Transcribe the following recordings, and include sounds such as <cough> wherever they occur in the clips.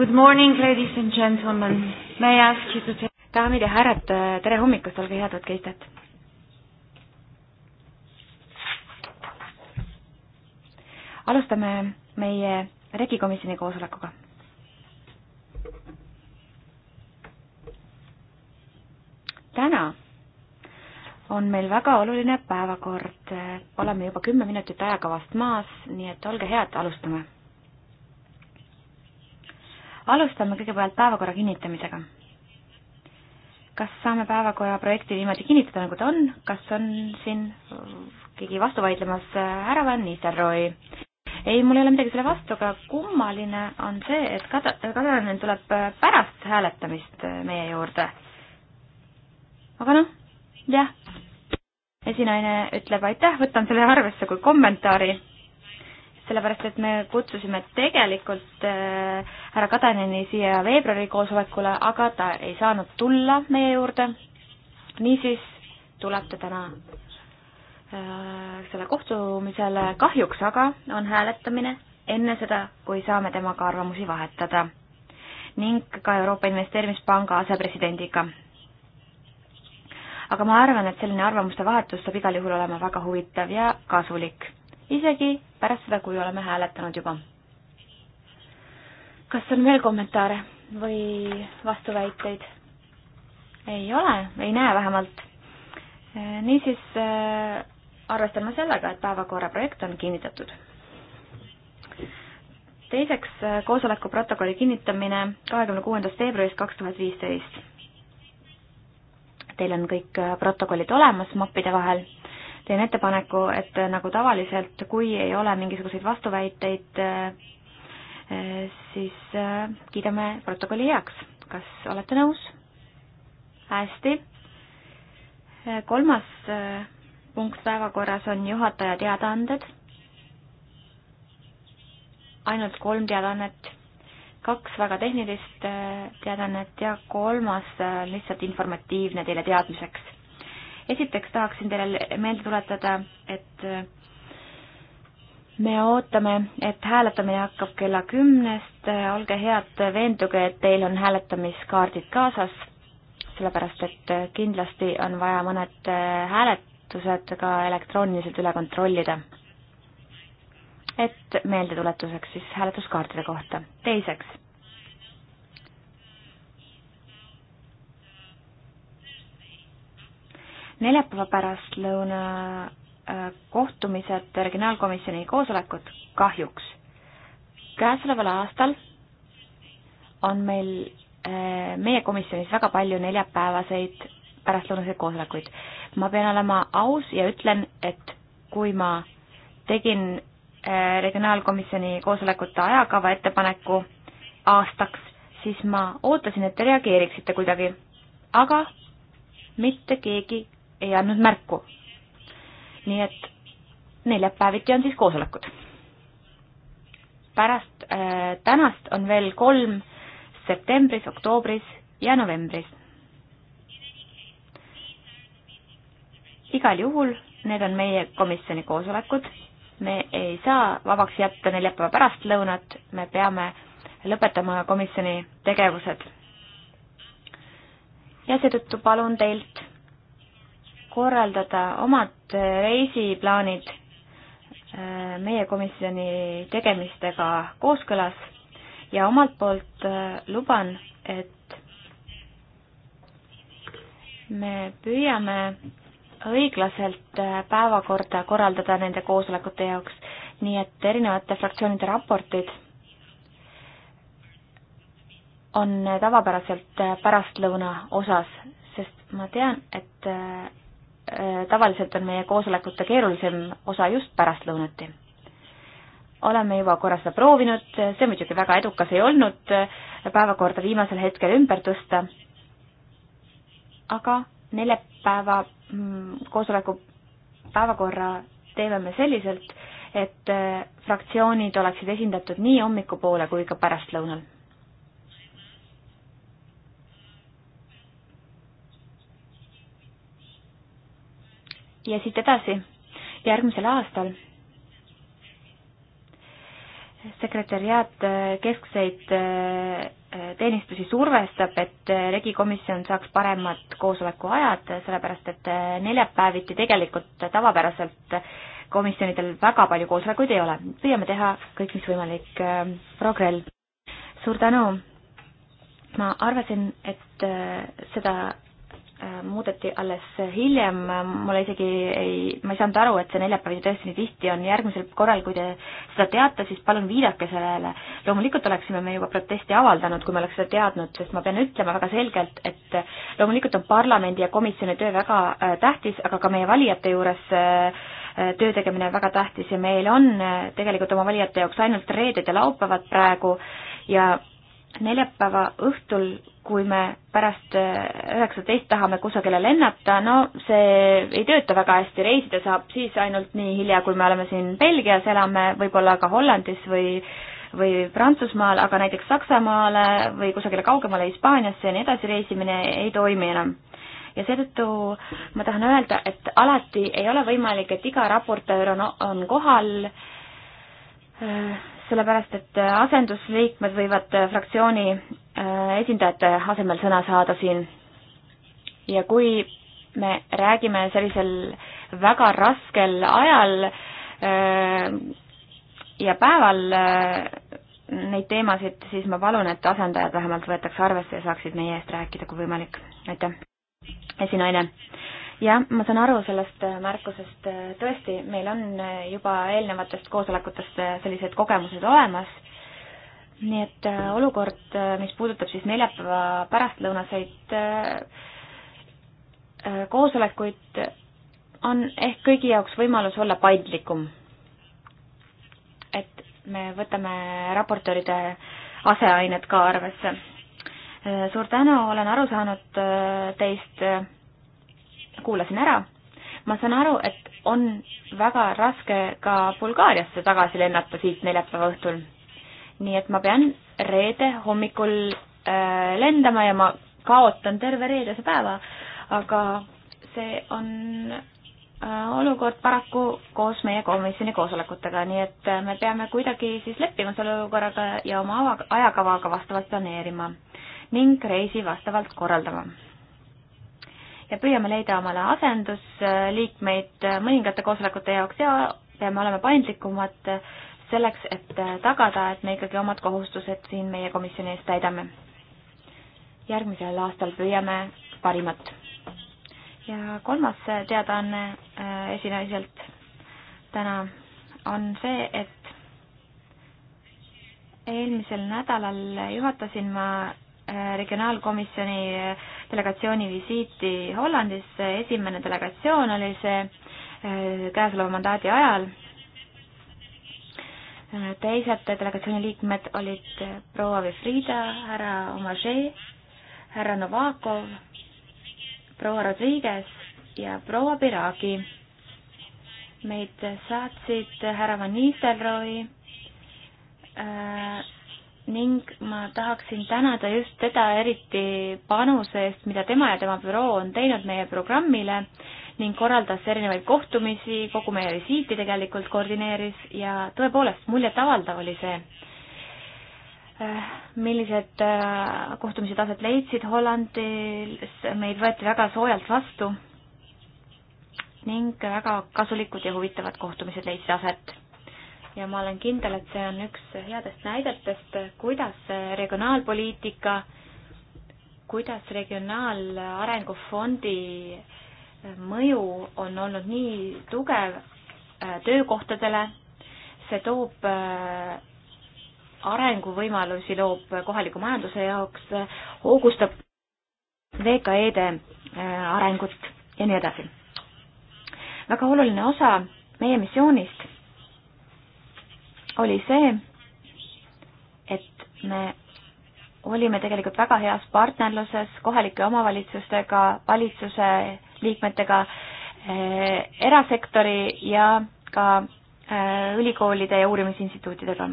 Good morning, ladies and gentlemen. May I ask you to take... daamid ja härrad, tere hommikust, olge head, võtke istet. alustame meie regikomisjoni koosolekuga. täna on meil väga oluline päevakord, oleme juba kümme minutit ajakavast maas, nii et olge head, alustame alustame kõigepealt päevakorra kinnitamisega. kas saame päevakorra projekti niimoodi kinnitada, nagu ta on, kas on siin keegi vastu vaidlemas härra Van Nistelrooy? ei, mul ei ole midagi selle vastu, aga kummaline on see, et Kada-, Kadanen tuleb pärast hääletamist meie juurde. aga noh, jah. esinaine ütleb aitäh, võtan selle arvesse kui kommentaari sellepärast et me kutsusime tegelikult äh, härra Kadaneni siia veebruari koosolekule, aga ta ei saanud tulla meie juurde. niisiis tuleb ta täna äh, selle kohtumisele, kahjuks aga on hääletamine enne seda, kui saame temaga arvamusi vahetada ning ka Euroopa Investeerimispanga asepresidendiga. aga ma arvan, et selline arvamuste vahetus saab igal juhul olema väga huvitav ja kasulik isegi pärast seda, kui oleme hääletanud juba. kas on veel kommentaare või vastuväiteid? ei ole, ei näe vähemalt. niisiis arvestan ma sellega, et päevakorra projekt on kinnitatud. teiseks, koosoleku protokolli kinnitamine kahekümne kuuendast veebruarist kaks tuhat viisteist. Teil on kõik protokollid olemas mappide vahel teen ettepaneku, et nagu tavaliselt, kui ei ole mingisuguseid vastuväiteid, siis kiidame protokolli heaks. kas olete nõus? hästi. kolmas punkt päevakorras on juhataja teadaanded. ainult kolm teadaannet, kaks väga tehnilist teadaannet ja kolmas lihtsalt informatiivne teile teadmiseks esiteks tahaksin teile meelde tuletada, et me ootame, et hääletamine hakkab kella kümnest, olge head, veenduge, et teil on hääletamiskaardid kaasas, sellepärast et kindlasti on vaja mõned hääletused ka elektrooniliselt üle kontrollida. et meeldetuletuseks siis hääletuskaartide kohta. teiseks neljapäeva pärastlõuna äh, kohtumised regionaalkomisjoni koosolekud kahjuks. käesoleval aastal on meil äh, meie komisjonis väga palju neljapäevaseid pärastlõunaseid koosolekuid. ma pean olema aus ja ütlen, et kui ma tegin äh, regionaalkomisjoni koosolekute ajakava ettepaneku aastaks, siis ma ootasin, et te reageeriksite kuidagi, aga mitte keegi ei andnud märku. nii et neljapäeviti on siis koosolekud. pärast äh, tänast on veel kolm septembris, oktoobris ja novembris. igal juhul need on meie komisjoni koosolekud, me ei saa vabaks jätta neljapäeva pärastlõunat, me peame lõpetama komisjoni tegevused. ja seetõttu palun teilt korraldada omad reisiplaanid äh, meie komisjoni tegemistega kooskõlas ja omalt poolt äh, luban, et me püüame õiglaselt äh, päevakorda korraldada nende koosolekute jaoks, nii et erinevate fraktsioonide raportid on tavapäraselt pärastlõuna osas, sest ma tean, et Äh, tavaliselt on meie koosolekute keerulisem osa just pärastlõunati. oleme juba korra seda proovinud, see muidugi väga edukas ei olnud, äh, päevakorda viimasel hetkel ümber tõsta, aga neljapäeva mm, koosoleku päevakorra teeme me selliselt, et äh, fraktsioonid oleksid esindatud nii hommikupoole kui ka pärastlõunal ja siit edasi, järgmisel aastal sekretäriaat äh, keskseid äh, teenistusi survestab, et äh, regikomisjon saaks paremad koosolekuajad, sellepärast et neljapäeviti tegelikult tavapäraselt komisjonidel väga palju koosolekuid ei ole. püüame teha kõik, mis võimalik. Progrel, suur tänu! ma arvasin, et seda Äh, muudeti alles hiljem, mulle isegi ei, ma ei saanud aru, et see neljapäeviti tõesti nii tihti on, järgmisel korral, kui te seda teate, siis palun viidake sellele. loomulikult oleksime me juba protesti avaldanud, kui me oleks seda teadnud, sest ma pean ütlema väga selgelt, et loomulikult on parlamendi ja komisjoni töö väga äh, tähtis, aga ka meie valijate juures äh, töö tegemine väga tähtis ja meil on tegelikult oma valijate jaoks ainult reeded ja laupäevad praegu ja neljapäeva õhtul, kui me pärast äh, üheksateist tahame kusagile lennata, no see ei tööta väga hästi, reisida saab siis ainult nii hilja, kui me oleme siin Belgias, elame võib-olla ka Hollandis või või Prantsusmaal, aga näiteks Saksamaale või kusagile kaugemale Hispaaniasse ja nii edasi reisimine ei toimi enam ja seetõttu ma tahan öelda, et alati ei ole võimalik, et iga raportöör on, on kohal, äh, sellepärast et äh, asendusliikmed võivad äh, fraktsiooni äh, esindajate asemel sõna saada siin. ja kui me räägime sellisel väga raskel ajal ja päeval neid teemasid, siis ma palun, et asendajad vähemalt võetakse arvesse ja saaksid meie eest rääkida, kui võimalik. aitäh. esinaine jah, ma saan aru sellest äh, märkusest, äh, tõesti, meil on äh, juba eelnevatest koosolekutest sellised kogemused olemas, nii et olukord, mis puudutab siis neljapäeva pärastlõunaseid koosolekuid, on ehk kõigi jaoks võimalus olla paindlikum. et me võtame raportööride aseained ka arvesse. suur tänu, olen aru saanud teist kuulasin ära. ma saan aru, et on väga raske ka Bulgaariasse tagasi lennata siit neljapäeva õhtul. nii et ma pean reede hommikul äh, lendama ja ma kaotan terve reedese päeva, aga see on äh, olukord paraku koos meie komisjoni koosolekutega, nii et äh, me peame kuidagi siis leppima selle olukorraga ja oma ajakavaga vastavalt planeerima ning reisi vastavalt korraldama ja püüame leida omale asendusliikmeid mõningate koosolekute jaoks ja peame olema paindlikumad selleks, et tagada, et me ikkagi omad kohustused siin meie komisjoni ees täidame. järgmisel aastal püüame parimat. ja kolmas teadaanne äh, esinaiselt täna on see, et eelmisel nädalal juhatasin ma äh, regionaalkomisjoni äh, delegatsiooni visiiti Hollandisse, esimene delegatsioon oli see eh, käesoleva mandaadi ajal. Eh, teised delegatsiooni liikmed olid eh, proua Vifrida, härra Omažee, härra Novakov, proua Rodriguez ja proua Biragi. meid saatsid härra Van Nistelrooy äh,, ning ma tahaksin tänada just teda eriti panuse eest, mida tema ja tema büroo on teinud meie programmile ning korraldas erinevaid kohtumisi, kogu meie visiiti tegelikult koordineeris ja tõepoolest muljetavaldav oli see, äh, millised äh, kohtumised aset leidsid Hollandis, meid võeti väga soojalt vastu ning väga kasulikud ja huvitavad kohtumised leidsid aset ja ma olen kindel, et see on üks headest näidetest, kuidas regionaalpoliitika, kuidas Regionaalarengu Fondi mõju on olnud nii tugev äh, töökohtadele, see toob äh, arenguvõimalusi, loob kohaliku majanduse jaoks, hoogustab VKE-de äh, arengut ja nii edasi. väga oluline osa meie missioonist oli see, et me olime tegelikult väga heas partnerluses kohalike omavalitsustega, valitsuse liikmetega, eh, erasektori ja ka eh, ülikoolide ja uurimisinstituutidega.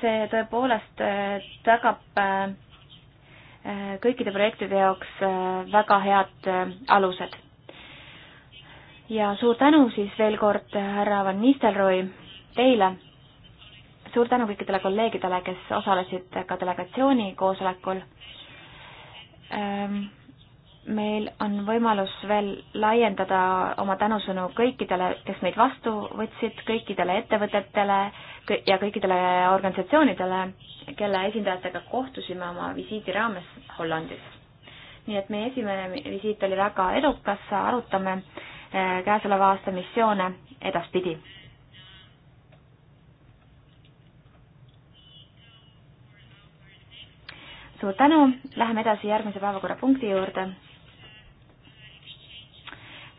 see tõepoolest eh, tagab kõikide projektide jaoks väga head alused. ja suur tänu siis veel kord härra Van Nistelrooy teile. suur tänu kõikidele kolleegidele, kes osalesid ka delegatsiooni koosolekul. Ehm, meil on võimalus veel laiendada oma tänusõnu kõikidele, kes meid vastu võtsid, kõikidele ettevõtetele ja kõikidele organisatsioonidele, kelle esindajatega kohtusime oma visiidi raames Hollandis. nii et meie esimene visiit oli väga edukas, arutame eh, käesoleva aasta missioone edaspidi suur tänu, läheme edasi järgmise päevakorrapunkti juurde.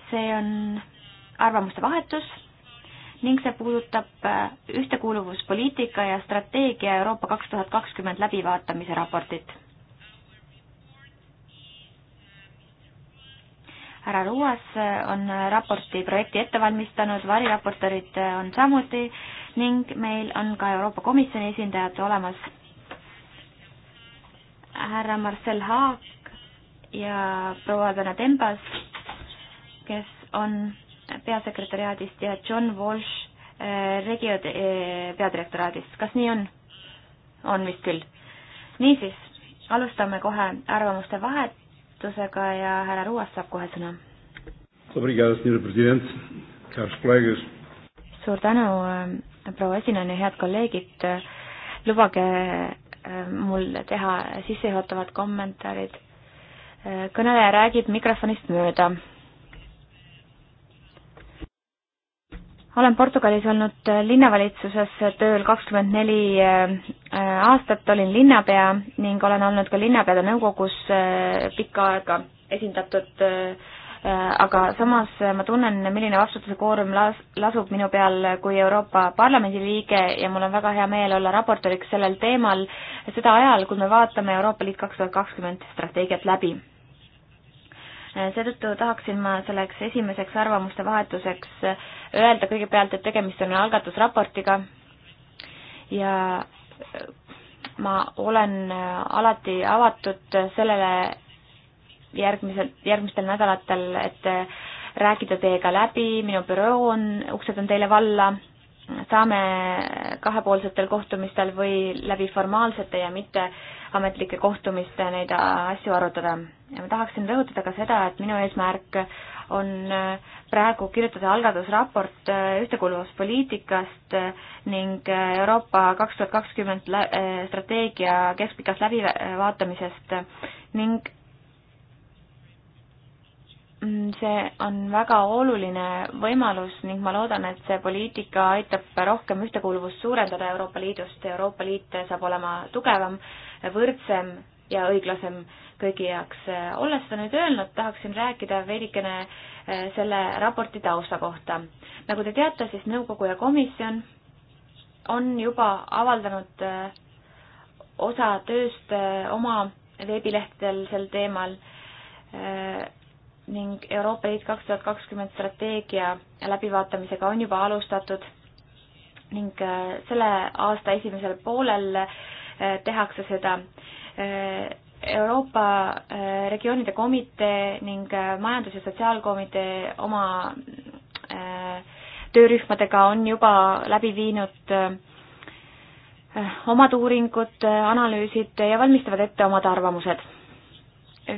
see on arvamuste vahetus ning see puudutab äh, ühtekuuluvuspoliitika ja strateegia Euroopa kaks tuhat kakskümmend läbivaatamise raportit. härra Ruuas äh, on äh, raporti projekti ette valmistanud, variraportorid on samuti ning meil on ka Euroopa Komisjoni esindajad olemas härra Marcel Haak ja proua Dana Tembas, kes on peasekretäriaadist ja John Walsh eh, regio eh, peadirektoraadist, kas nii on? on vist küll. niisiis, alustame kohe arvamuste vahetusega ja härra Ruas saab kohe sõna. suur tänu, eh, proua esinaine, head kolleegid, lubage mul teha sissejuhatavad kommentaarid. kõneleja räägib mikrofonist mööda. olen Portugalis olnud linnavalitsuses tööl kakskümmend neli äh, aastat, olin linnapea ning olen olnud ka linnapeade nõukogus äh, pikka aega esindatud äh, Äh, aga samas äh, ma tunnen, milline vastutuse koorem las-, lasub minu peal kui Euroopa Parlamendi liige ja mul on väga hea meel olla raportööriks sellel teemal, seda ajal, kui me vaatame Euroopa Liit kaks tuhat kakskümmend strateegiat läbi. Äh, seetõttu tahaksin ma selleks esimeseks arvamuste vahetuseks öelda kõigepealt, et tegemist on algatusraportiga ja ma olen alati avatud sellele, järgmisel, järgmistel nädalatel, et äh, rääkida teiega läbi, minu büroo on, uksed on teile valla, saame kahepoolsetel kohtumistel või läbi formaalsete ja mitteametlike kohtumiste neid asju arutada. ja ma tahaksin rõhutada ka seda, et minu eesmärk on äh, praegu kirjutada algatusraport äh, ühtekuuluvuspoliitikast ning Euroopa kaks tuhat kakskümmend strateegia keskpikast läbivaatamisest ning Mm, see on väga oluline võimalus ning ma loodan, et see poliitika aitab rohkem ühtekuuluvust suurendada Euroopa Liidust. Euroopa Liit saab olema tugevam, võrdsem ja õiglasem kõigi jaoks. olles seda nüüd öelnud, tahaksin rääkida veidikene eh, selle raporti tausta kohta. nagu te teate, siis nõukogu ja komisjon on juba avaldanud eh, osa tööst eh, oma veebilehtedel sel teemal ning Euroopa Liit kaks tuhat kakskümmend strateegia läbivaatamisega on juba alustatud ning äh, selle aasta esimesel poolel äh, tehakse seda. Äh, Euroopa regioonide komitee ning majandus- ja sotsiaalkomitee oma töörühmadega on juba läbi viinud omad uuringud, analüüsid ja valmistavad ette omad arvamused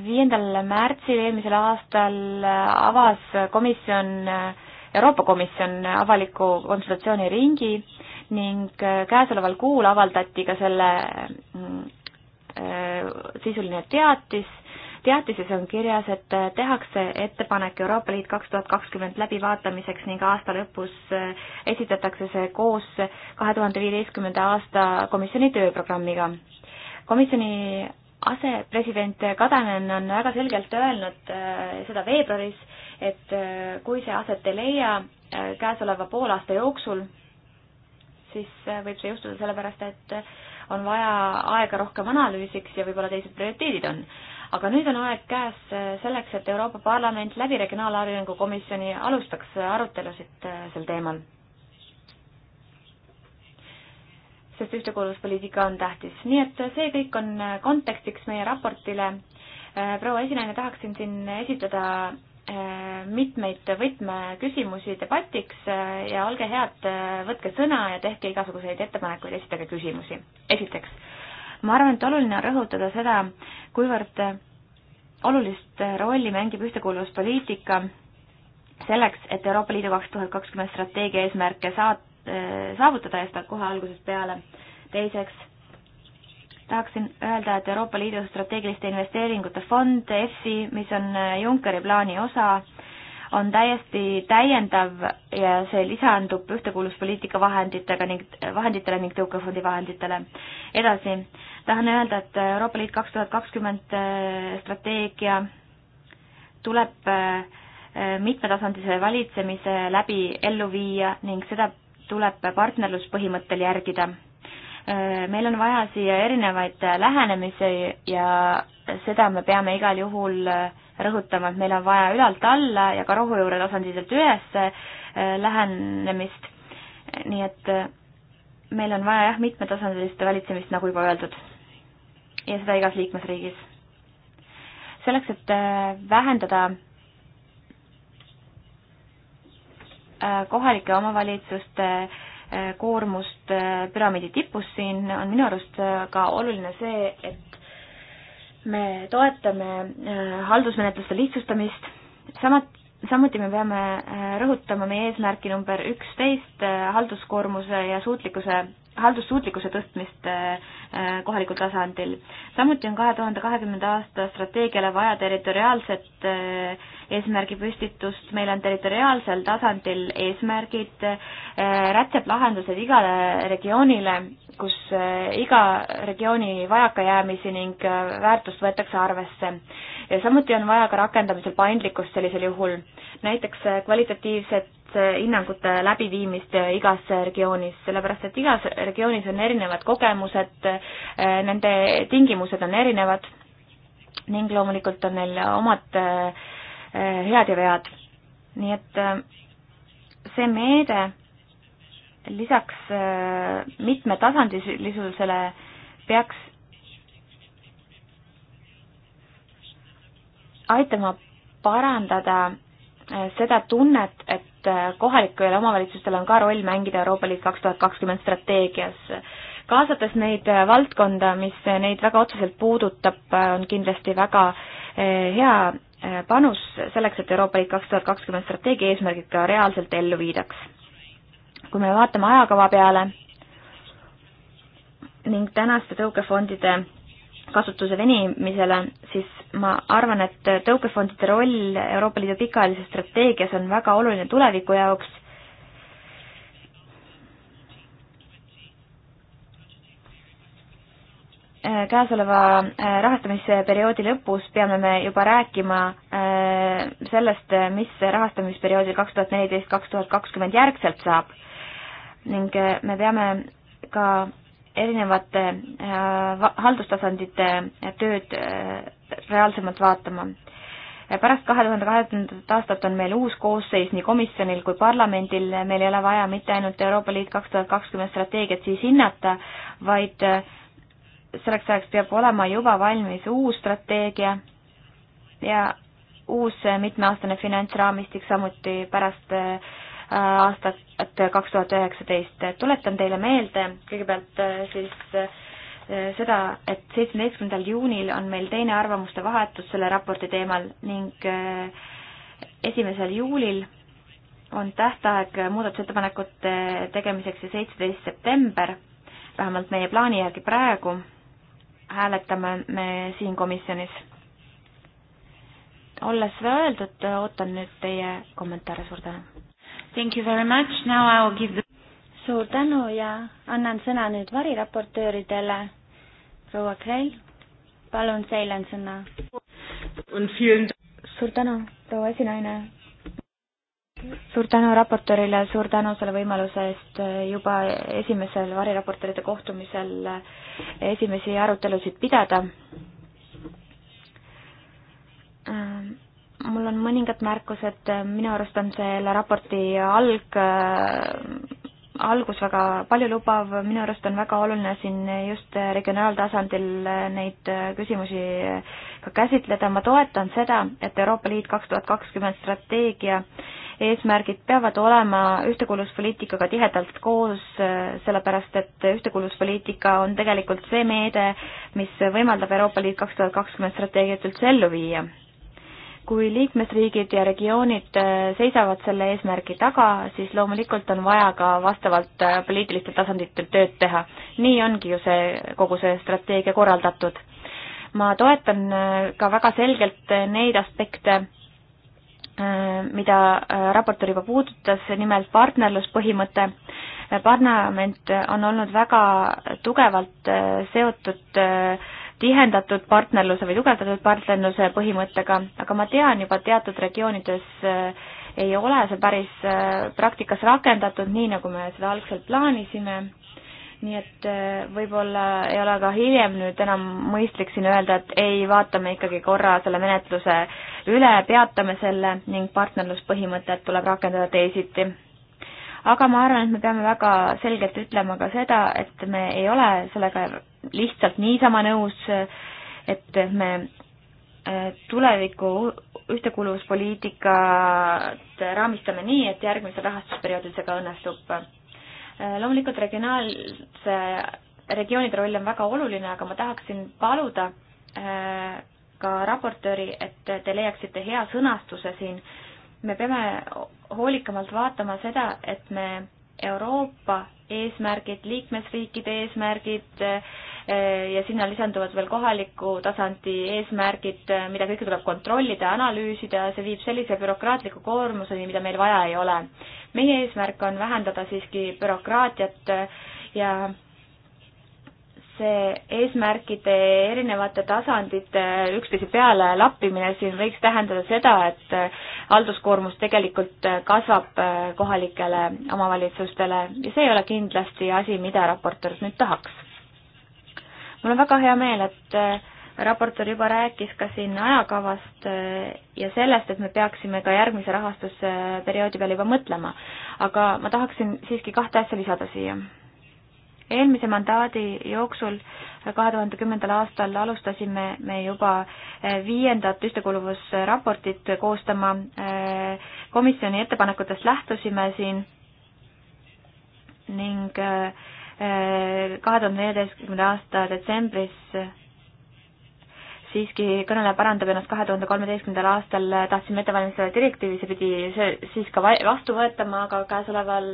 viiendal märtsil eelmisel aastal avas komisjon, Euroopa Komisjon avaliku konsultatsiooniringi ning käesoleval kuul avaldati ka selle mm, sisuline teatis, teatises on kirjas, et tehakse ettepanek Euroopa Liit kaks tuhat kakskümmend läbivaatamiseks ning aasta lõpus esitatakse see koos kahe tuhande viieteistkümnenda aasta komisjoni tööprogrammiga. komisjoni asepresident Kadanen on väga selgelt öelnud äh, seda veebruaris, et äh, kui see aset ei leia äh, käesoleva poolaasta jooksul, siis võib see juhtuda sellepärast, et on vaja aega rohkem analüüsiks ja võib-olla teised prioriteedid on. aga nüüd on aeg käes selleks, et Euroopa Parlament läbi Regionaalarengu Komisjoni alustaks arutelusid sel teemal sest ühtekuuluvuspoliitika on tähtis. nii et see kõik on kontekstiks meie raportile. Äh, proua esinaine, tahaksin siin esitada äh, mitmeid võtmeküsimusi debatiks äh, ja olge head, võtke sõna ja tehke igasuguseid ettepanekuid, esitage küsimusi. esiteks, ma arvan, et oluline on rõhutada seda, kuivõrd olulist rolli mängib ühtekuuluvuspoliitika selleks, et Euroopa Liidu kaks tuhat kakskümmend strateegia eesmärke saat-, saavutada ja seda kohe algusest peale teiseks tahaksin öelda, et Euroopa Liidu strateegiliste investeeringute fond EFSI, mis on äh, Junckeri plaani osa, on täiesti täiendav ja see lisandub ühtekuuluvuspoliitika vahenditega ning, vahenditele ning tõukefondi vahenditele. edasi, tahan öelda, et Euroopa Liit kaks tuhat kakskümmend äh, strateegia tuleb äh, mitmetasandise valitsemise läbi ellu viia ning seda tuleb partnerluspõhimõttel järgida Äh, meil on vaja siia erinevaid äh, lähenemisi ja seda me peame igal juhul äh, rõhutama, et meil on vaja ülalt alla ja ka rohujuure tasandiselt üles lähenemist. nii et meil on vaja jah, mitmetasandilist valitsemist, nagu juba öeldud. ja seda igas liikmesriigis. selleks, et vähendada kohalike omavalitsuste äh, koormust äh, püramiidi tipus, siin on minu arust äh, ka oluline see, et me toetame äh, haldusmenetluste lihtsustamist, samad, samuti me peame rõhutama meie eesmärki number üksteist, halduskoormuse ja suutlikkuse haldussuutlikkuse tõstmist kohalikul tasandil. samuti on kahe tuhande kahekümnenda aasta strateegiale vaja territoriaalset eesmärgipüstitust, meil on territoriaalsel tasandil eesmärgid, eh, rätseplahendused igale regioonile, kus eh, iga regiooni vajakajäämisi ning eh, väärtust võetakse arvesse. ja samuti on vaja ka rakendamisel paindlikkust sellisel juhul, näiteks kvalitatiivset hinnangute läbiviimist igas regioonis, sellepärast et igas regioonis on erinevad kogemused, nende tingimused on erinevad ning loomulikult on neil omad äh, Eh, head ja vead. nii et eh, see meede lisaks eh, mitmetasandilisusele peaks aitama parandada seda tunnet, et kohalikel omavalitsustel on ka roll mängida Euroopa Liit kaks tuhat kakskümmend strateegias. kaasates neid valdkonda, mis neid väga otseselt puudutab, on kindlasti väga hea panus selleks, et Euroopa Liit kaks tuhat kakskümmend strateegia eesmärgid ka reaalselt ellu viidaks. kui me vaatame ajakava peale ning tänaste tõukefondide kasutuse venimisele, siis ma arvan, et tõukefondide roll Euroopa Liidu pikaajalises strateegias on väga oluline tuleviku jaoks Äh, käesoleva äh, rahastamisperioodi lõpus peame me juba rääkima äh, sellest, mis rahastamisperioodil kaks tuhat neliteist, kaks tuhat kakskümmend järgselt saab. ning me peame ka erinevate haldustasandite tööd reaalsemalt vaatama. pärast kahe tuhande kahekümnendat aastat on meil uus koosseis nii komisjonil kui parlamendil, meil ei ole vaja mitte ainult Euroopa Liit kaks tuhat kakskümmend strateegiat siis hinnata, vaid äh, selleks ajaks peab olema juba valmis uus strateegia ja uus mitmeaastane finantsraamistik samuti pärast äh, aastat kaks tuhat üheksateist. tuletan teile meelde kõigepealt äh, siis äh, seda, et seitsmeteistkümnendal juunil on meil teine arvamuste vahetus selle raporti teemal ning esimesel juulil on tähtaeg muudatusettepanekute tegemiseks ja seitseteist september, vähemalt meie plaani järgi praegu hääletame me siin komisjonis. olles seda öeldud, ootan nüüd teie kommentaare, suur tänu. Thank you very much, now I will give the suur tänu ja annan sõna nüüd variraportööridele. proua Krell, palun, teil on sõna. suur tänu, proua esinaine suur tänu raportöörile, suur tänu selle võimaluse eest eh, juba esimesel variraportööride kohtumisel eh, esimesi arutelusid pidada. Eh, mul on mõningad märkused, minu arust on selle raporti alg, algus väga paljulubav, minu arust on väga oluline siin just regionaaltasandil neid küsimusi ka käsitleda, ma toetan seda, et Euroopa Liit kaks tuhat kakskümmend strateegia äh, eesmärgid peavad olema ühtekuuluvuspoliitikaga tihedalt koos, sellepärast et ühtekuuluvuspoliitika on tegelikult see meede, mis võimaldab Euroopa Liit kaks tuhat kakskümmend strateegiat üldse ellu viia. kui liikmesriigid ja regioonid äh, seisavad selle eesmärgi taga, siis loomulikult on vaja ka vastavalt äh, poliitilistel tasanditel tööd teha. nii ongi ju see, kogu see strateegia korraldatud ma toetan äh, ka väga selgelt neid aspekte, Äh, mida äh, raportöör juba puudutas, nimelt partnerluspõhimõte. Äh, parlament on olnud väga tugevalt seotud tihendatud partnerluse või tugevdatud partnerluse põhimõttega, aga ma tean juba teatud regioonides ei ole see päris praktikas rakendatud, nii nagu me seda algselt plaanisime nii et äh, võib-olla ei ole ka hiljem nüüd enam mõistlik siin öelda, et ei, vaatame ikkagi korra selle menetluse üle, peatame selle ning partnerluspõhimõtet tuleb rakendada teisiti. aga ma arvan, et me peame väga selgelt ütlema ka seda, et me ei ole sellega lihtsalt niisama nõus, et me äh, tuleviku ühtekuuluvuspoliitikat raamistame nii, et järgmisel rahastusperioodil see ka õnnestub Äh, loomulikult regionaalse, regioonide roll on väga oluline, aga ma tahaksin paluda äh, ka raportööri, et te leiaksite hea sõnastuse siin. me peame hoolikamalt vaatama seda, et me Euroopa eesmärgid, liikmesriikide eesmärgid eh, ja sinna lisanduvad veel kohaliku tasandi eesmärgid, eh, mida kõike tuleb kontrollida, analüüsida, see viib sellise bürokraatliku koormuseni, mida meil vaja ei ole. meie eesmärk on vähendada siiski bürokraatiat eh, ja see eesmärkide erinevate tasandite üksteise peale lappimine siin võiks tähendada seda, et äh, halduskoormus tegelikult äh, kasvab äh, kohalikele omavalitsustele ja see ei ole kindlasti asi, mida raportöör nüüd tahaks. mul on väga hea meel, et raportöör juba rääkis ka siin ajakavast ja sellest, et me peaksime ka järgmise rahastusperioodi peale juba mõtlema. aga ma tahaksin siiski kahte asja lisada siia eelmise mandaadi jooksul, äh, kahe tuhande kümnendal aastal alustasime me juba äh, viiendat ühtekuuluvusraportit koostama. Äh, komisjoni ettepanekutest lähtusime siin ning kahe tuhande neljateistkümnenda aasta detsembris siiski kõneleja parandab ennast kahe tuhande kolmeteistkümnendal aastal tahtsime ette valmistada direktiivi, see pidi see siis ka vastu võetama, aga käesoleval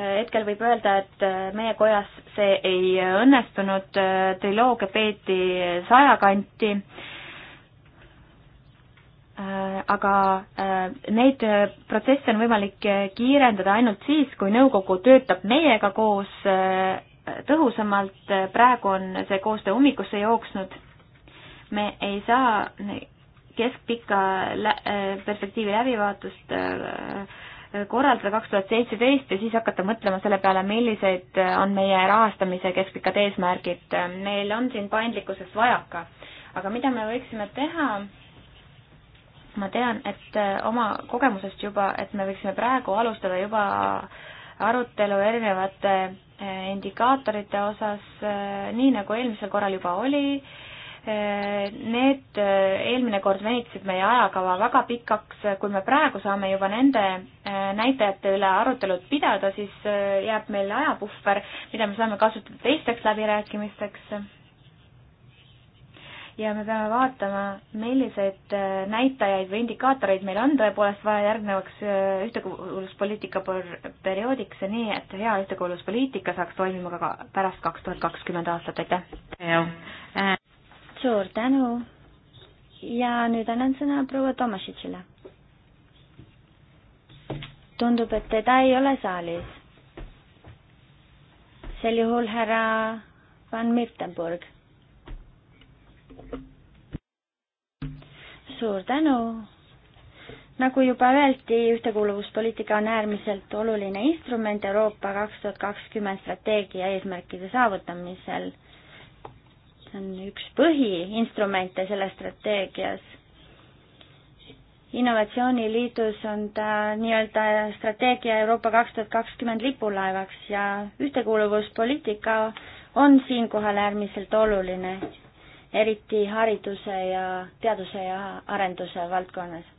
hetkel võib öelda, et äh, meie kojas see ei õnnestunud, äh, triloogia peeti saja kanti, äh, aga neid protsesse on võimalik kiirendada ainult siis, kui nõukogu töötab meiega koos tõhusamalt, praegu on see koostöö ummikusse jooksnud, me ei saa keskpika perspektiivi läbivaatust äh, korraldada kaks tuhat seitseteist ja siis hakata mõtlema selle peale, millised on meie rahastamise keskpikad eesmärgid. meil on siin paindlikkusest vajaka, aga mida me võiksime teha, ma tean, et äh, oma kogemusest juba, et me võiksime praegu alustada juba arutelu erinevate äh, indikaatorite osas, äh, nii nagu eelmisel korral juba oli, Need äh, eelmine kord venitasid meie ajakava väga pikaks, kui me praegu saame juba nende äh, näitajate üle arutelud pidada, siis äh, jääb meil ajapuhver, mida me saame kasutada teisteks läbirääkimisteks. ja me peame vaatama, milliseid näitajaid või indikaatoreid meil on tõepoolest vaja järgnevaks ühtekuuluvuspoliitika perioodiks ja nii, et hea ühtekuuluvuspoliitika saaks toimima ka pärast kaks tuhat kakskümmend aastat, aitäh! suur tänu ja nüüd annan sõna proua Tomašitšile. tundub, et teda ei ole saalis. sel juhul härra Van Mirtenburg. suur tänu. nagu juba öeldi, ühtekuuluvuspoliitika on äärmiselt oluline instrument Euroopa kaks tuhat kakskümmend strateegia eesmärkide saavutamisel see on üks põhiinstrumente selles strateegias. innovatsiooniliidus on ta nii-öelda strateegia Euroopa kaks tuhat kakskümmend lipulaevaks ja ühtekuuluvuspoliitika on siinkohal äärmiselt oluline, eriti hariduse ja teaduse ja arenduse valdkonnas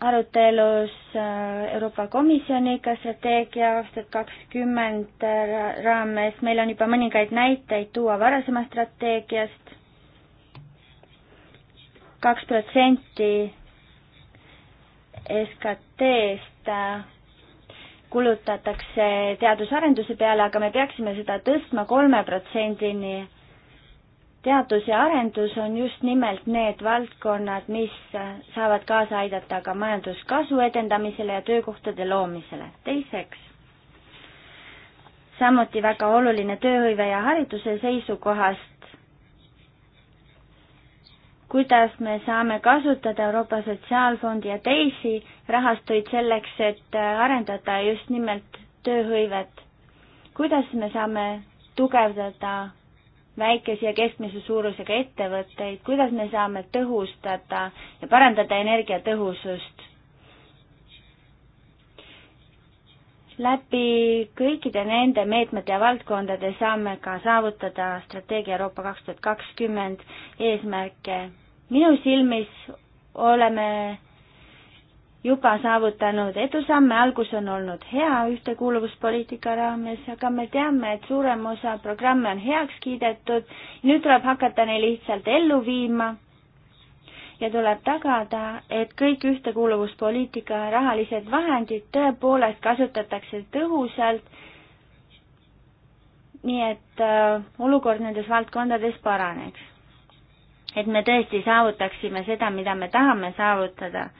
arutelus äh, Euroopa Komisjoniga strateegia aastat kakskümmend raames, meil on juba mõningaid näiteid tuua varasema strateegiast, kaks protsenti SKT-st äh, kulutatakse teadus-arenduse peale, aga me peaksime seda tõstma kolme protsendini teadus ja arendus on just nimelt need valdkonnad, mis saavad kaasa aidata ka majanduskasvu edendamisele ja töökohtade loomisele. teiseks, samuti väga oluline tööhõive ja hariduse seisukohast, kuidas me saame kasutada Euroopa Sotsiaalfondi ja teisi rahastuid selleks, et arendada just nimelt tööhõivet, kuidas me saame tugevdada väikese ja keskmise suurusega ettevõtteid, kuidas me saame tõhustada ja parandada energiatõhusust? läbi kõikide nende meetmete ja valdkondade saame ka saavutada strateegia Euroopa kaks tuhat kakskümmend eesmärke. minu silmis oleme juba saavutanud edusamme, algus on olnud hea ühtekuuluvuspoliitika raames, aga me teame, et suurem osa programme on heaks kiidetud, nüüd tuleb hakata neid lihtsalt ellu viima ja tuleb tagada, et kõik ühtekuuluvuspoliitika rahalised vahendid tõepoolest kasutatakse tõhusalt, nii et äh, olukord nendes valdkondades paraneks. et me tõesti saavutaksime seda, mida me tahame saavutada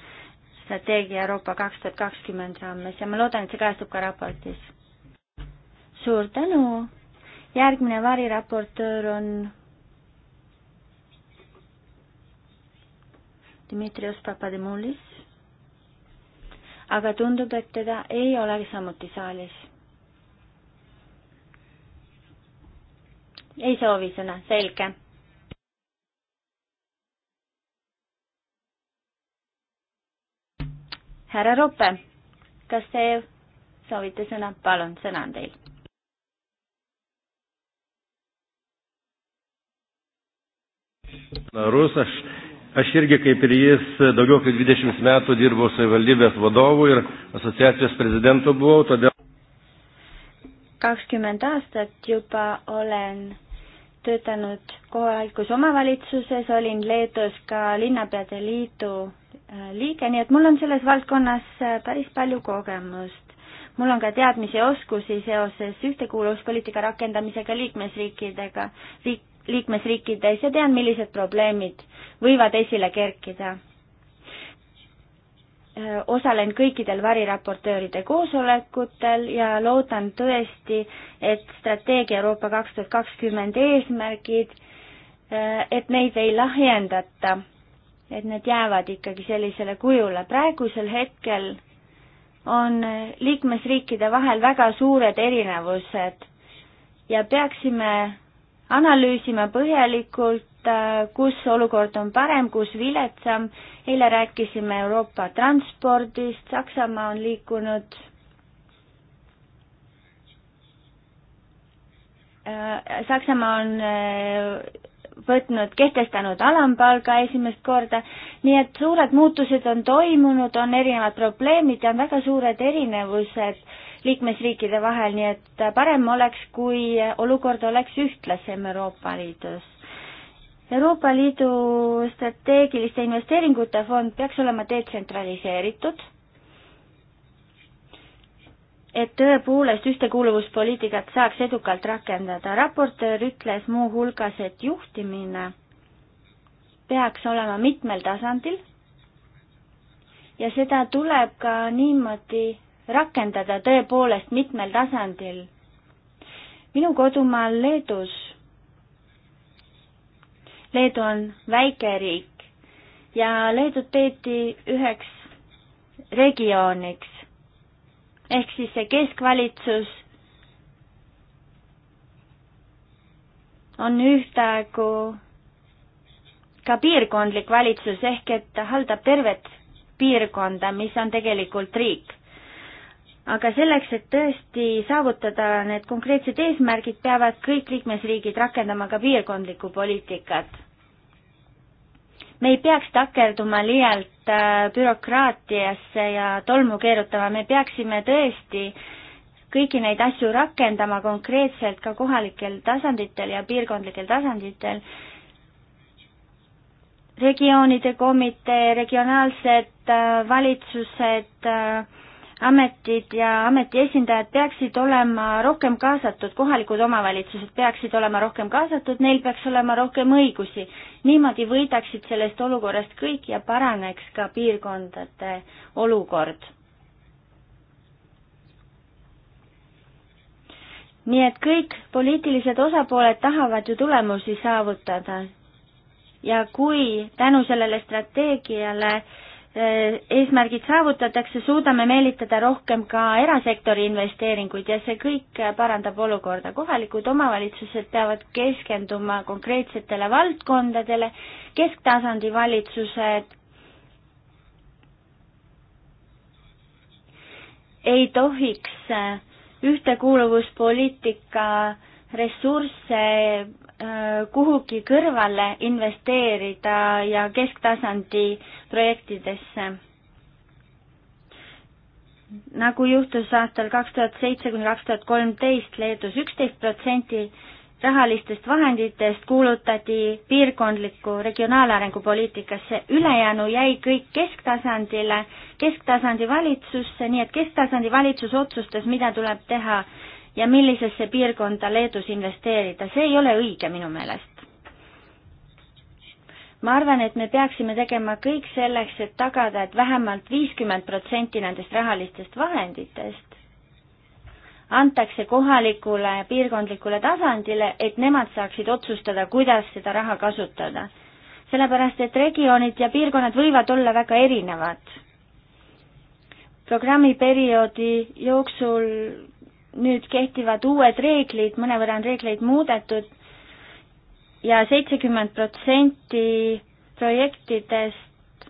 strateegia Euroopa kaks tuhat kakskümmend raames ja ma loodan, et see kajastub ka raportis. suur tänu, järgmine variraportöör on Dmitrios Papademoulis, aga tundub, et teda ei ole samuti saalis. ei soovi sõna, selge härra Roppe, kas te soovite sõna? palun, sõna on teil. Narus, aš, aš irgi kaip ir jis daugiau kaip 20 metų dirbau savivaldybės vadovų ir asociacijos prezidentu buvau, todėl. 20 aastat juba olen töötanud kohalikus omavalitsuses, olin Leedus ka linnapeade liidu Äh, liige, nii et mul on selles valdkonnas äh, päris palju kogemust. mul on ka teadmisi ja oskusi seoses ühtekuuluvuspoliitika rakendamisega liikmesriikidega, riik, liikmesriikides ja tean, millised probleemid võivad esile kerkida. Äh, osalen kõikidel variraportööride koosolekutel ja loodan tõesti, et strateegia Euroopa kaks tuhat kakskümmend eesmärgid, et neid ei lahjendata et need jäävad ikkagi sellisele kujule. praegusel hetkel on liikmesriikide vahel väga suured erinevused ja peaksime analüüsima põhjalikult, äh, kus olukord on parem, kus viletsam. eile rääkisime Euroopa transpordist, Saksamaa on liikunud äh, Saksamaa on äh, võtnud, kehtestanud alampalga esimest korda, nii et suured muutused on toimunud, on erinevad probleemid ja on väga suured erinevused liikmesriikide vahel, nii et parem oleks, kui olukord oleks ühtlasem Euroopa Liidus. Euroopa Liidu strateegiliste investeeringute fond peaks olema detsentraliseeritud et tõepoolest ühtekuuluvuspoliitikat saaks edukalt rakendada. raportöör ütles muuhulgas, et juhtimine peaks olema mitmel tasandil ja seda tuleb ka niimoodi rakendada tõepoolest mitmel tasandil. minu kodumaal Leedus, Leedu on väike riik ja Leedut peeti üheks regiooniks, ehk siis see keskvalitsus on ühtaegu ka piirkondlik valitsus ehk et haldab tervet piirkonda, mis on tegelikult riik. aga selleks, et tõesti saavutada need konkreetsed eesmärgid, peavad kõik liikmesriigid rakendama ka piirkondlikku poliitikat me ei peaks takerduma liialt äh, bürokraatiasse ja tolmu keerutama, me peaksime tõesti kõiki neid asju rakendama konkreetselt ka kohalikel tasanditel ja piirkondlikel tasanditel. regioonide komitee, regionaalsed äh, valitsused äh, ametid ja ameti esindajad peaksid olema rohkem kaasatud, kohalikud omavalitsused peaksid olema rohkem kaasatud, neil peaks olema rohkem õigusi. niimoodi võidaksid sellest olukorrast kõik ja paraneks ka piirkondade olukord. nii et kõik poliitilised osapooled tahavad ju tulemusi saavutada. ja kui tänu sellele strateegiale äh, Äh, eesmärgid saavutatakse, suudame meelitada rohkem ka erasektori investeeringuid ja see kõik parandab olukorda. kohalikud omavalitsused peavad keskenduma konkreetsetele valdkondadele, kesktasandi valitsused ei tohiks ühtekuuluvuspoliitika ressursse Äh, kuhugi kõrvale investeerida ja kesktasandi projektidesse. nagu juhtus aastal kaks tuhat seitse kuni kaks tuhat kolmteist Leedus üksteist protsenti rahalistest vahenditest kuulutati piirkondliku regionaalarengu poliitikasse, ülejäänu jäi kõik kesktasandile, kesktasandi valitsusse, nii et kesktasandi valitsus otsustas, mida tuleb teha ja millisesse piirkonda Leedus investeerida, see ei ole õige minu meelest. ma arvan, et me peaksime tegema kõik selleks, et tagada, et vähemalt viiskümmend protsenti nendest rahalistest vahenditest antakse kohalikule piirkondlikule tasandile, et nemad saaksid otsustada, kuidas seda raha kasutada. sellepärast, et regioonid ja piirkonnad võivad olla väga erinevad. programmiperioodi jooksul nüüd kehtivad uued reeglid, mõnevõrra on reegleid muudetud ja seitsekümmend protsenti projektidest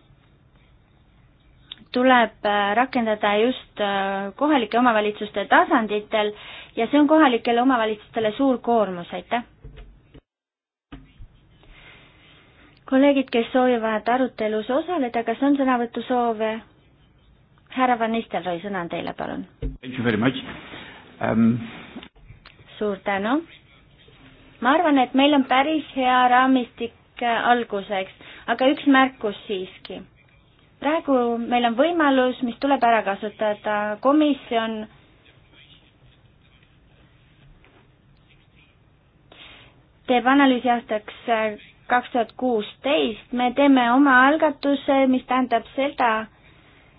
tuleb äh, rakendada just äh, kohalike omavalitsuste tasanditel ja see on kohalikele omavalitsustele suur koormus, aitäh! kolleegid, kes soovivad arutelus osaleda, kas on sõnavõtusoove? härra Van Nistelrooy, sõna on teile, palun ähm.... suur tänu. ma arvan, et meil on päris hea raamistik äh, alguseks, aga üks märkus siiski. praegu meil on võimalus, mis tuleb ära kasutada, komisjon teeb analüüsi aastaks äh, kaks tuhat kuusteist, me teeme oma algatuse, mis tähendab seda,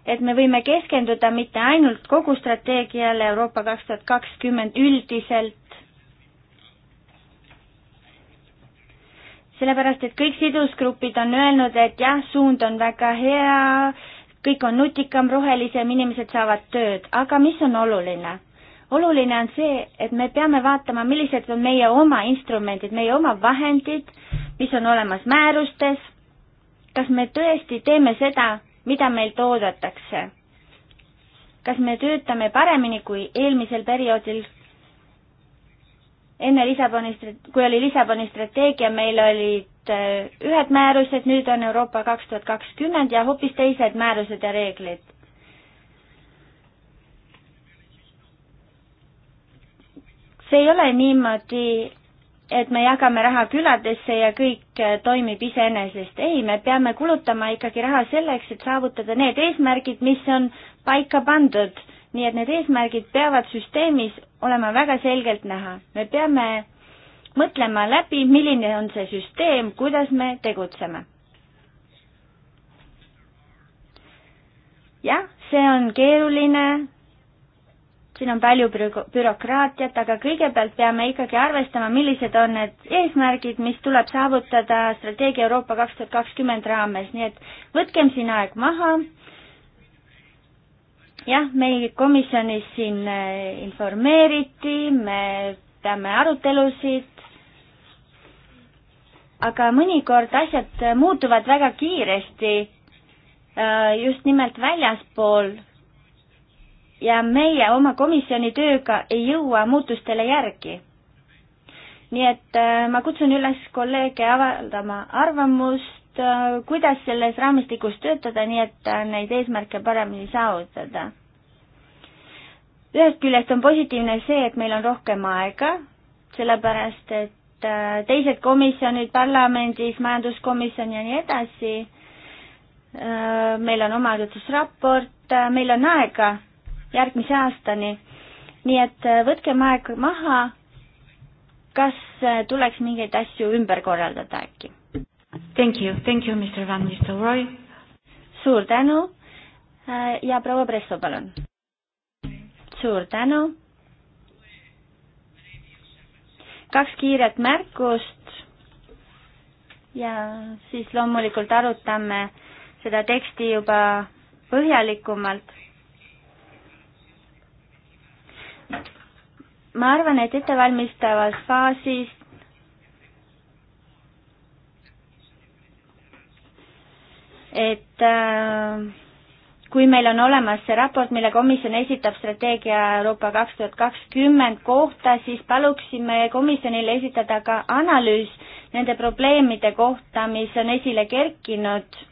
et me võime keskenduda mitte ainult kogu strateegiale Euroopa kaks tuhat kakskümmend üldiselt, sellepärast et kõik sidusgrupid on öelnud, et jah, suund on väga hea, kõik on nutikam, rohelisem, inimesed saavad tööd, aga mis on oluline? oluline on see, et me peame vaatama, millised on meie oma instrumendid, meie oma vahendid, mis on olemas määrustes, kas me tõesti teeme seda, mida meilt oodatakse. kas me töötame paremini kui eelmisel perioodil? enne Lissaboni, kui oli Lissaboni strateegia, meil olid äh, ühed määrused, nüüd on Euroopa kaks tuhat kakskümmend ja hoopis teised määrused ja reeglid. see ei ole niimoodi, et me jagame raha küladesse ja kõik eh, toimib iseenesest. ei, me peame kulutama ikkagi raha selleks, et saavutada need eesmärgid, mis on paika pandud. nii et need eesmärgid peavad süsteemis olema väga selgelt näha. me peame mõtlema läbi, milline on see süsteem, kuidas me tegutseme. jah, see on keeruline siin on palju bürokraatiat, aga kõigepealt peame ikkagi arvestama, millised on need eesmärgid, mis tuleb saavutada strateegia Euroopa kaks tuhat kakskümmend raames, nii et võtkem siin aeg maha. jah, meil komisjonis siin eh, informeeriti, me peame arutelusid, aga mõnikord asjad muutuvad väga kiiresti, eh, just nimelt väljaspool ja meie oma komisjoni tööga ei jõua muutustele järgi. nii et äh, ma kutsun üles kolleege avaldama arvamust, äh, kuidas selles raamistikus töötada, nii et äh, neid eesmärke paremini saavutada. ühest küljest on positiivne see, et meil on rohkem aega, sellepärast et teised komisjonid parlamendis, majanduskomisjon ja nii edasi, meil on omaalgatusraport, meil on aega järgmise aastani. nii et äh, võtkem aeg maha, kas äh, tuleks mingeid asju ümber korraldada äkki? Thank you, thank you, Mr Van Nistelrooy. suur tänu äh, ja proua Presso, palun. suur tänu. kaks kiiret märkust ja siis loomulikult arutame seda teksti juba põhjalikumalt. ma arvan, et ettevalmistavas faasis et äh, kui meil on olemas see raport, mille komisjon esitab strateegia Euroopa kaks tuhat kakskümmend kohta, siis paluksime komisjonile esitada ka analüüs nende probleemide kohta, mis on esile kerkinud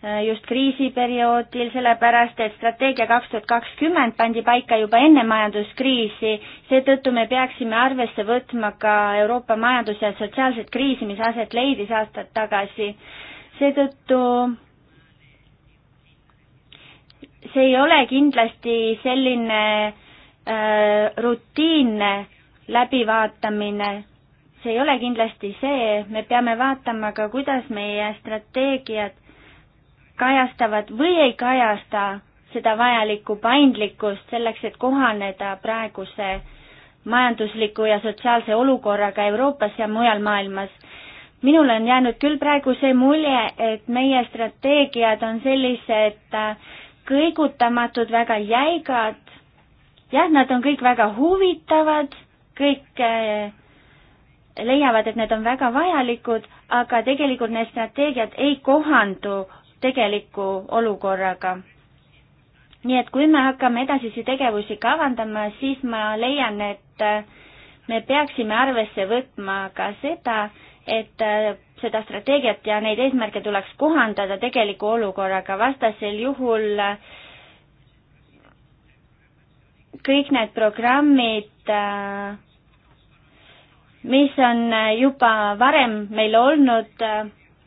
Äh, just kriisiperioodil, sellepärast et strateegia kaks tuhat kakskümmend pandi paika juba enne majanduskriisi, seetõttu me peaksime arvesse võtma ka Euroopa majandus- ja sotsiaalset kriisi, mis aset leidis aastad tagasi. seetõttu see ei ole kindlasti selline äh, rutiinne läbivaatamine, see ei ole kindlasti see, me peame vaatama ka, kuidas meie strateegiad kajastavad või ei kajasta seda vajalikku paindlikkust selleks, et kohaneda praeguse majandusliku ja sotsiaalse olukorraga Euroopas ja mujal maailmas. minul on jäänud küll praegu see mulje, et meie strateegiad on sellised äh, kõigutamatud, väga jäigad, jah, nad on kõik väga huvitavad, kõik äh, leiavad, et need on väga vajalikud, aga tegelikult need strateegiad ei kohandu tegeliku olukorraga. nii et kui me hakkame edasisi tegevusi kavandama, siis ma leian, et äh, me peaksime arvesse võtma ka seda, et äh, seda strateegiat ja neid eesmärke tuleks kohandada tegeliku olukorraga, vastasel juhul äh, kõik need programmid, mis on juba varem meil olnud,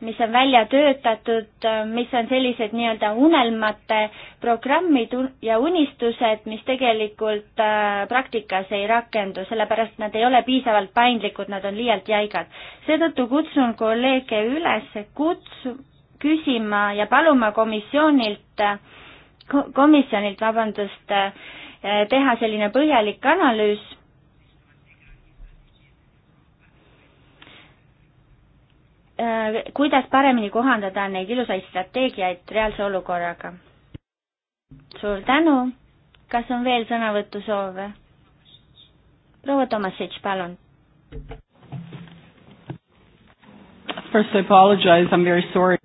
mis on välja töötatud, mis on sellised nii-öelda unelmate programmid ja unistused, mis tegelikult äh, praktikas ei rakendu, sellepärast nad ei ole piisavalt paindlikud, nad on liialt jäigad. seetõttu kutsun kolleege üles kutsu-, küsima ja paluma komisjonilt, komisjonilt, vabandust, äh, teha selline põhjalik analüüs Äh, kuidas paremini kohandada neid ilusaid strateegiaid reaalse olukorraga. suur tänu, kas on veel sõnavõtusoove? proua Tomasitš, palun. First I apologize, I am very sorry.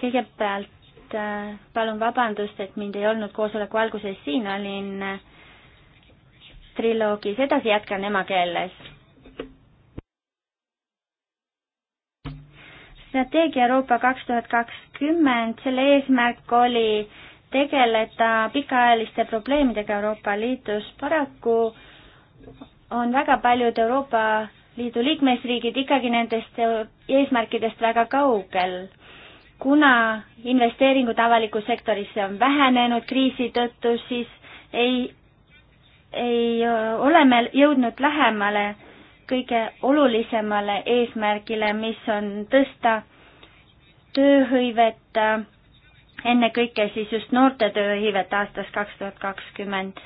kõigepealt äh, palun vabandust, et mind ei olnud koosoleku alguses siin, olin äh, triloogis, edasi jätkan emakeeles strateegia Euroopa kaks tuhat kakskümmend, selle eesmärk oli tegeleda pikaajaliste probleemidega Euroopa Liidus. paraku on väga paljud Euroopa Liidu liikmesriigid ikkagi nendest eesmärkidest väga kaugel. kuna investeeringud avalikku sektorisse on vähenenud kriisi tõttu, siis ei, ei ole me jõudnud lähemale kõige olulisemale eesmärgile, mis on tõsta tööhõivet, ennekõike siis just noorte tööhõivet aastast kaks tuhat kakskümmend.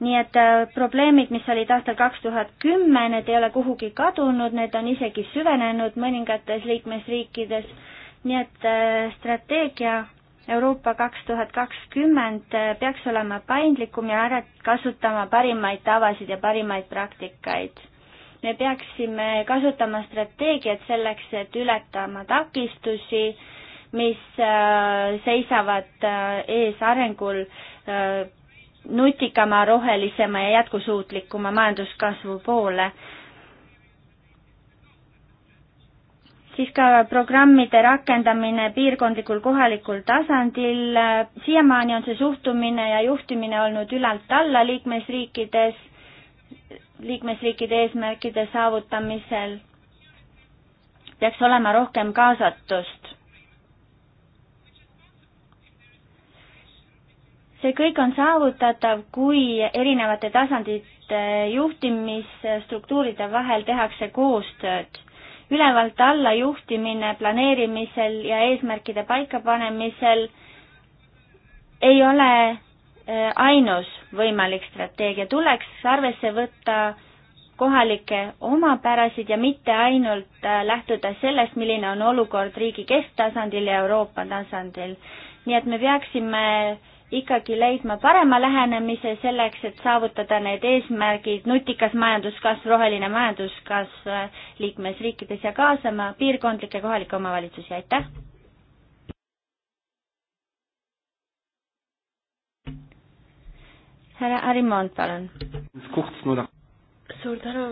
nii et äh, probleemid, mis olid aastal kaks tuhat kümme, need ei ole kuhugi kadunud, need on isegi süvenenud mõningates liikmesriikides, nii et äh, strateegia Euroopa kaks tuhat kakskümmend äh, peaks olema paindlikum ja ära kasutama parimaid tavasid ja parimaid praktikaid me peaksime kasutama strateegiat selleks, et ületama takistusi, mis äh, seisavad äh, ees arengul äh, nutikama, rohelisema ja jätkusuutlikuma majanduskasvu poole. siis ka programmide rakendamine piirkondlikul kohalikul tasandil, siiamaani on see suhtumine ja juhtimine olnud ülalt alla liikmesriikides liikmesriikide eesmärkide saavutamisel peaks olema rohkem kaasatust. see kõik on saavutatav, kui erinevate tasandite juhtimisstruktuuride vahel tehakse koostööd. ülevalt alla juhtimine planeerimisel ja eesmärkide paikapanemisel ei ole Äh, ainus võimalik strateegia, tuleks arvesse võtta kohalikke omapärasid ja mitte ainult äh, lähtuda sellest, milline on olukord riigi kesktasandil ja Euroopa tasandil. nii et me peaksime ikkagi leidma parema lähenemise selleks, et saavutada need eesmärgid, nutikas majanduskasv, roheline majanduskasv äh, liikmesriikides ja kaasama piirkondlikke kohalikke omavalitsusi, aitäh! härra Arimond, palun. suur tänu.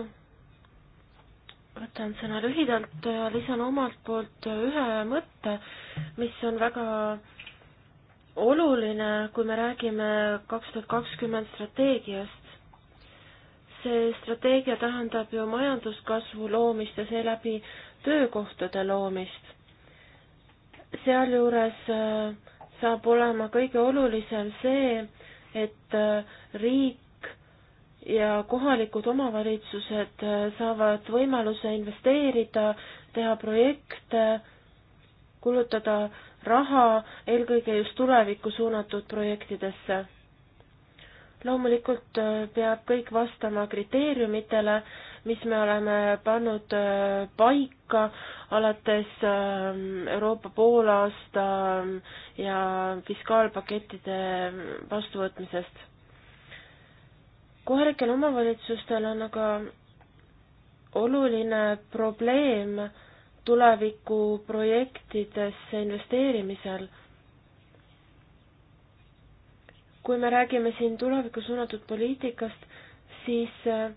võtan sõna lühidalt ja lisan omalt poolt ühe mõtte, mis on väga oluline, kui me räägime kaks tuhat kakskümmend strateegiast. see strateegia tähendab ju majanduskasvu loomist ja seeläbi töökohtade loomist. sealjuures äh, saab olema kõige olulisem see, et äh, riik ja kohalikud omavalitsused äh, saavad võimaluse investeerida, teha projekte, kulutada raha eelkõige just tulevikku suunatud projektidesse. loomulikult äh, peab kõik vastama kriteeriumitele, mis me oleme pannud äh, paika alates ähm, Euroopa poolaasta ähm, ja fiskaalpakettide vastuvõtmisest. kohalikel omavalitsustel on aga oluline probleem tulevikuprojektidesse investeerimisel kui me räägime siin tulevikku suunatud poliitikast, siis äh,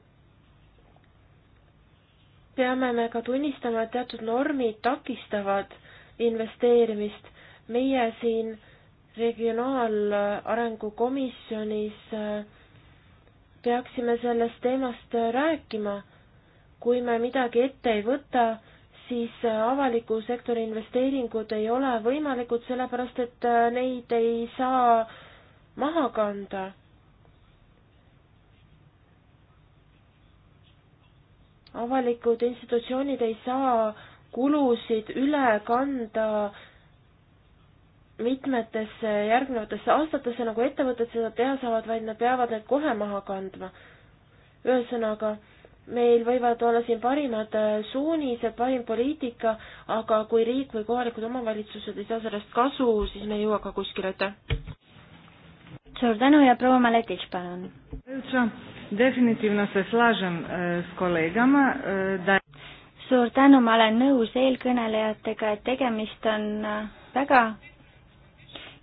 peame me ka tunnistama, et teatud normid takistavad investeerimist. meie siin Regionaalarengu Komisjonis äh, peaksime sellest teemast äh, rääkima. kui me midagi ette ei võta, siis äh, avaliku sektori investeeringud ei ole võimalikud, sellepärast et neid ei saa maha kanda avalikud institutsioonid ei saa kulusid üle kanda mitmetesse järgnevatesse aastatesse, nagu ettevõtted seda teha saavad, vaid nad peavad need kohe maha kandma. ühesõnaga, meil võivad olla siin parimad äh, suunised, parim poliitika, aga kui riik või kohalikud omavalitsused ei saa sellest kasu, siis me ei jõua ka kuskile, aitäh! suur tänu ja proua Maletitš, palun! definitiivne see slažem e, kolleegama ta. E, suur tänu, ma olen nõus eelkõnelejatega, et tegemist on e, väga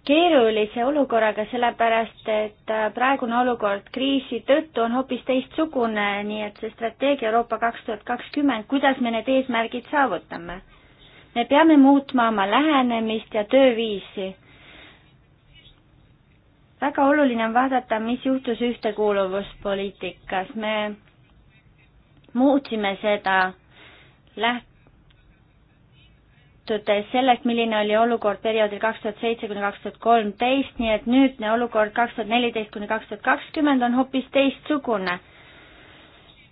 keerulise olukorraga, sellepärast et praegune olukord kriisi tõttu on hoopis teistsugune, nii et see strateegia Euroopa kaks tuhat kakskümmend, kuidas me need eesmärgid saavutame? me peame muutma oma lähenemist ja tööviisi väga oluline on vaadata, mis juhtus ühtekuuluvuspoliitikas, me muutsime seda lähtudes sellest, milline oli olukord perioodil kaks tuhat seitse kuni kaks tuhat kolmteist, nii et nüüdne olukord kaks tuhat neliteist kuni kaks tuhat kakskümmend on hoopis teistsugune.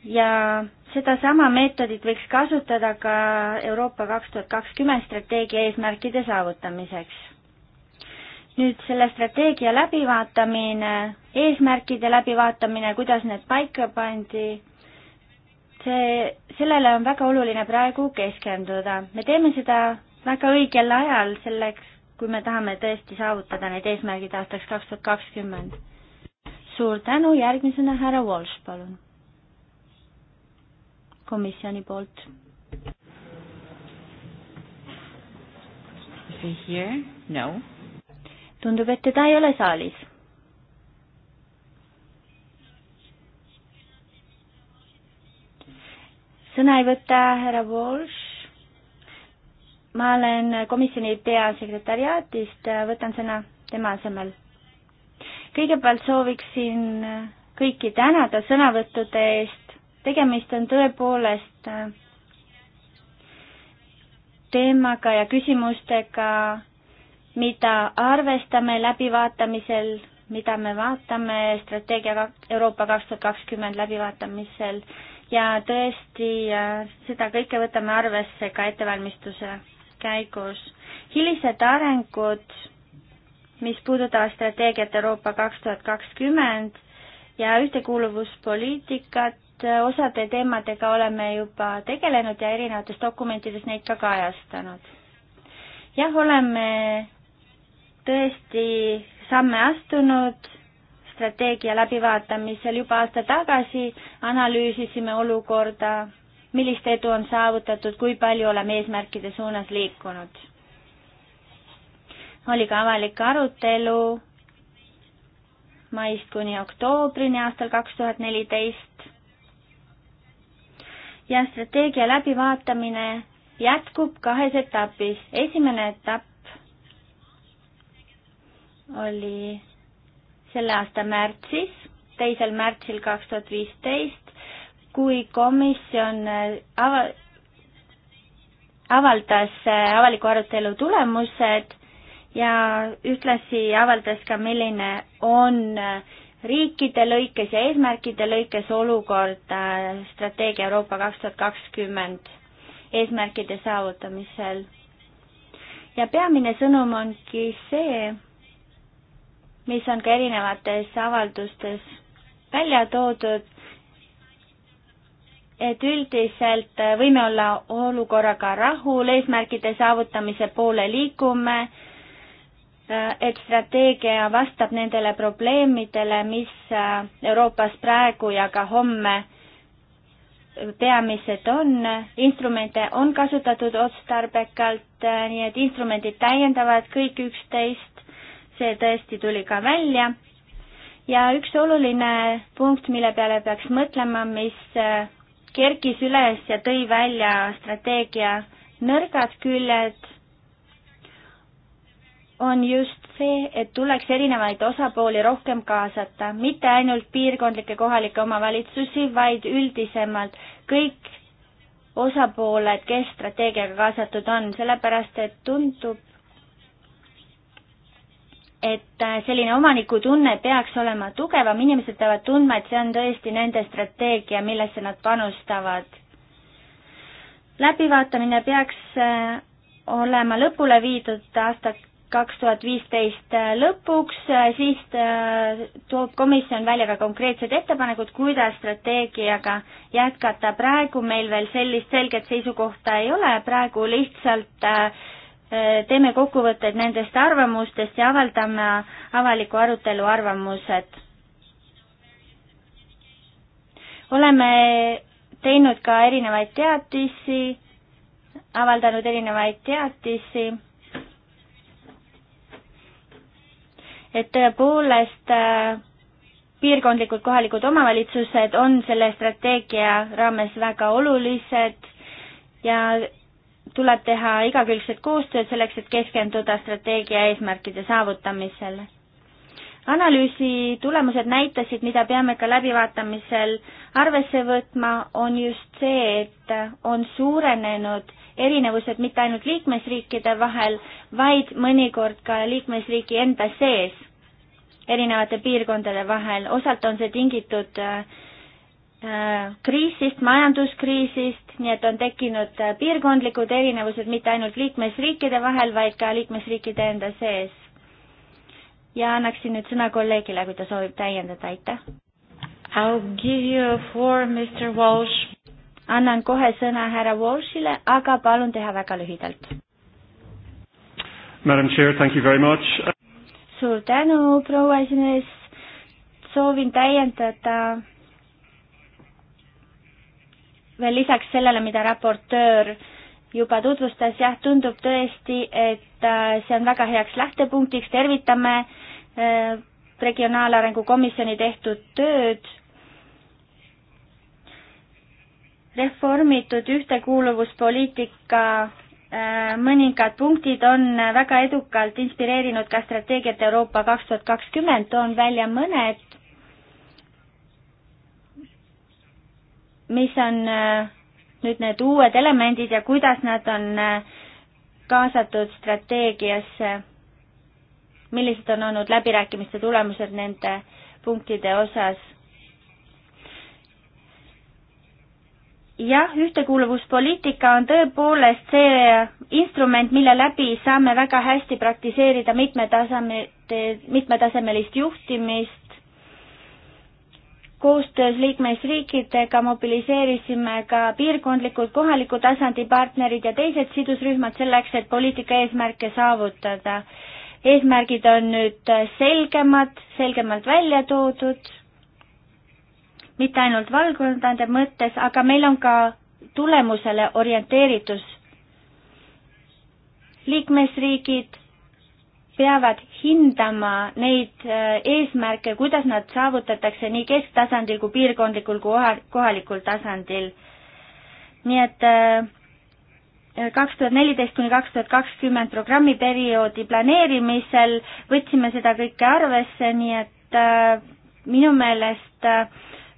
ja sedasama meetodit võiks kasutada ka Euroopa kaks tuhat kakskümmend strateegia eesmärkide saavutamiseks nüüd selle strateegia läbivaatamine, eesmärkide läbivaatamine, kuidas need paika pandi, see, sellele on väga oluline praegu keskenduda. me teeme seda väga õigel ajal, selleks kui me tahame tõesti saavutada need eesmärgid aastaks kaks tuhat kakskümmend. suur tänu, järgmisena härra Walsh, palun. komisjoni poolt. Is he here? No tundub, et teda ei ole saalis. sõna ei võta härra Walsh. ma olen komisjoni peasekretäriaadist, võtan sõna tema asemel. kõigepealt sooviksin kõiki tänada sõnavõttude eest. tegemist on tõepoolest teemaga ja küsimustega, mida arvestame läbivaatamisel, mida me vaatame strateegia Euroopa kaks tuhat kakskümmend läbivaatamisel ja tõesti äh, seda kõike võtame arvesse ka ettevalmistuse käigus. hilised arengud, mis puudutavad strateegiat Euroopa kaks tuhat kakskümmend ja ühtekuuluvuspoliitikat, äh, osade teemadega oleme juba tegelenud ja erinevates dokumentides neid ka kajastanud. jah, oleme tõesti samme astunud strateegia läbivaatamisel juba aasta tagasi, analüüsisime olukorda, millist edu on saavutatud, kui palju oleme eesmärkide suunas liikunud. oli ka avalik arutelu maist kuni oktoobrini aastal kaks tuhat neliteist ja strateegia läbivaatamine jätkub kahes etapis. esimene etapp oli selle aasta märtsis, teisel märtsil kaks tuhat viisteist, kui komisjon äh, ava-, avaldas äh, avaliku arutelu tulemused ja ühtlasi avaldas ka, milline on äh, riikide lõikes ja eesmärkide lõikes olukord strateegia Euroopa kaks tuhat kakskümmend eesmärkide saavutamisel. ja peamine sõnum ongi see, mis on ka erinevates avaldustes välja toodud, et üldiselt võime olla olukorraga rahul, eesmärkide saavutamise poole liigume, et strateegia vastab nendele probleemidele, mis Euroopas praegu ja ka homme peamised on, instrumente on kasutatud otstarbekalt, nii et instrumendid täiendavad kõik üksteist see tõesti tuli ka välja. ja üks oluline punkt, mille peale peaks mõtlema, mis äh, kerkis üles ja tõi välja strateegia nõrgad küljed, on just see, et tuleks erinevaid osapooli rohkem kaasata, mitte ainult piirkondlikke kohalikke omavalitsusi, vaid üldisemalt kõik osapooled, kes strateegiaga kaasatud on, sellepärast et tundub, et äh, selline omanikutunne peaks olema tugevam, inimesed peavad tundma, et see on tõesti nende strateegia, millesse nad panustavad. läbivaatamine peaks äh, olema lõpule viidud aasta kaks tuhat viisteist äh, lõpuks, siis toob komisjon välja ka konkreetsed ettepanekud, kuidas strateegiaga jätkata. praegu meil veel sellist selget seisukohta ei ole, praegu lihtsalt äh, teeme kokkuvõtted nendest arvamustest ja avaldame avaliku arutelu arvamused. oleme teinud ka erinevaid teatisi, avaldanud erinevaid teatisi, et tõepoolest äh, piirkondlikud kohalikud omavalitsused on selle strateegia raames väga olulised ja tuleb teha igakülgset koostööd selleks, et keskenduda strateegia eesmärkide saavutamisele. analüüsi tulemused näitasid, mida peame ka läbivaatamisel arvesse võtma, on just see, et on suurenenud erinevused mitte ainult liikmesriikide vahel, vaid mõnikord ka liikmesriigi enda sees, erinevate piirkondade vahel, osalt on see tingitud äh, äh kriisist, majanduskriisist, nii et on tekkinud äh, piirkondlikud erinevused mitte ainult liikmesriikide vahel, vaid ka liikmesriikide enda sees. ja annaksin nüüd sõna kolleegile, kui ta soovib täiendada, aitäh. I'll give you four, Mr Walsh. annan kohe sõna härra Walshile, aga palun teha väga lühidalt. Madam Chair, thank you very much. suur tänu, proua esimees. soovin täiendada veel lisaks sellele, mida raportöör juba tutvustas, jah, tundub tõesti, et äh, see on väga heaks lähtepunktiks, tervitame äh, Regionaalarengu Komisjoni tehtud tööd. reformitud ühtekuuluvuspoliitika äh, mõningad punktid on väga edukalt inspireerinud ka strateegiat Euroopa kaks tuhat kakskümmend, toon välja mõned mis on äh, nüüd need uued elemendid ja kuidas nad on äh, kaasatud strateegiasse, millised on olnud läbirääkimiste tulemused nende punktide osas. jah, ühtekuuluvuspoliitika on tõepoolest see instrument, mille läbi saame väga hästi praktiseerida mitmetaseme, mitmetasemelist juhtimist, koostöös liikmesriikidega mobiliseerisime ka piirkondlikud, kohaliku tasandi partnerid ja teised sidusrühmad selleks, et poliitika eesmärke saavutada. eesmärgid on nüüd selgemad, selgemalt välja toodud, mitte ainult valdkondade mõttes, aga meil on ka tulemusele orienteeritus. liikmesriigid peavad hindama neid äh, eesmärke, kuidas nad saavutatakse nii kesktasandil kui piirkondlikul kui kohalikul tasandil. nii et äh, kaks tuhat neliteist kuni kaks tuhat kakskümmend programmiperioodi planeerimisel võtsime seda kõike arvesse, nii et äh, minu meelest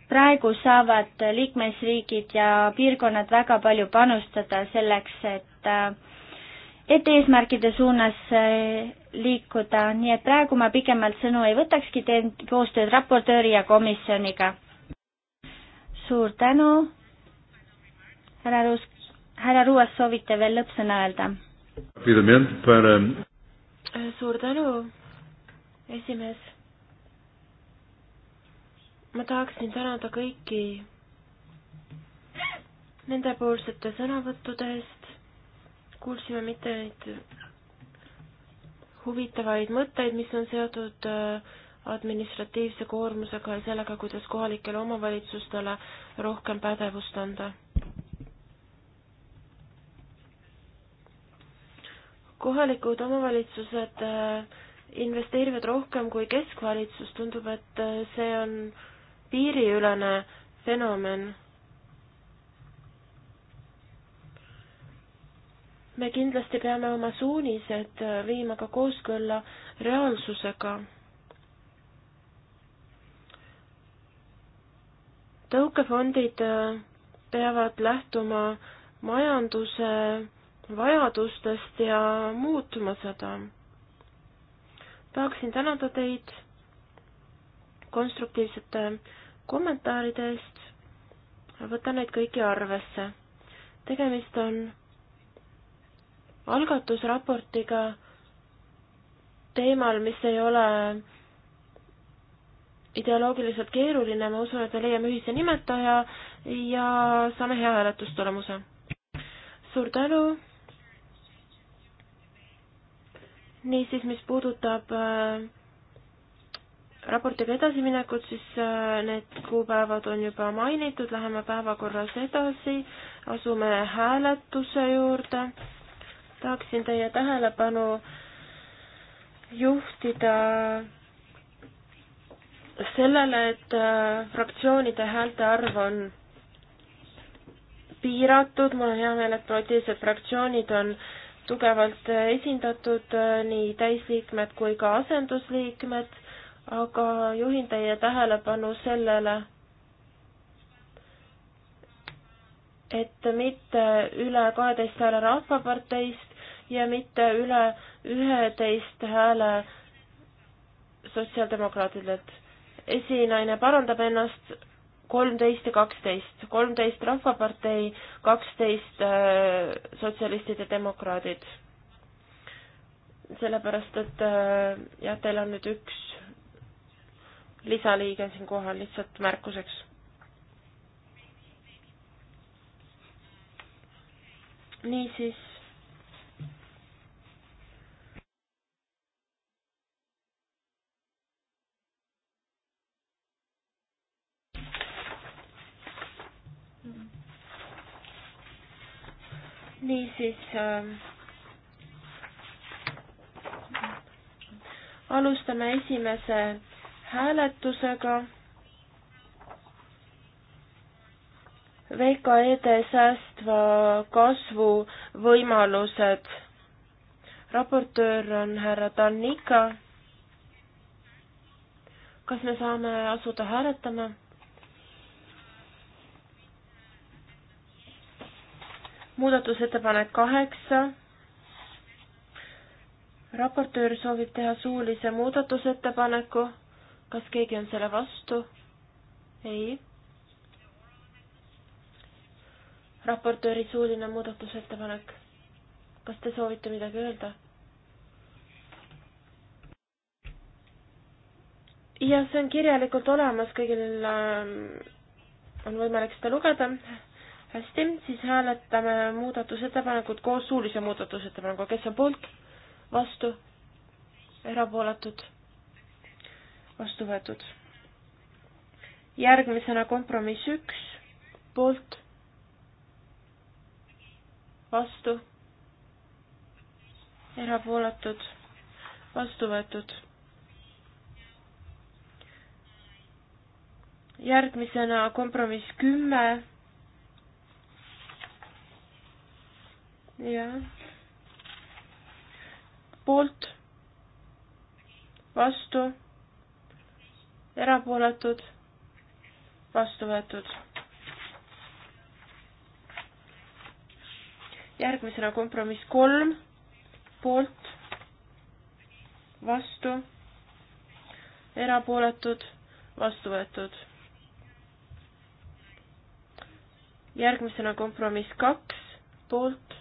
praegu saavad liikmesriigid ja piirkonnad väga palju panustada selleks, et et eesmärkide suunas eh, liikuda, nii et praegu ma pikemalt sõnu ei võtakski, teen koostööd raportööri ja komisjoniga. suur tänu. härra Ruus, härra Ruuas, soovite veel lõppsõna öelda? suur tänu, esimees. ma tahaksin tänada kõiki nendepoolsete sõnavõttude eest, kuulsime mitte neid huvitavaid mõtteid, mis on seotud äh, administratiivse koormusega ja sellega, kuidas kohalikele omavalitsustele rohkem pädevust anda. kohalikud omavalitsused äh, investeerivad rohkem kui keskvalitsus, tundub, et äh, see on piiriülene fenomen me kindlasti peame oma suunised viima ka kooskõlla reaalsusega. tõukefondid äh, peavad lähtuma majanduse vajadustest ja muutma seda. tahaksin tänada teid konstruktiivsete kommentaaride eest. võtan neid kõiki arvesse. tegemist on algatusraportiga teemal, mis ei ole ideoloogiliselt keeruline, ma usun, et me leiame ühise nimetaja ja saame hea hääletustulemuse. suur tänu. niisiis, mis puudutab äh, raportiga edasiminekut, siis äh, need kuupäevad on juba mainitud, läheme päevakorras edasi, asume hääletuse juurde tahaksin teie tähelepanu juhtida sellele, et äh, fraktsioonide häälte arv on piiratud, mul on hea meel, et poliitilised fraktsioonid on tugevalt äh, esindatud, äh, nii täisliikmed kui ka asendusliikmed, aga juhin teie tähelepanu sellele, et mitte üle kaheteist hääle Rahvaparteist ja mitte üle üheteist hääle sotsiaaldemokraatidelt. esinaine parandab ennast kolmteist ja kaksteist, kolmteist Rahvapartei, kaksteist äh, sotsialistid ja demokraadid. sellepärast, et äh, jah, teil on nüüd üks lisaliige siin kohal lihtsalt märkuseks. niisiis niisiis äh, alustame esimese hääletusega. VKE-de säästva kasvu võimalused. raportöör on härra Tannika. kas me saame asuda hääletama? muudatusettepanek kaheksa. raportöör soovib teha suulise muudatusettepaneku. kas keegi on selle vastu? ei. raportööri suuline muudatusettepanek. kas te soovite midagi öelda? jah, see on kirjalikult olemas, kõigil ähm, on võimalik seda lugeda hästi, siis hääletame muudatusettepanekut koos suulise muudatusettepanekuga, kes on poolt, vastu, erapooletud, vastu võetud. järgmisena kompromiss üks, poolt, vastu, erapooletud, vastu võetud. järgmisena kompromiss kümme jah. poolt, vastu, erapooletud, vastu võetud. järgmisena kompromiss kolm, poolt, vastu, erapooletud, vastu võetud järgmisena kompromiss kaks poolt,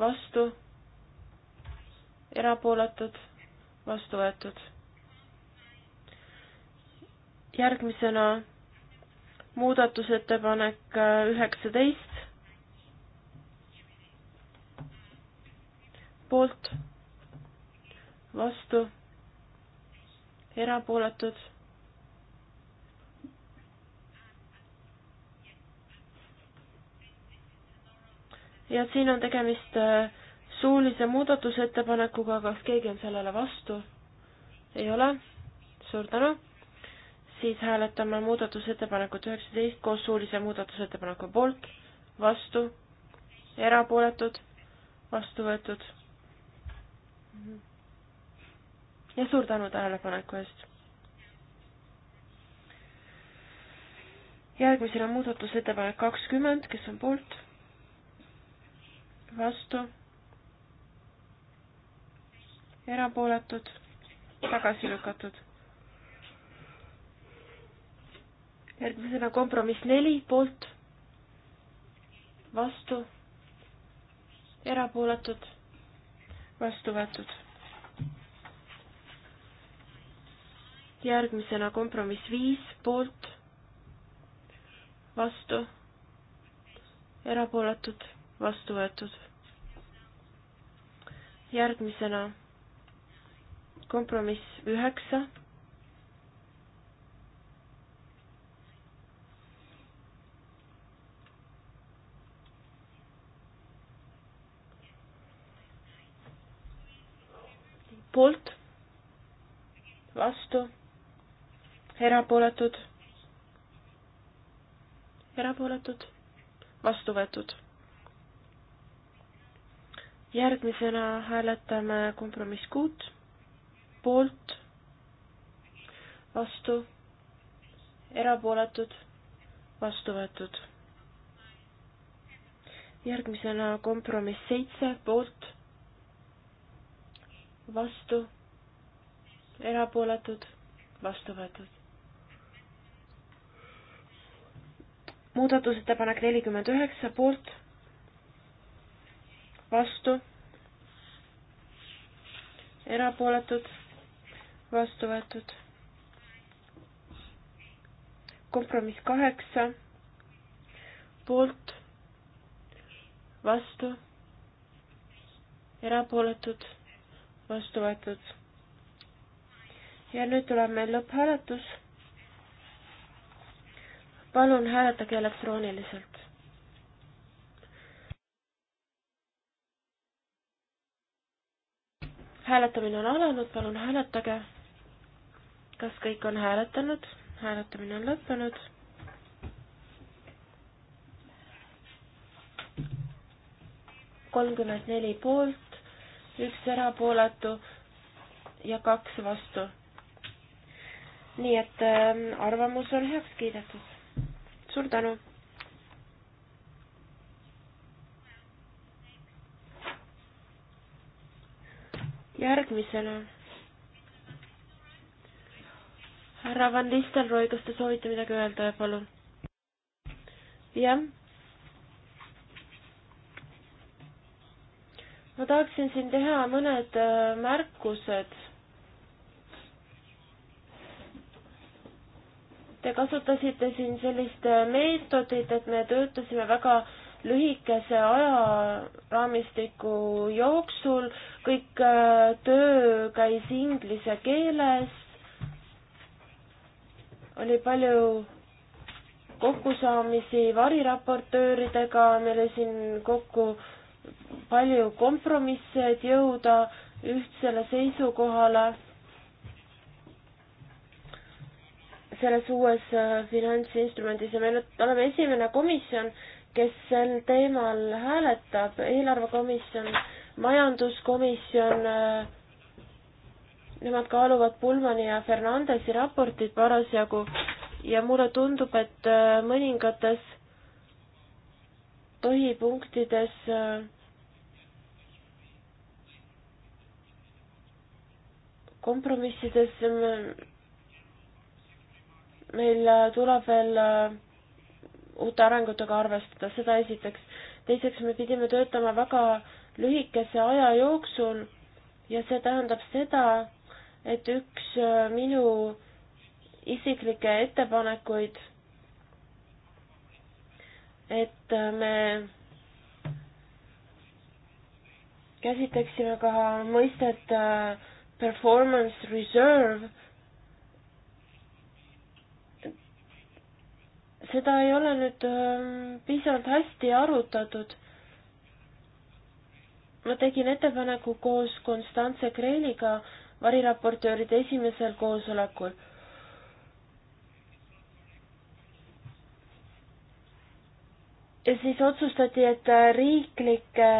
vastu, erapooletud, vastu võetud. järgmisena muudatusettepanek äh, üheksateist. poolt, vastu, erapooletud ja siin on tegemist äh, suulise muudatusettepanekuga, kas keegi on sellele vastu? ei ole? suur tänu! siis hääletame muudatusettepanekut üheksateist koos suulise muudatusettepaneku poolt, vastu, erapooletud, vastu võetud. ja suur tänu tähelepaneku eest. järgmisena muudatusettepanek kakskümmend, kes on poolt vastu, erapooletud, tagasi lükatud. järgmisena kompromiss neli poolt, vastu, erapooletud, vastu võetud. järgmisena kompromiss viis poolt, vastu, erapooletud vastu võetud. järgmisena kompromiss üheksa. poolt, vastu, erapooletud, erapooletud, vastu võetud järgmisena hääletame kompromiss kuut, poolt, vastu, erapooletud, vastu võetud. järgmisena kompromiss seitse, poolt, vastu, erapooletud, vastu võetud. muudatusettepanek nelikümmend üheksa, poolt vastu, erapooletud, vastu võetud. kompromiss kaheksa, poolt, vastu, erapooletud, vastu võetud. ja nüüd tuleb meil lõpphääletus. palun hääletage elektrooniliselt. hääletamine on alanud, palun hääletage. kas kõik on hääletanud? hääletamine on lõppenud. kolmkümmend neli poolt, üks erapooletu ja kaks vastu. nii et äh, arvamus on heaks kiidetud. suur tänu järgmisena. härra Van Listelrooy, kas te soovite midagi öelda, palun? jah. ma tahaksin siin teha mõned äh, märkused. Te kasutasite siin sellist äh, meetodit, et me töötasime väga äh, lühikese ajaraamistiku jooksul, kõik äh, töö käis inglise keeles, oli palju kokkusaamisi variraportööridega, meil oli siin kokku palju kompromisse, et jõuda ühtsele seisukohale selles uues äh, finantsinstrumendis ja me nüüd oleme esimene komisjon, kes sel teemal hääletab, eelarvekomisjon, majanduskomisjon, äh, nemad kaaluvad Pulmani ja Fernandesi raportit parasjagu ja mulle tundub, et äh, mõningates põhipunktides äh, kompromissides meil tuleb veel uute arengutega arvestada, seda esiteks. teiseks, me pidime töötama väga lühikese aja jooksul ja see tähendab seda, et üks äh, minu isiklikke ettepanekuid, et äh, me käsitleksime ka mõistet äh, performance reserve seda ei ole nüüd ähm, piisavalt hästi arutatud. ma tegin ettepaneku koos Konstantse Kreeliga variraportööride esimesel koosolekul. ja siis otsustati, et riiklikke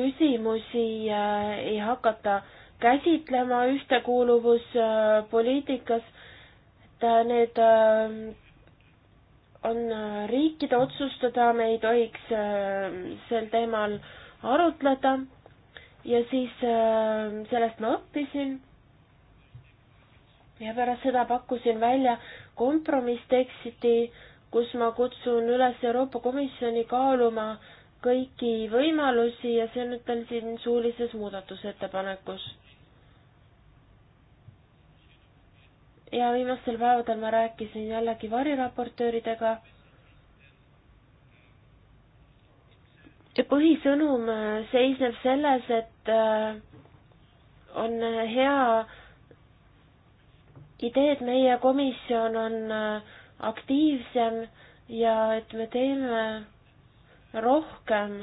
küsimusi äh, ei hakata käsitlema ühtekuuluvuspoliitikas, et äh, need ähm, on äh, riikide otsustada, me ei tohiks äh, sel teemal arutleda ja siis äh, sellest ma õppisin. ja pärast seda pakkusin välja kompromissteksti, kus ma kutsun üles Euroopa Komisjoni kaaluma kõiki võimalusi ja see on nüüd tal siin suulises muudatusettepanekus ja viimastel päevadel ma rääkisin jällegi variraportööridega. ja põhisõnum äh, seisneb selles, et äh, on äh, hea idee, et meie komisjon on aktiivsem ja et me teeme rohkem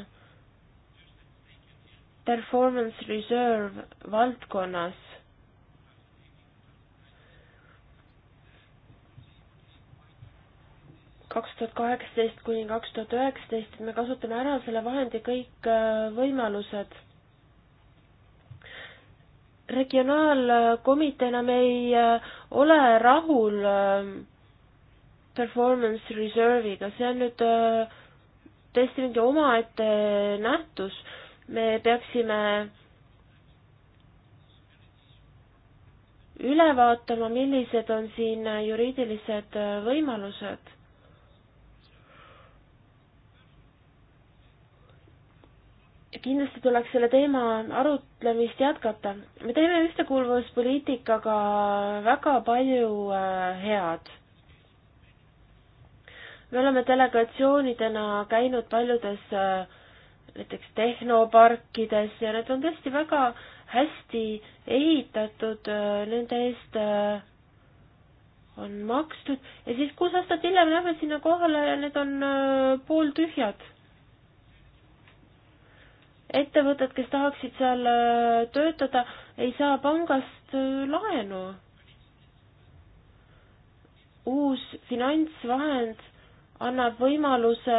performance reserve valdkonnas kaks tuhat kaheksateist kuni kaks tuhat üheksateist, et me kasutame ära selle vahendi kõik äh, võimalused. regionaalkomiteena me ei äh, ole rahul äh, performance reserve'iga, see on nüüd täiesti mingi omaette nähtus, me peaksime üle vaatama, millised on siin juriidilised võimalused kindlasti tuleks selle teema arutlemist jätkata. me teeme ühtekuuluvuspoliitikaga väga palju äh, head. me oleme delegatsioonidena käinud paljudes äh, näiteks tehnoparkides ja need on tõesti väga hästi ehitatud, äh, nende eest on makstud ja siis kuus aastat hiljem lähme sinna kohale ja need on pooltühjad ettevõtted, kes tahaksid seal äh, töötada, ei saa pangast äh, laenu. uus finantsvahend annab võimaluse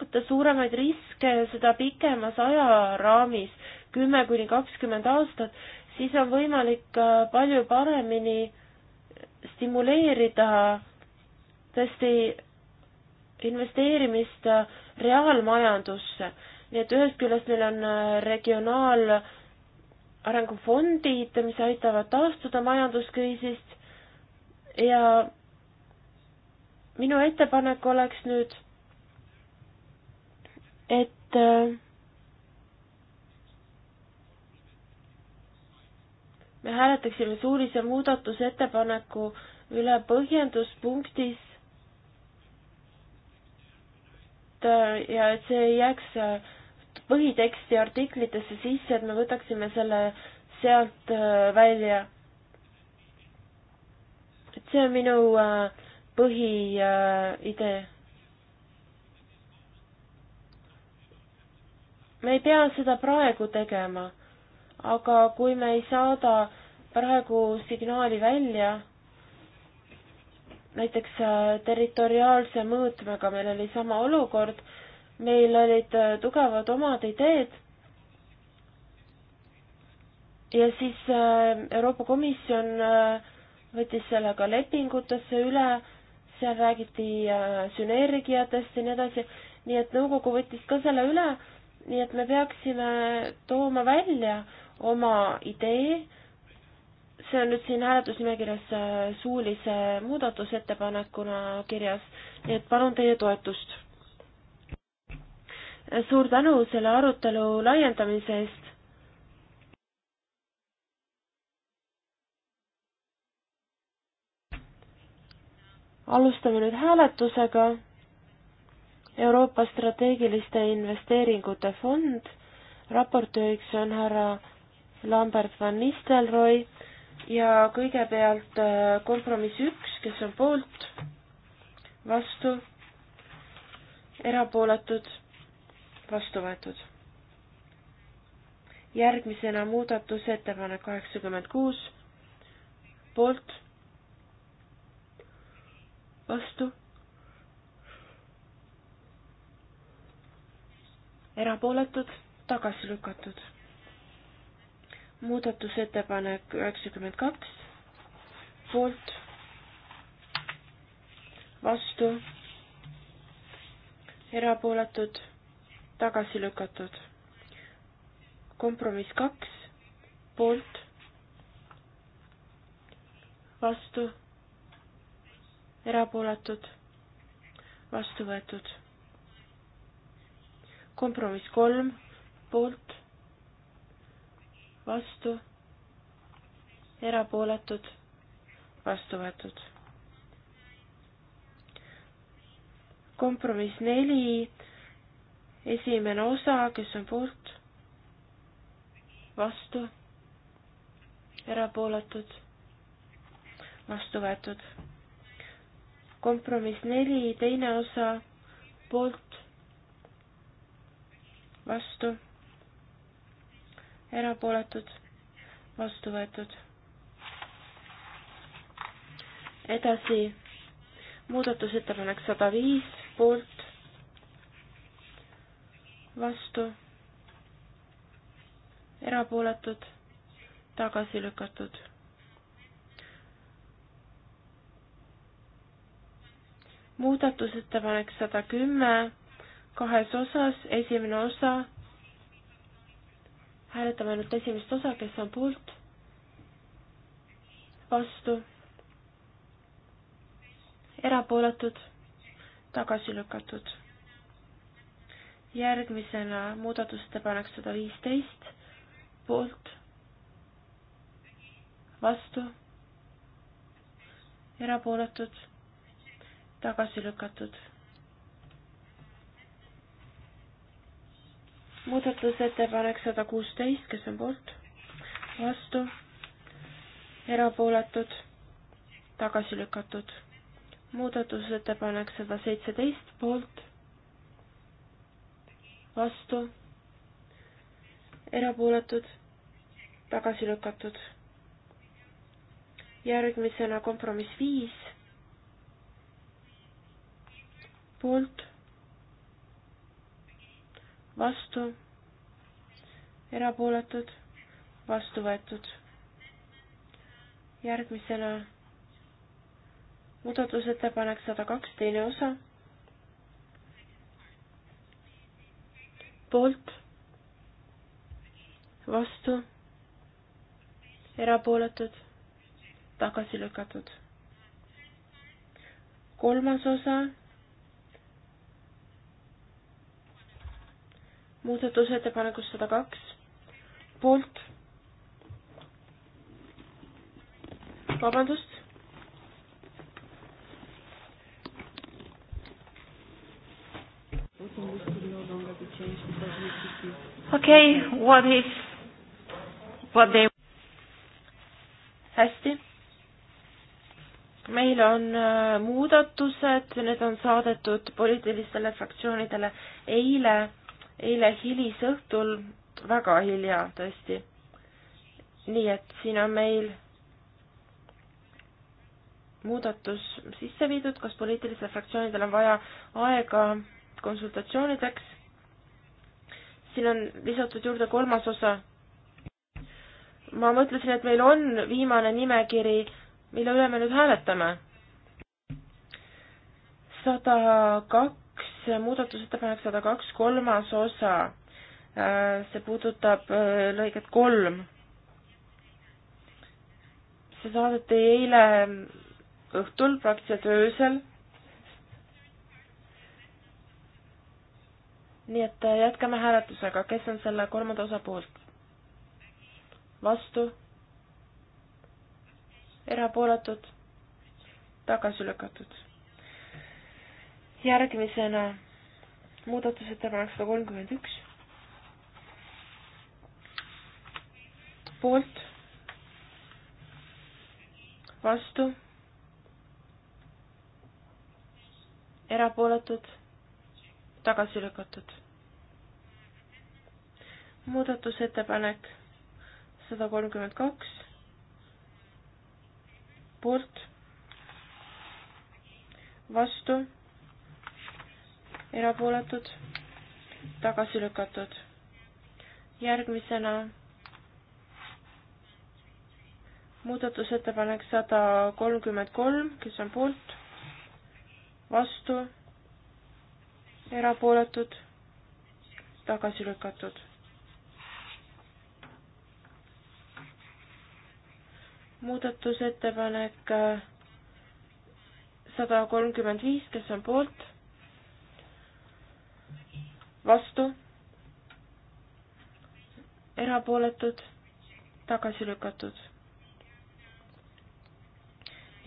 võtta suuremaid riske, seda pikemas ajaraamis, kümme kuni kakskümmend aastat, siis on võimalik äh, palju paremini stimuleerida tõesti investeerimist äh, reaalmajandusse. nii et ühest küljest meil on äh, regionaalarengufondid, mis aitavad taastuda majanduskriisist ja minu ettepanek oleks nüüd, et äh, me hääletaksime suulise muudatusettepaneku üle põhjenduspunktis et äh, ja et see ei jääks äh, põhiteksti artiklitesse sisse, et me võtaksime selle sealt äh, välja. et see on minu põhiidee äh, me ei pea seda praegu tegema, aga kui me ei saada praegu signaali välja, näiteks äh, territoriaalse mõõtmega meil oli sama olukord, meil olid äh, tugevad omad ideed ja siis äh, Euroopa Komisjon võttis selle ka lepingutesse üle, seal räägiti sünergiatest ja nii edasi, nii et nõukogu võttis ka selle üle, nii et me peaksime tooma välja oma idee, see on nüüd siin hääletusnimekirjas äh, suulise muudatusettepanekuna kirjas, nii et palun teie toetust. suur tänu selle arutelu laiendamise eest. alustame nüüd hääletusega. Euroopa strateegiliste investeeringute fond, raportööriks on härra Lambert van Nistelrooy ja kõigepealt äh, kompromiss üks, kes on poolt, vastu, erapooletud, vastu võetud. järgmisena muudatusettepanek kaheksakümmend kuus, poolt, vastu, erapooletud, tagasi lükatud muudatusettepanek üheksakümmend kaks, poolt, vastu, erapooletud, tagasi lükatud. kompromiss kaks, poolt, vastu, erapooletud, vastu võetud. kompromiss kolm, poolt, vastu, erapooletud, vastu võetud. kompromiss neli, esimene osa, kes on poolt, vastu, erapooletud, vastu võetud. kompromiss neli, teine osa, poolt, vastu erapooletud, vastu võetud. edasi muudatusettepanek sada viis poolt, vastu, erapooletud, tagasi lükatud. muudatusettepanek sada kümme kahes osas, esimene osa hääletame ainult esimest osa, kes on poolt, vastu, erapooletud, tagasi lükatud. järgmisena muudatusettepanek sada viisteist, poolt, vastu, erapooletud, tagasi lükatud muudatusettepanek sada kuusteist, kes on poolt, vastu, erapooletud, tagasi lükatud. muudatusettepanek sada seitseteist, poolt, vastu, erapooletud, tagasi lükatud. järgmisena kompromiss viis poolt, vastu, erapooletud, vastu võetud. järgmisena muudatusettepanek sada kaks, teine osa. poolt, vastu, erapooletud, tagasi lükatud. kolmas osa muudatusettepanekust sada kaks poolt. vabandust. okei okay,, what is, what they. hästi. meil on äh, muudatused, need on saadetud poliitilistele fraktsioonidele eile eile hilisõhtul, väga hilja tõesti. nii et siin on meil muudatus sisse viidud, kas poliitilistel fraktsioonidel on vaja aega konsultatsioonideks. siin on lisatud juurde kolmas osa. ma mõtlesin, et meil on viimane nimekiri, mille üle me nüüd hääletame. sada kaks muudatusettepanek sada kaks, kolmas osa. Äh, see puudutab äh, lõiget kolm. see saadeti eile õhtul, praktiliselt öösel. nii et äh, jätkame hääletusega, kes on selle kolmanda osa poolt? vastu? erapooletud? tagasi lükatud järgmisena muudatusettepanek sada kolmkümmend üks. poolt, vastu, erapooletud, tagasi lükatud. muudatusettepanek sada kolmkümmend kaks, poolt, vastu erapooletud, tagasi lükatud. järgmisena muudatusettepanek sada kolmkümmend kolm, kes on poolt, vastu, erapooletud, tagasi lükatud. muudatusettepanek äh, sada kolmkümmend viis, kes on poolt vastu, erapooletud, tagasi lükatud.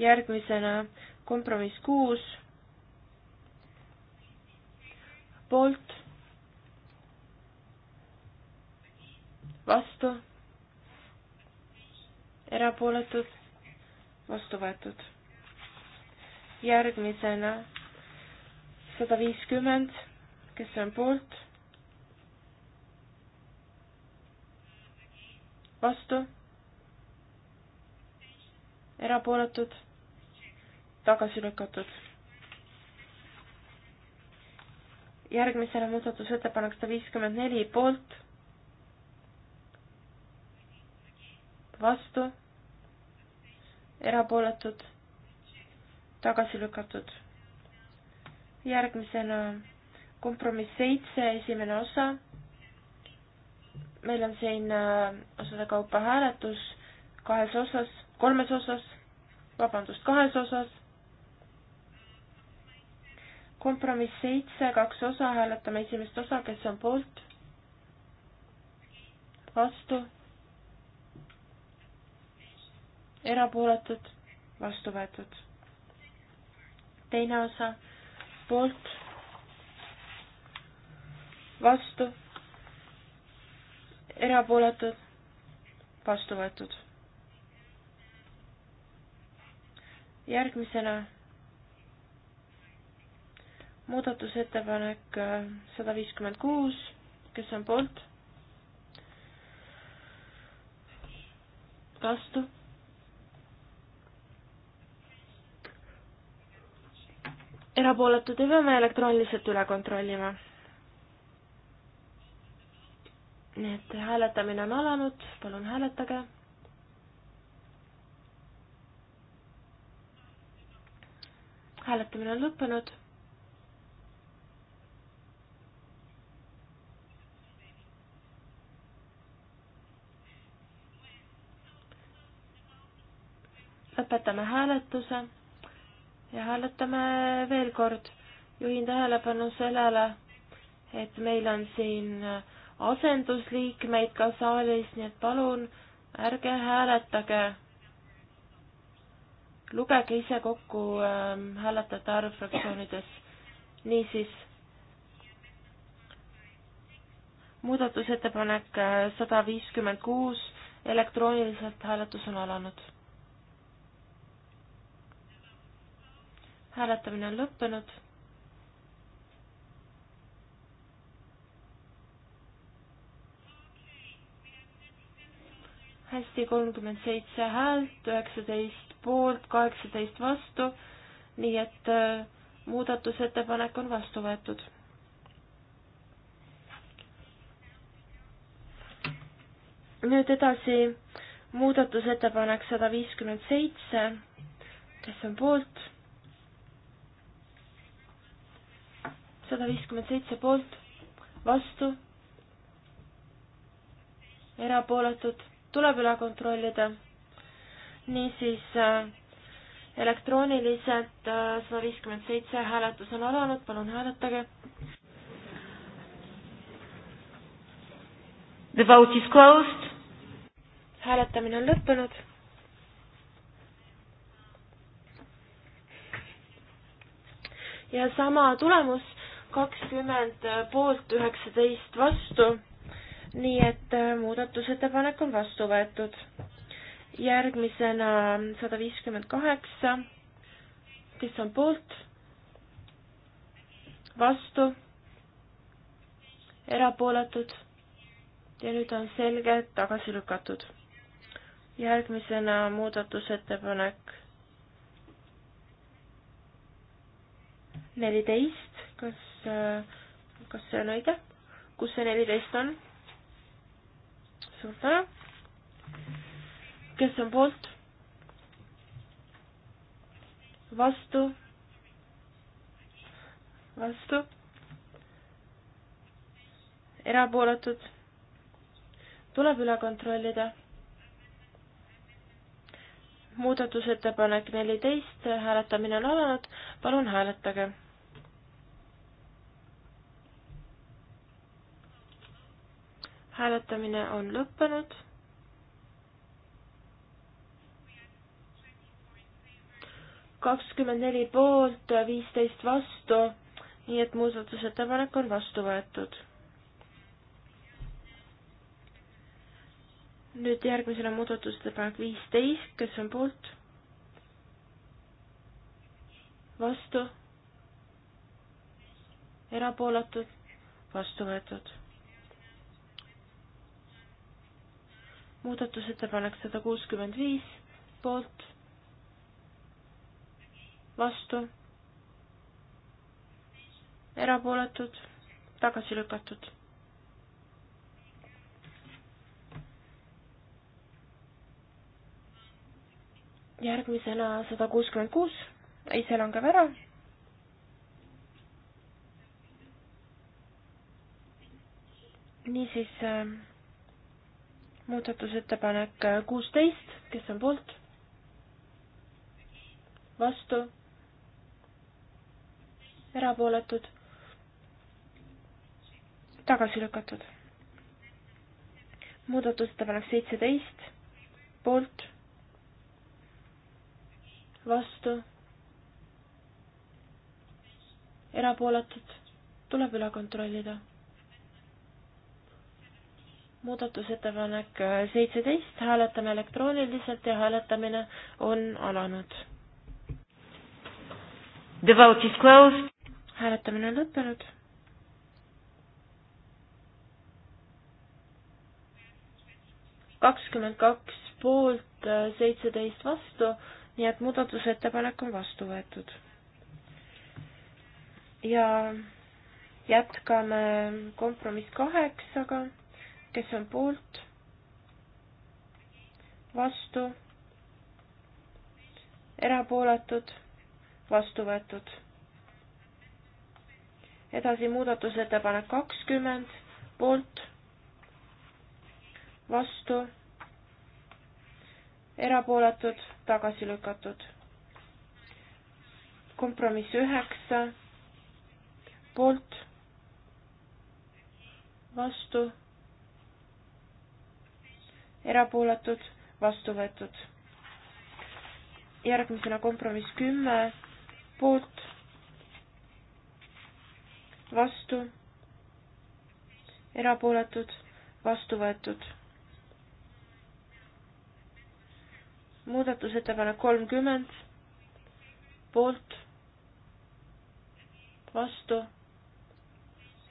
järgmisena kompromiss kuus, poolt, vastu, erapooletud, vastu võetud. järgmisena sada viiskümmend kes on poolt? vastu? erapooletud? tagasi lükatud? järgmisele muudatusettepanek sada viiskümmend neli poolt, vastu, erapooletud, tagasi lükatud. järgmisena kompromiss seitse, esimene osa. meil on siin äh, osade kaupa hääletus kahes osas, kolmes osas, vabandust, kahes osas. kompromiss seitse, kaks osa, hääletame esimest osa, kes on poolt, vastu, erapooletud, vastu võetud. teine osa, poolt vastu, erapooletud, vastu võetud. järgmisena muudatusettepanek äh, sada viiskümmend kuus, kes on poolt? vastu erapooletud ja peame elektrooniliselt üle kontrollima. nii et hääletamine on alanud, palun hääletage. hääletamine on lõppenud. lõpetame hääletuse ja hääletame veel kord. juhin tähelepanu sellele, et meil on siin äh, asendusliikmeid ka saalis, nii et palun ärge hääletage. lugege ise kokku äh, hääletajate arv fraktsioonides. niisiis, muudatusettepanek äh, sada viiskümmend kuus, elektrooniliselt hääletus on alanud. hääletamine on lõppenud hästi, kolmkümmend seitse häält, üheksateist poolt, kaheksateist vastu, nii et äh, muudatusettepanek on vastu võetud. nüüd edasi muudatusettepanek sada viiskümmend seitse, kes on poolt? sada viiskümmend seitse poolt, vastu, erapooletud tuleb üle kontrollida. niisiis äh, elektrooniliselt äh, sada viiskümmend seitse hääletus on alanud, palun hääletage. The vote is closed. hääletamine on lõppenud. ja sama tulemus kakskümmend poolt, üheksateist vastu nii et äh, muudatusettepanek on vastu võetud. järgmisena sada viiskümmend kaheksa, kes on poolt, vastu, erapooletud ja nüüd on selge tagasi lükatud. järgmisena muudatusettepanek neliteist, kas, äh, kas see on õige? kus see neliteist on? suur tänu. kes on poolt? vastu? vastu? erapooletud? tuleb üle kontrollida. muudatusettepanek neliteist, hääletamine on alanud, palun hääletage hääletamine on lõppenud. kakskümmend neli poolt, viisteist vastu, nii et muudatusettepanek on vastu võetud. nüüd järgmisena muudatusettepanek viisteist, kes on poolt? vastu? erapooletud? vastu võetud muudatusettepanek sada kuuskümmend viis poolt, vastu, erapooletud, tagasi lükatud. järgmisena sada kuuskümmend kuus, ei, see langeb ära. niisiis äh, muudatusettepanek kuusteist, kes on poolt? vastu? erapooletud? tagasi lükatud. muudatusettepanek seitseteist, poolt? vastu? erapooletud? tuleb üle kontrollida muudatusettepanek äh, seitseteist, hääletame elektrooniliselt ja hääletamine on alanud. The vote is closed. hääletamine on lõppenud. kakskümmend kaks poolt, äh, seitseteist vastu, nii et muudatusettepanek on vastu võetud. ja jätkame kompromiss kaheksaga kes on poolt, vastu, erapooletud, vastu võetud. edasi muudatusettepanek kakskümmend, poolt, vastu, erapooletud, tagasi lükatud. kompromiss üheksa, poolt, vastu erapooletud, vastu võetud. järgmisena kompromiss kümme, poolt, vastu, erapooletud, vastu võetud. muudatusettepanek kolmkümmend, poolt, vastu,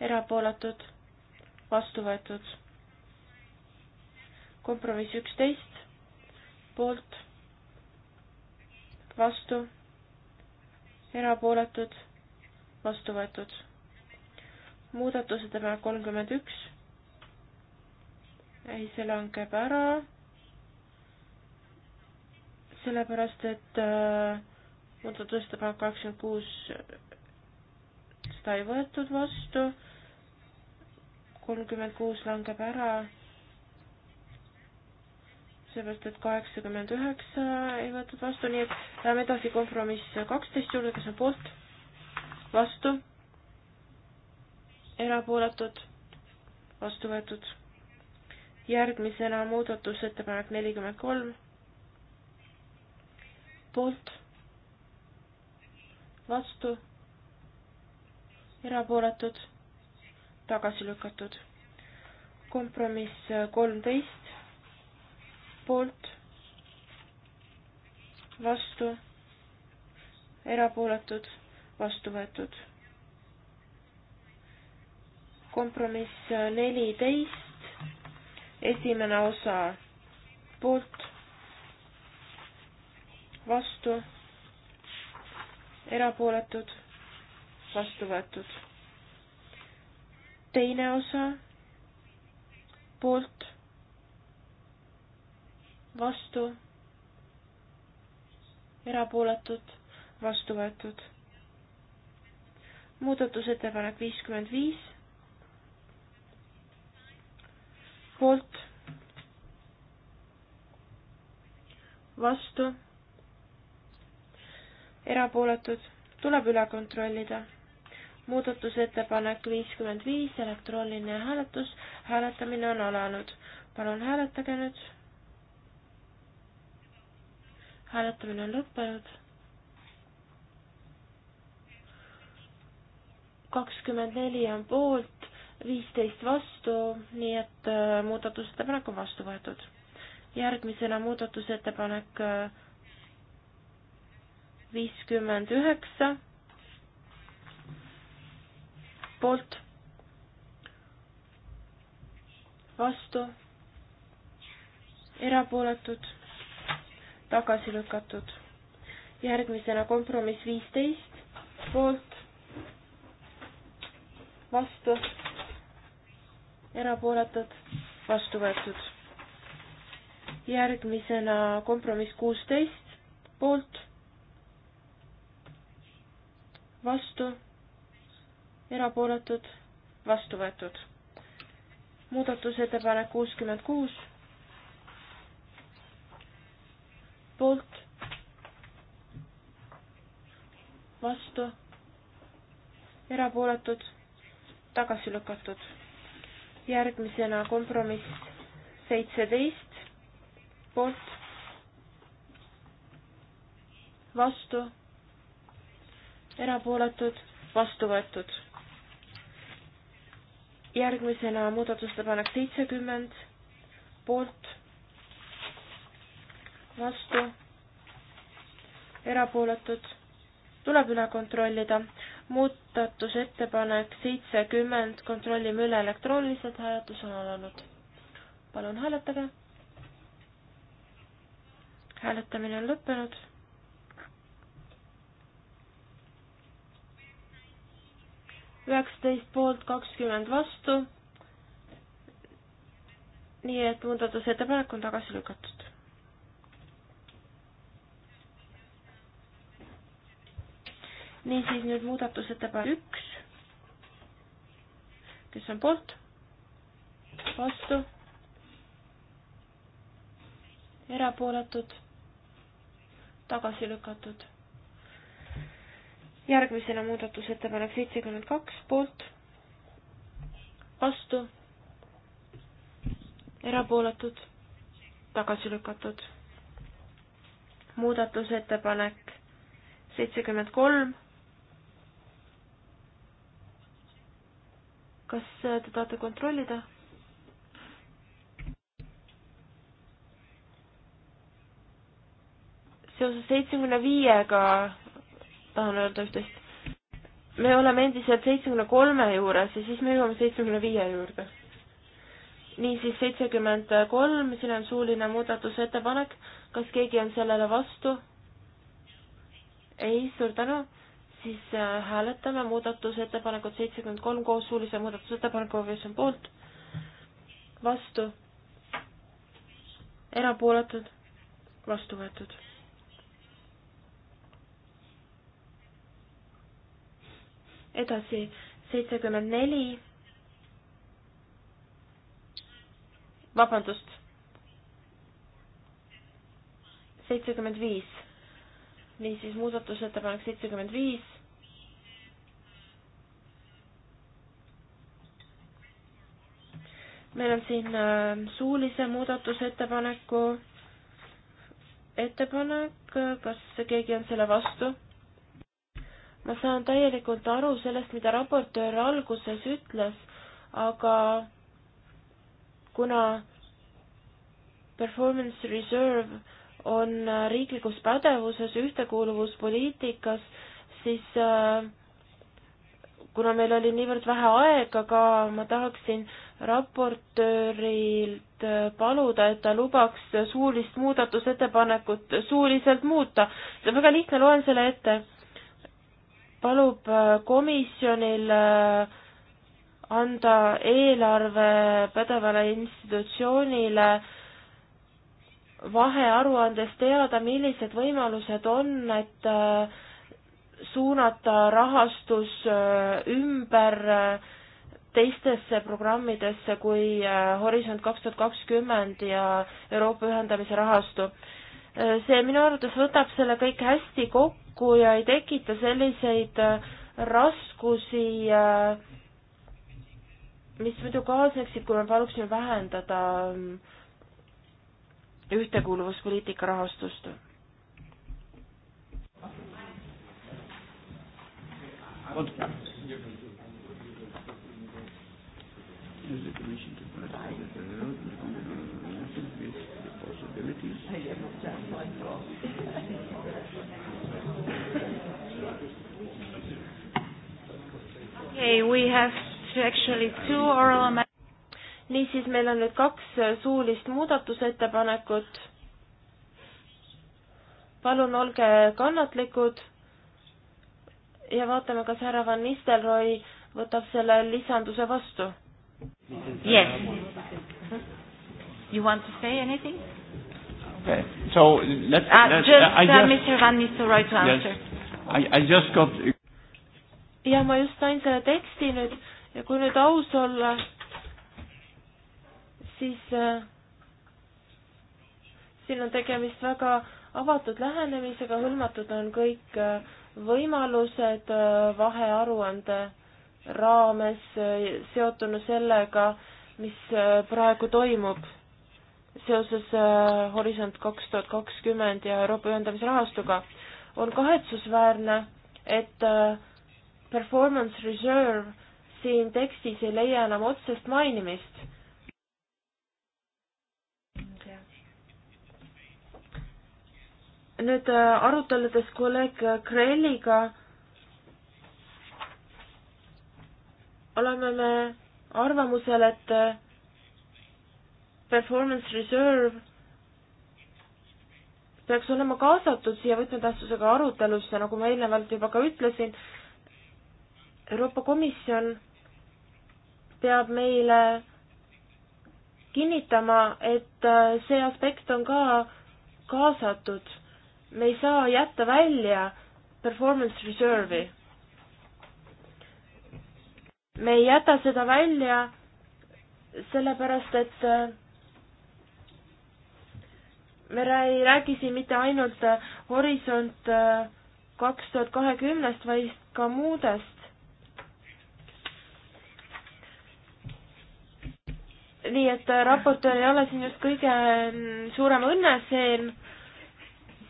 erapooletud, vastu võetud kompromiss üksteist, poolt, vastu, erapooletud, vastu võetud. muudatusettepanek kolmkümmend üks. ei, see langeb ära. sellepärast, et äh, muudatusettepanek kakskümmend kuus, seda ei võetud vastu. kolmkümmend kuus langeb ära seepärast, et kaheksakümmend üheksa ei võetud vastu, nii et läheme edasi kompromiss kaksteist juurde, kes on poolt, vastu, erapooletud, vastu võetud. järgmisena muudatusettepanek nelikümmend kolm, poolt, vastu, erapooletud, tagasi lükatud. kompromiss kolmteist, poolt, vastu, erapooletud, vastu võetud. kompromiss neliteist, esimene osa poolt, vastu, erapooletud, vastu võetud. teine osa poolt vastu, erapooletud, vastu võetud. muudatusettepanek viiskümmend viis, poolt, vastu, erapooletud, tuleb üle kontrollida muudatusettepanek viiskümmend viis, elektrooniline hääletus, hääletamine on alanud. palun hääletage nüüd hääletamine on lõppenud. kakskümmend neli on poolt, viisteist vastu, nii et äh, muudatusettepanek on vastu võetud. järgmisena muudatusettepanek äh, viiskümmend üheksa poolt, vastu, erapooletud tagasi lükatud. järgmisena kompromiss viisteist, poolt, vastu, erapooletud, vastu võetud. järgmisena kompromiss kuusteist, poolt, vastu, erapooletud, vastu võetud. muudatusettepanek kuuskümmend kuus poolt, vastu, erapooletud, tagasi lükatud. järgmisena kompromiss seitseteist, poolt, vastu, erapooletud, vastu võetud. järgmisena muudatusettepanek seitsekümmend, poolt vastu, erapooletud, tuleb üle kontrollida. muudatusettepanek seitsekümmend, kontrollime üle elektrooniliselt, hääletus on alanud. palun hääletage. hääletamine on lõppenud. üheksateist poolt, kakskümmend vastu nii et muudatusettepanek on tagasi lükatud. niisiis nüüd muudatusettepanek üks, kes on poolt, vastu, erapooletud, tagasi lükatud. järgmisena muudatusettepanek seitsekümmend kaks, poolt, vastu, erapooletud, tagasi lükatud. muudatusettepanek seitsekümmend kolm kas äh, te tahate kontrollida? seoses seitsmekümne viiega tahan öelda üht-teist. me oleme endiselt seitsmekümne kolme juures ja siis me jõuame seitsmekümne viie juurde. niisiis seitsekümmend kolm, siin on suuline muudatusettepanek, kas keegi on sellele vastu? ei, suur tänu siis äh, hääletame muudatusettepanekut seitsekümmend kolm koos suulise muudatusettepanekuga, kes on poolt, vastu, erapooletud, vastu võetud. edasi seitsekümmend neli. vabandust, seitsekümmend viis niisiis muudatusettepanek seitsekümmend viis meil on siin äh, suulise muudatusettepaneku ettepanek, kas keegi on selle vastu? ma saan täielikult aru sellest, mida raportöör alguses ütles, aga kuna performance reserve on äh, riiklikus pädevuses ühtekuuluvuspoliitikas, siis äh, kuna meil oli niivõrd vähe aega ka, ma tahaksin raportöörilt paluda, et ta lubaks suulist muudatusettepanekut suuliselt muuta. see on väga lihtne, loen selle ette. palub äh, komisjonil äh, anda eelarve pädevale institutsioonile vahearuandes teada, millised võimalused on, et äh, suunata rahastus ümber äh, teistesse programmidesse kui äh, Horisont kaks tuhat kakskümmend ja Euroopa ühendamise rahastu. Äh, see minu arvates võtab selle kõik hästi kokku ja ei tekita selliseid äh, raskusi, mis muidu kaasneksid, kui me paluksime vähendada ähm, ühtekuuluvuspoliitika rahastust Und Okay, we have actually two oral amendments. niisiis, meil on nüüd kaks suulist muudatusettepanekut. palun olge kannatlikud ja vaatame, kas härra Van Nistelrooy võtab selle lisanduse vastu Yes. You want to say anything? Okay. So let's. Uh, let's just, uh, I just Mr. Van Nistelrooy to answer. Yes. I, I just got. jah, ma just sain selle teksti nüüd ja kui nüüd aus olla, siis äh, siin on tegemist väga avatud lähenemisega, hõlmatud on kõik äh, võimalused äh, vahearuande äh, raames eh, seotuna sellega, mis eh, praegu toimub seoses eh, Horisont kaks tuhat kakskümmend ja Euroopa ühendamise rahastuga, on kahetsusväärne, et performance reserve siin tekstis ei leia enam otsest mainimist. nüüd aruteludes kolleeg Krelliga oleme me arvamusel, et performance reserve peaks olema kaasatud siia võtmetähtsusega arutelusse, nagu ma eelnevalt juba ka ütlesin. Euroopa Komisjon peab meile kinnitama, et see aspekt on ka kaasatud. me ei saa jätta välja performance reserve'i me ei jäta seda välja sellepärast, et äh, me ei räägi siin mitte ainult äh, Horisont äh, kaks tuhat kahekümnest, vaid ka muudest. nii et raportöör ei ole siin just kõige mm, suurem õnneseen.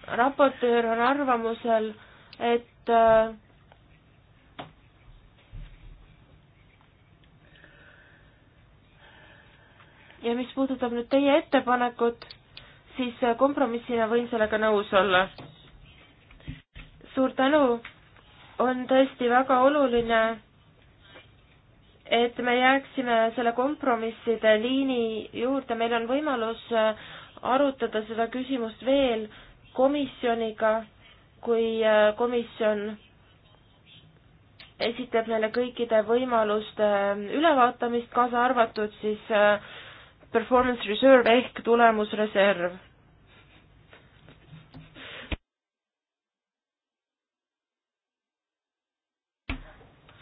raportöör on arvamusel, et äh, ja mis puudutab nüüd teie ettepanekut, siis äh, kompromissina võin sellega nõus olla. suur tänu, on tõesti väga oluline, et me jääksime selle kompromisside liini juurde, meil on võimalus äh, arutada seda küsimust veel komisjoniga, kui äh, komisjon esitab meile kõikide võimaluste ülevaatamist, kaasa arvatud siis äh, performance reserve ehk tulemusreserv.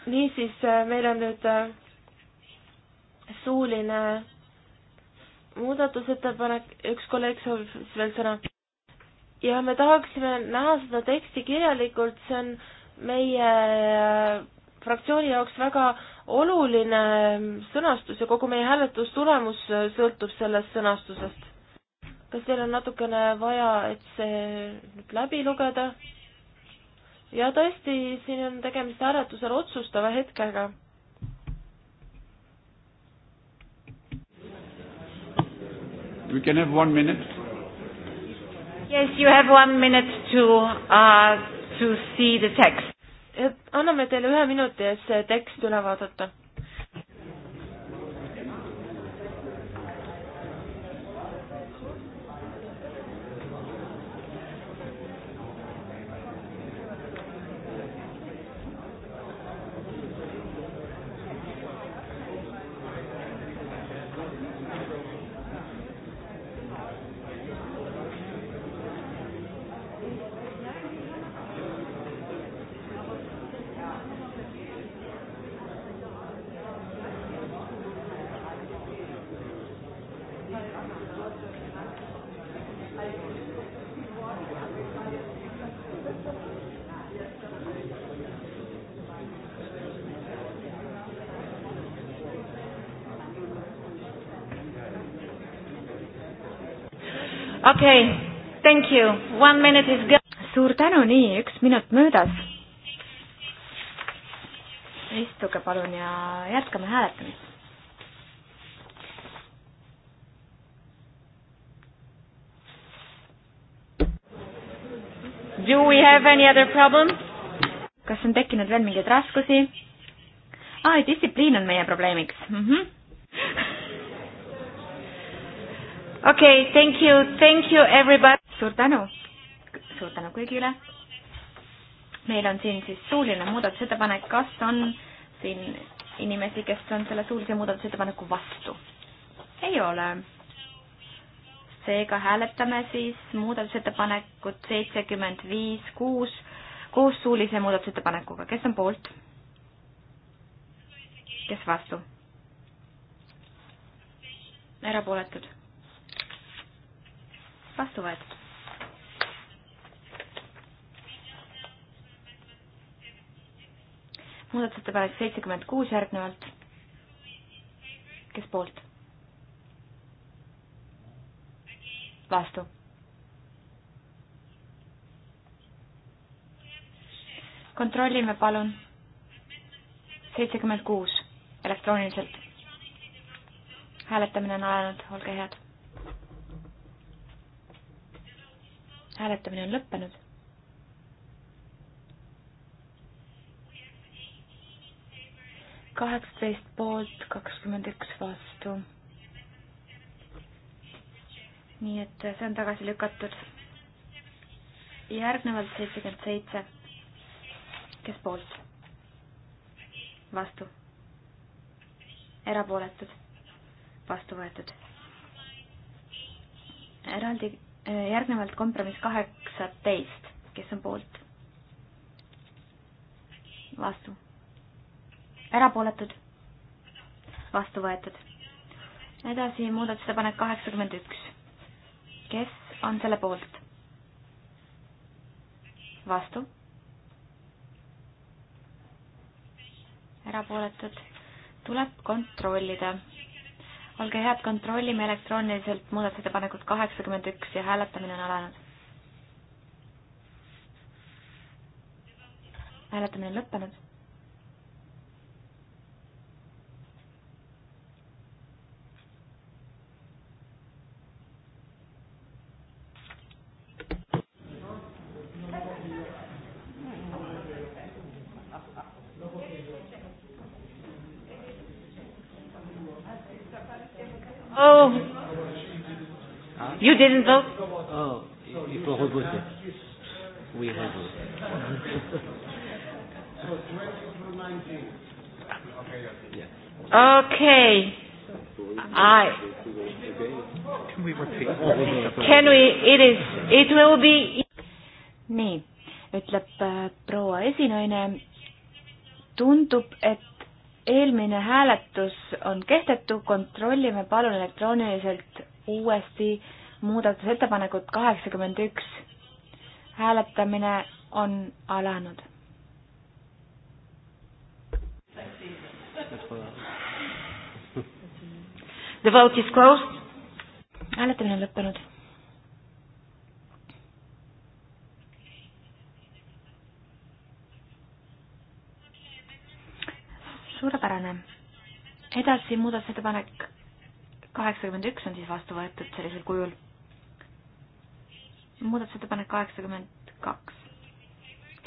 niisiis, äh, meil on nüüd äh, suuline muudatusettepanek, üks kolleeg soovis veel sõna. ja me tahaksime näha seda teksti kirjalikult, see on meie äh, fraktsiooni jaoks väga äh, oluline sõnastus ja kogu meie hääletustulemus sõltub sellest sõnastusest. kas teil on natukene vaja, et see nüüd läbi lugeda? ja tõesti, siin on tegemist hääletusel otsustava hetkega. We can have one minute. Yes, you have one minute to uh, to see the text anname teile ühe minuti, et see tekst üle vaadata okei okay., thank you, one minute is go-. suur tänu, nii, üks minut möödas. istuge palun ja jätkame hääletamist. Do we have any other problem? kas on tekkinud veel mingeid raskusi? aa, distsipliin on meie probleemiks mm. -hmm. <laughs> okei okay,, thank you, thank you everybody. suur tänu, suur tänu kõigile. meil on siin siis suuline muudatusettepanek, kas on siin inimesi, kes on selle suulise muudatusettepaneku vastu? ei ole. seega hääletame siis muudatusettepanekut seitsekümmend viis, kuus koos suulise muudatusettepanekuga, kes on poolt? kes vastu? erapooletud? vastu võetud. muudatusettepanek seitsekümmend kuus järgnevalt. kes poolt? vastu. kontrollime palun. seitsekümmend kuus elektrooniliselt. hääletamine on alanud, olge head hääletamine on lõppenud. kaheksateist poolt, kakskümmend üks vastu. nii et see on tagasi lükatud. järgnevalt seitsekümmend seitse. kes poolt? vastu. erapooletud. vastu võetud. eraldi Äh, järgnevalt kompromiss kaheksateist, kes on poolt? vastu. erapooletud? vastu võetud. edasi muudatusettepanek kaheksakümmend üks. kes on selle poolt? vastu. erapooletud. tuleb kontrollida olge head, kontrollime elektrooniliselt muudatusettepanekut kaheksakümmend üks ja hääletamine on alanud. hääletamine on lõppenud. Oh. Hein? You didn't vote? Oh, il faut revoter. Oui, revoter. Okay. I. Can we repeat? Can we? It is. It will be. nii, ütleb äh, proua esinaine. tundub, et eelmine hääletus on kehtetu, kontrollime palun elektrooniliselt uuesti muudatusettepanekut kaheksakümmend üks. hääletamine on alanud. The vote is closed. hääletamine on lõppenud suurepärane. edasi muudatusettepanek kaheksakümmend üks on siis vastu võetud sellisel kujul. muudatusettepanek kaheksakümmend kaks.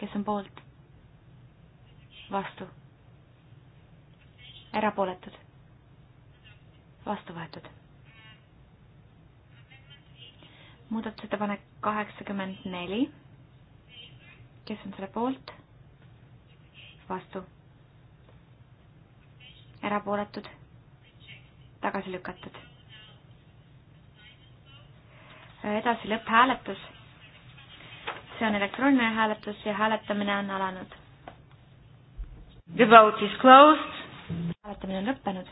kes on poolt? vastu? erapooletud? vastu võetud? muudatusettepanek kaheksakümmend neli. kes on selle poolt? vastu erapooletud, tagasi lükatud. edasi lõpphääletus. see on elektrooniline hääletus ja hääletamine on alanud. The vote is closed. hääletamine on lõppenud.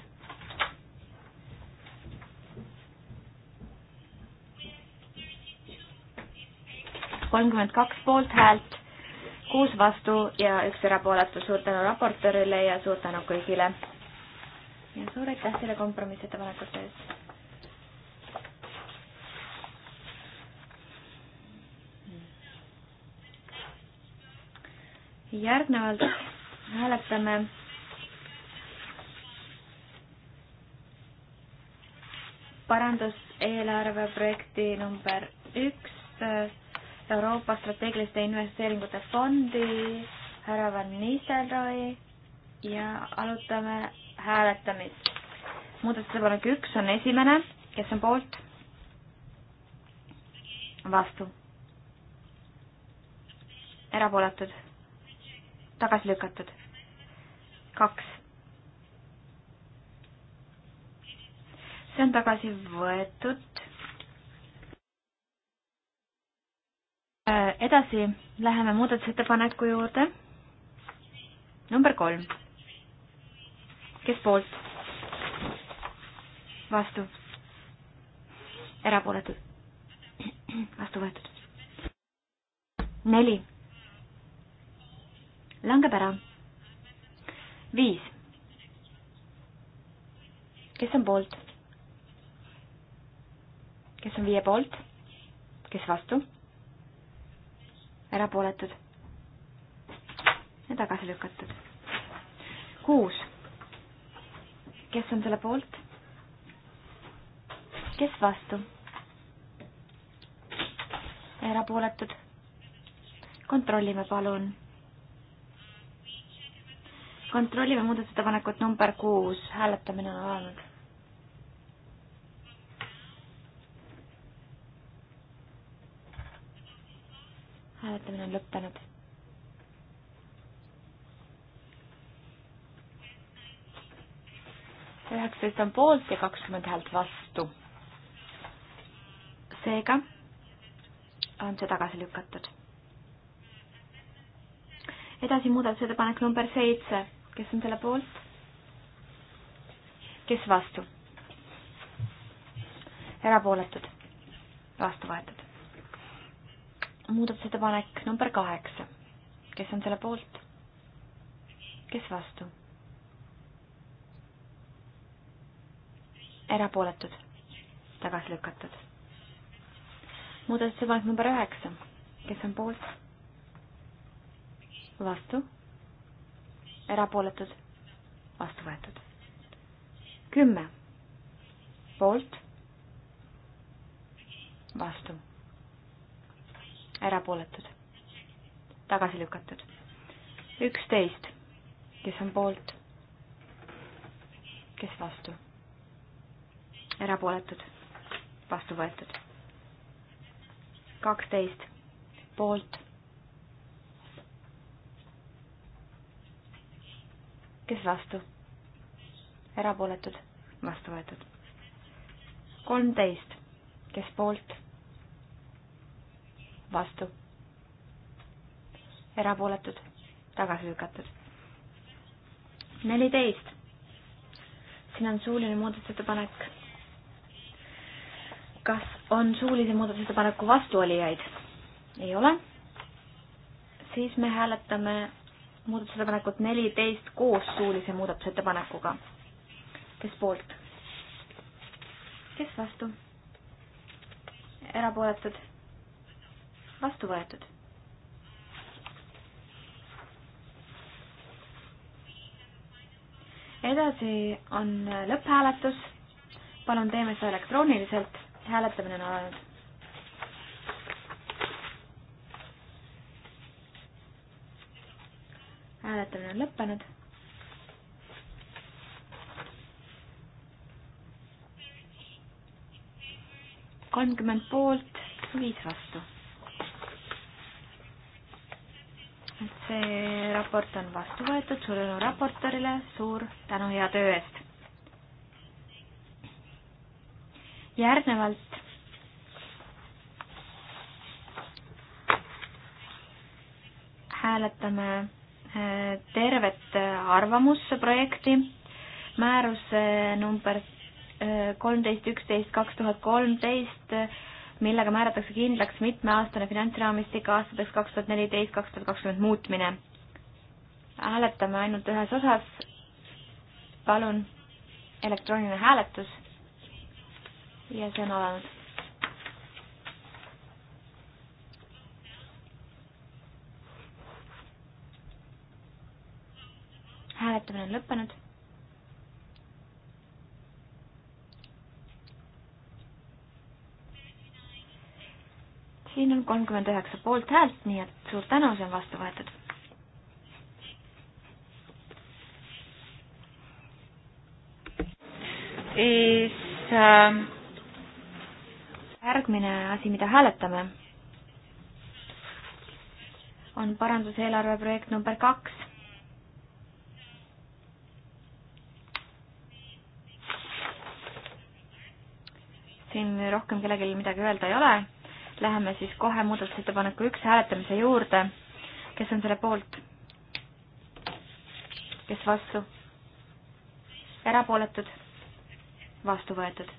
kolmkümmend kaks poolthäält, kuus vastu ja üks erapooletu. suur tänu raportöörile ja suur tänu kõigile ja suur aitäh teile kompromissettepanekute eest. järgnevalt hääletame paranduseelarve projekti number üks Euroopa strateegiliste investeeringute fondi härra Van Nistelrooy ja alustame hääletamist. muudatusettepanek üks on esimene, kes on poolt? vastu. erapooletud. tagasi lükatud. kaks. see on tagasi võetud. Äh, edasi läheme muudatusettepaneku juurde. number kolm kes poolt? vastu. erapooletud. <clears throat> vastu võetud. neli. langeb ära. viis. kes on poolt? kes on viie poolt? kes vastu? erapooletud ja tagasi lükatud. kuus kes on selle poolt? kes vastu? erapooletud? kontrollime palun. kontrollime muudatusettepanekut number kuus, hääletamine on alanud. hääletamine on lõppenud üheksateist on poolt ja kakskümmend häält vastu. seega on see tagasi lükatud. edasi muudatusettepanek number seitse, kes on selle poolt? kes vastu? erapooletud, vastu võetud. muudatusettepanek number kaheksa, kes on selle poolt? kes vastu? erapooletud, tagasi lükatud. muudatusettepanek number üheksa, kes on poolt? vastu, erapooletud, vastu võetud. kümme, poolt, vastu, erapooletud, tagasi lükatud. üksteist, kes on poolt, kes vastu erapooletud, vastu võetud. kaksteist poolt. kes vastu? erapooletud, vastu võetud. kolmteist, kes poolt? vastu. erapooletud, tagasi lükatud. neliteist, siin on suuline muudatusettepanek kas on suulise muudatusettepaneku vastuolijaid? ei ole. siis me hääletame muudatusettepanekut neliteist koos suulise muudatusettepanekuga. kes poolt? kes vastu? erapooletud? vastu võetud. edasi on lõpphääletus. palun teeme seda elektrooniliselt hääletamine on alanud. hääletamine on lõppenud. kolmkümmend poolt, viis vastu. et see raport on vastu võetud, suur tänu raportorile, suur tänu hea töö eest! järgnevalt hääletame äh, tervet äh, arvamusprojekti, määruse number äh, kolmteist, üksteist, kaks tuhat kolmteist, millega määratakse kindlaks mitmeaastane finantsraamistik aastateks kaks tuhat neliteist, kaks tuhat kakskümmend muutmine. hääletame ainult ühes osas. palun, elektrooniline hääletus ja see on alanud. hääletamine on lõppenud. siin on kolmkümmend üheksa poolthäält, nii et suur tänu, see on vastu võetud is um, järgmine asi, mida hääletame, on paranduseelarve projekt number kaks. siin rohkem kellelgi midagi öelda ei ole. Läheme siis kohe muudatusettepaneku üks hääletamise juurde. kes on selle poolt? kes vastu? erapooletud? vastu võetud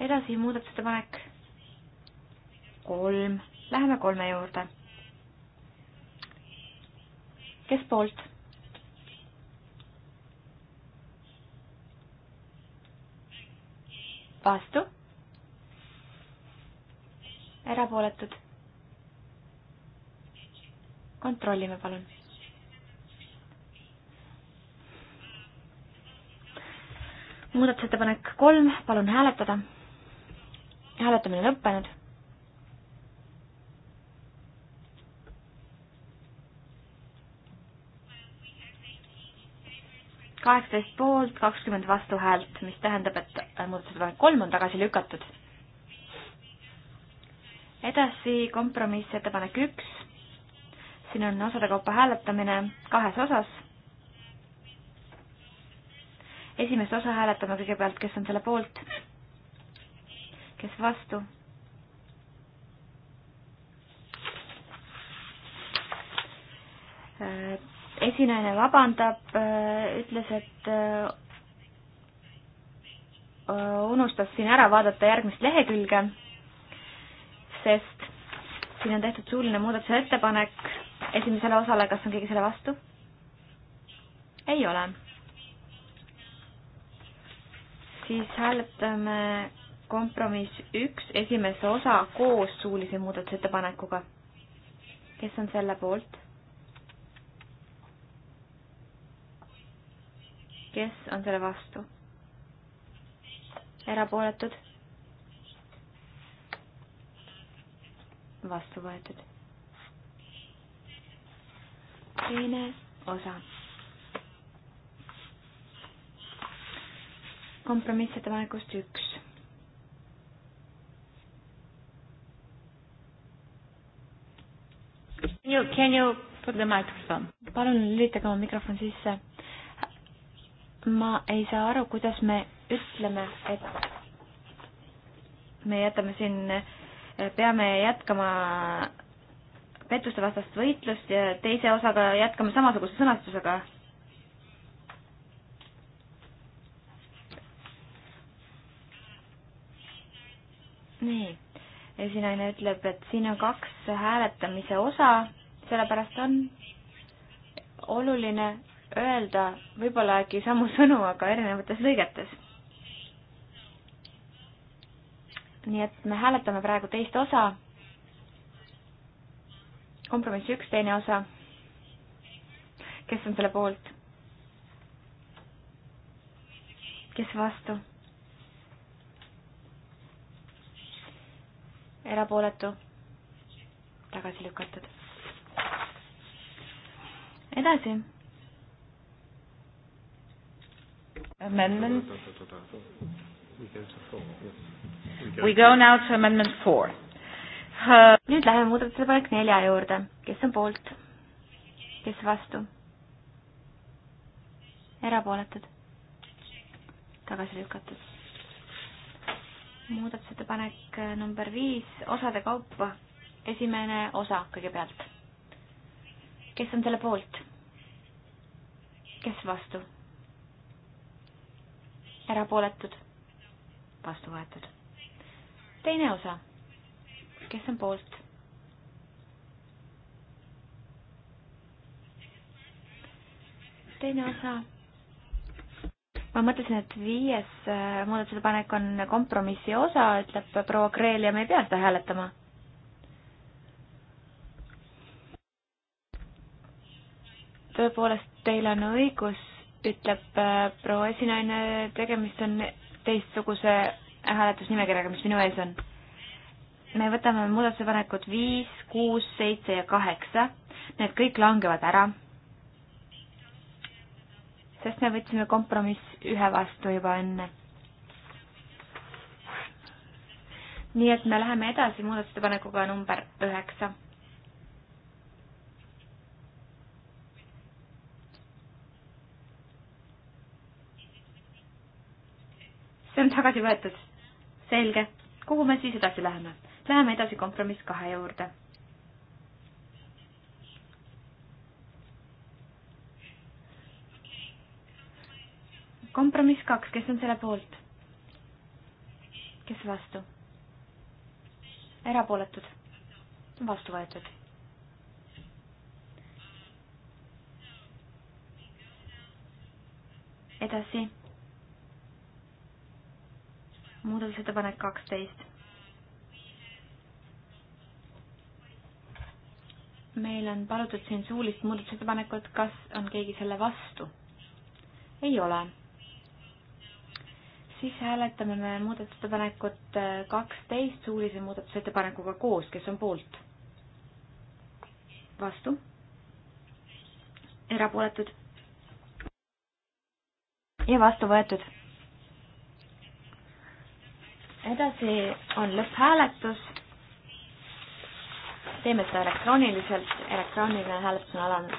edasi muudatusettepanek kolm, läheme kolme juurde. kes poolt? vastu? erapooletud? kontrollime palun. muudatusettepanek kolm, palun hääletada hääletamine lõppenud. kaheksateist poolt, kakskümmend vastuhäält, mis tähendab, et äh, muudatusettepanek kolm on tagasi lükatud. edasi kompromissettepanek üks. siin on osade kaupa hääletamine kahes osas. esimest osa hääletame kõigepealt, kes on selle poolt kes vastu? Äh, esinejana vabandab, äh, ütles, et äh, unustas siin ära vaadata järgmist lehekülge, sest siin on tehtud suuline muudatusettepanek esimesele osale, kas on keegi selle vastu? ei ole. siis hääletame kompromiss üks, esimese osa koos suulise muudatusettepanekuga. kes on selle poolt? kes on selle vastu? erapooletud? vastu võetud. teine osa. kompromissettepanekust üks You, can you put the microphone? palun lülitage oma mikrofon sisse. ma ei saa aru, kuidas me ütleme, et me jätame siin, peame jätkama pettuste vastast võitlust ja teise osaga jätkame samasuguse sõnastusega. nii, esinaine ütleb, et siin on kaks hääletamise osa sellepärast on oluline öelda võib-olla äkki samu sõnu, aga erinevates lõigetes. nii et me hääletame praegu teist osa, kompromiss üks, teine osa. kes on selle poolt? kes vastu? erapooletu, tagasi lükatud edasi. Amendment. We go now to amendment four. nüüd läheme muudatusettepanek nelja juurde, kes on poolt, kes vastu? erapooletud, tagasi lükatud. muudatusettepanek äh, number viis, osade kaupa, esimene osa kõigepealt kes on selle poolt? kes vastu? erapooletud? vastu võetud. teine osa, kes on poolt? teine osa ma mõtlesin, et viies äh, muudatusettepanek on kompromissi osa, ütleb proua Kreel ja me ei pea seda hääletama. tõepoolest, teil on õigus, ütleb äh, proua esinaine, tegemist on teistsuguse hääletusnimekirjaga, mis minu ees on. me võtame muudatusepanekud viis, kuus, seitse ja kaheksa, need kõik langevad ära, sest me võtsime kompromiss ühe vastu juba enne. nii et me läheme edasi muudatusettepanekuga number üheksa see on tagasi võetud. selge, kuhu me siis edasi läheme? Läheme edasi kompromiss kahe juurde. kompromiss kaks, kes on selle poolt? kes vastu? erapooletud? vastu võetud. edasi muudatusettepanek kaksteist. meil on palutud siin suulist muudatusettepanekut, kas on keegi selle vastu? ei ole. siis hääletame me muudatusettepanekut kaksteist suulise muudatusettepanekuga koos, kes on poolt? vastu? erapooletud? ja vastu võetud edasi on lõpphääletus. teeme seda elektrooniliselt, elektrooniline hääletus on alanud.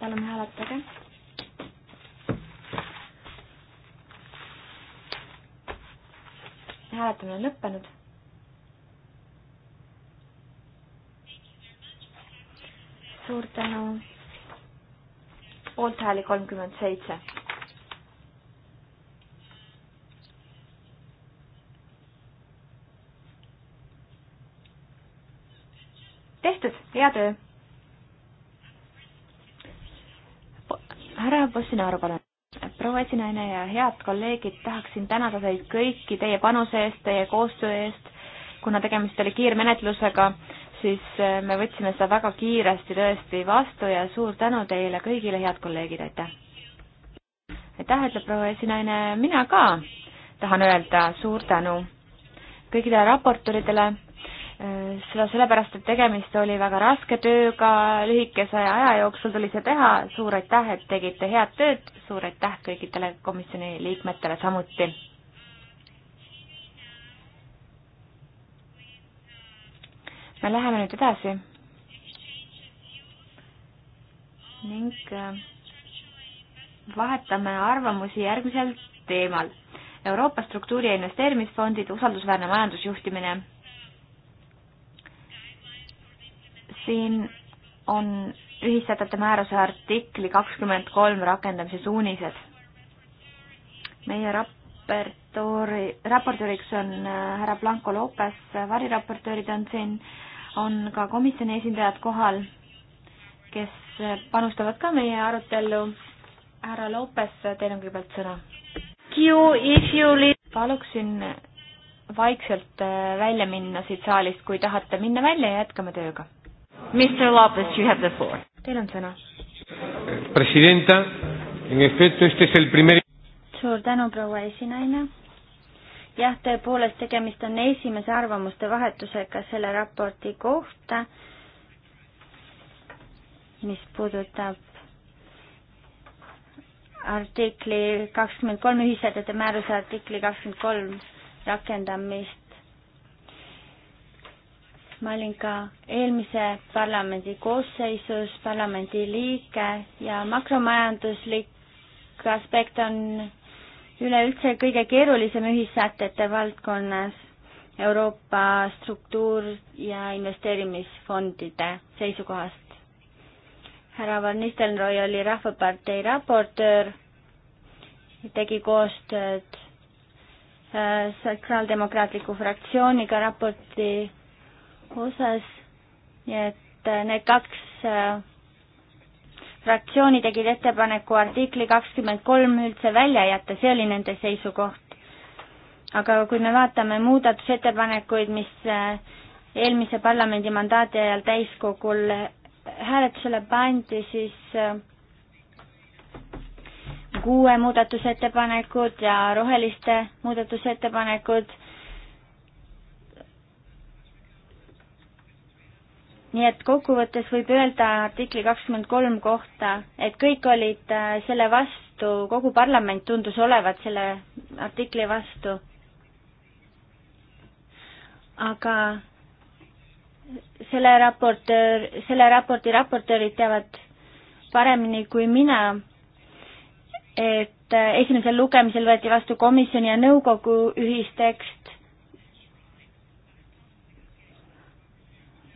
palun hääletage. hääletamine on lõppenud. suur tänu. poolthääli kolmkümmend seitse hea töö! härra Postinaru, palun! proua esinaine ja head kolleegid, tahaksin tänada teid kõiki teie panuse eest, teie koostöö eest, kuna tegemist oli kiirmenetlusega, siis äh, me võtsime seda väga kiiresti tõesti vastu ja suur tänu teile kõigile, head kolleegid, aitäh! aitäh, ütleb proua esinaine, mina ka tahan öelda suur tänu kõigile raportoridele seda sellepärast, et tegemist oli väga raske tööga, lühikese aja jooksul tuli see teha, suur aitäh, et tegite head tööd, suur aitäh kõikidele komisjoni liikmetele samuti. me läheme nüüd edasi ning äh, vahetame arvamusi järgmisel teemal. Euroopa struktuuri ja investeerimisfondid, usaldusväärne majandusjuhtimine siin on ühissätete määruse artikli kakskümmend kolm rakendamise suunised. meie raportööri, raportööriks on äh, härra Blanco Lopez, variraportöörid on siin, on ka komisjoni esindajad kohal, kes äh, panustavad ka meie arutellu. härra Lopez, teil on kõigepealt sõna. paluksin vaikselt äh, välja minna siit saalist, kui tahate minna välja ja jätkame tööga Mr Lopez, you have the floor. Teil on sõna. presidenta, en efecto este es el primer. suur tänu, proua esinaine. jah, tõepoolest, tegemist on esimese arvamuste vahetusega selle raporti kohta, mis puudutab artikli kakskümmend kolm, ühisettevõtte määruse artikli kakskümmend kolm rakendamist ma olin ka eelmise parlamendi koosseisus parlamendi liige ja makromajanduslik aspekt on üleüldse kõige keerulisem ühissätete valdkonnas Euroopa struktuur- ja investeerimisfondide seisukohast. härra Van Nistelrooy oli Rahvapartei raportöör, tegi koostööd äh, sotsiaaldemokraatliku fraktsiooniga raporti osas, nii et äh, need kaks äh, fraktsiooni tegid ettepaneku artikli kakskümmend kolm üldse välja jätta, see oli nende seisukoht. aga kui me vaatame muudatusettepanekuid, mis äh, eelmise parlamendi mandaadi ajal täiskogul hääletusele pandi, siis kuue muudatusettepanekud ja roheliste muudatusettepanekud nii et kokkuvõttes võib öelda artikli kakskümmend kolm kohta, et kõik olid äh, selle vastu, kogu parlament tundus olevat selle artikli vastu. aga selle raportöör, selle raporti raportöörid teavad paremini kui mina, et äh, esimesel lugemisel võeti vastu komisjoni ja nõukogu ühistekst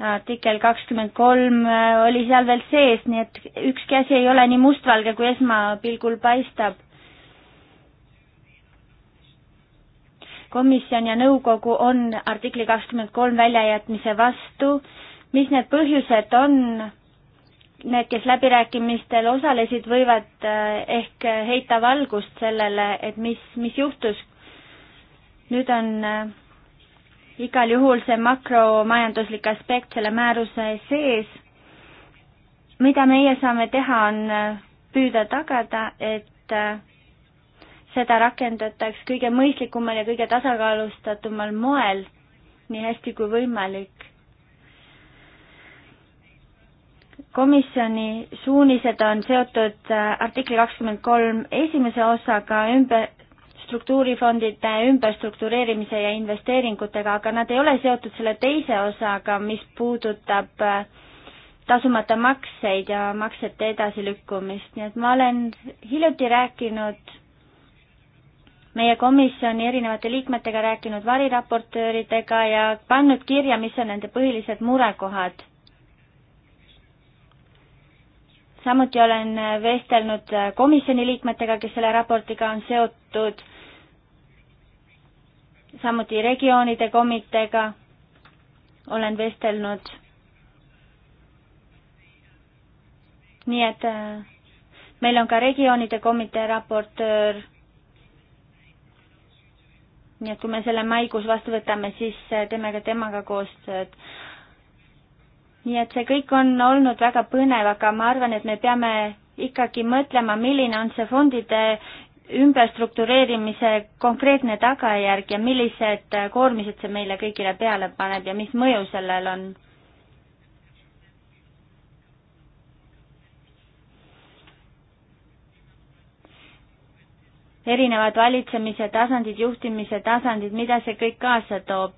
artikkel kakskümmend kolm äh, oli seal veel sees, nii et ükski asi ei ole nii mustvalge, kui esmapilgul paistab. komisjon ja nõukogu on artikli kakskümmend kolm väljajätmise vastu. mis need põhjused on? Need, kes läbirääkimistel osalesid, võivad äh, ehk heita valgust sellele, et mis, mis juhtus. nüüd on äh, igal juhul see makromajanduslik aspekt selle määruse sees. mida meie saame teha, on püüda tagada, et äh, seda rakendataks kõige mõistlikumal ja kõige tasakaalustatumal moel, nii hästi kui võimalik. komisjoni suunised on seotud äh, artikli kakskümmend kolm esimese osaga ümber, struktuurifondide ümberstruktureerimise ja investeeringutega, aga nad ei ole seotud selle teise osaga, mis puudutab äh, tasumata makseid ja maksete edasilükkumist, nii et ma olen hiljuti rääkinud meie komisjoni erinevate liikmetega, rääkinud variraportööridega ja pannud kirja, mis on nende põhilised murekohad. samuti olen vestelnud komisjoni liikmetega, kes selle raportiga on seotud samuti regioonide komiteega olen vestelnud. nii et äh, meil on ka regioonide komitee raportöör. nii et kui me selle maikuus vastu võtame, siis äh, teeme ka temaga koostööd. nii et see kõik on olnud väga põnev, aga ma arvan, et me peame ikkagi mõtlema, milline on see fondide ümberstruktureerimise konkreetne tagajärg ja millised koormised see meile kõigile peale paneb ja mis mõju sellel on? erinevad valitsemise tasandid, juhtimise tasandid, mida see kõik kaasa toob?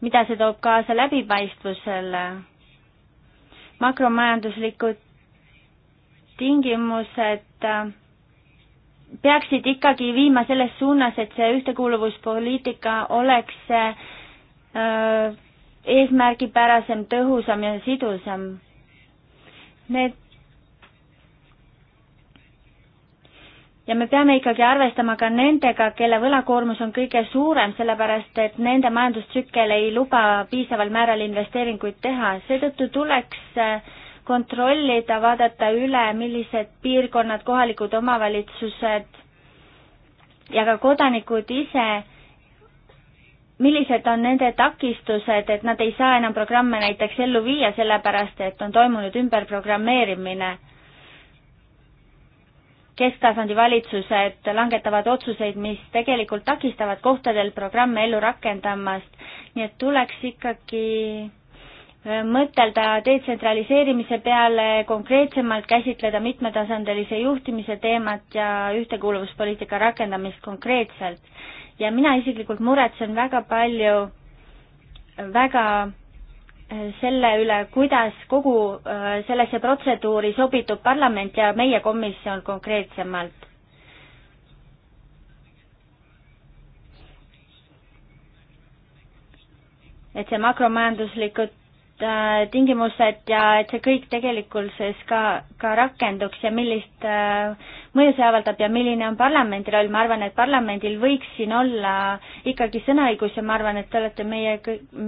mida see toob kaasa läbipaistvusele? makromajanduslikud tingimused äh, peaksid ikkagi viima selles suunas, et see ühtekuuluvuspoliitika oleks äh, eesmärgipärasem, tõhusam ja sidusam. Need ja me peame ikkagi arvestama ka nendega, kelle võlakoormus on kõige suurem, sellepärast et nende majandustsükkel ei luba piisaval määral investeeringuid teha, seetõttu tuleks äh, kontrollida, vaadata üle, millised piirkonnad, kohalikud omavalitsused ja ka kodanikud ise, millised on nende takistused, et nad ei saa enam programme näiteks ellu viia, sellepärast et on toimunud ümberprogrammeerimine. kesktasandi valitsused langetavad otsuseid, mis tegelikult takistavad kohtadel programme ellu rakendamast, nii et tuleks ikkagi Äh, mõtelda detsentraliseerimise peale, konkreetsemalt käsitleda mitmetasandilise juhtimise teemat ja ühtekuuluvuspoliitika rakendamist konkreetselt. ja mina isiklikult muretsen väga palju, äh, väga äh, selle üle, kuidas kogu sellesse protseduuri sobitub parlament ja meie komisjon konkreetsemalt. et see makromajanduslikud Äh, tingimused ja et see kõik tegelikkuses ka, ka rakenduks ja millist äh, mõju see avaldab ja milline on parlamendi roll, ma arvan, et parlamendil võiks siin olla ikkagi sõnaõigus ja ma arvan, et te olete meie,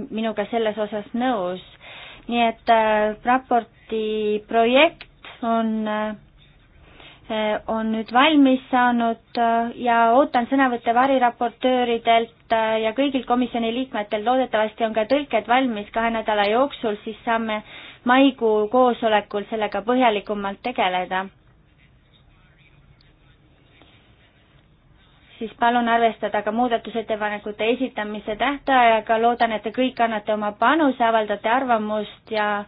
minuga selles osas nõus. nii et äh, raporti projekt on äh, on nüüd valmis saanud äh, ja ootan sõnavõtte variraportööridelt äh, ja kõigilt komisjoni liikmetelt, loodetavasti on ka tõlked valmis kahe nädala jooksul, siis saame maikuu koosolekul sellega põhjalikumalt tegeleda. siis palun arvestada ka muudatusettepanekute esitamise tähtajaga, loodan, et te kõik annate oma panuse, avaldate arvamust ja äh,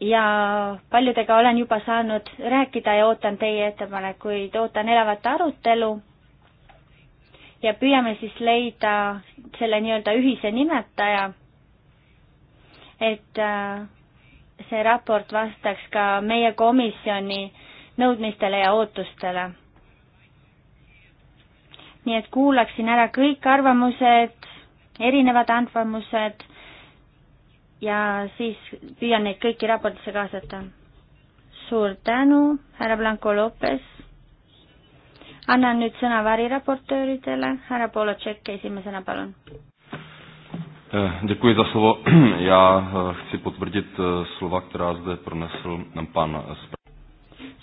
ja paljudega olen juba saanud rääkida ja ootan teie ettepanekuid, ootan elavat arutelu ja püüame siis leida selle nii-öelda ühise nimetaja, et äh, see raport vastaks ka meie komisjoni nõudmistele ja ootustele. nii et kuulaksin ära kõik arvamused, erinevad arvamused ja siis püüan neid kõiki raportisse kaasata. suur tänu, härra Blanco Lopez. annan nüüd sõna variraportööridele, härra Polotšek esimesena, palun. Eh, děkuji za slovo. <clears throat> Já eh, chci potvrdit eh, slova, která zde pronesl pan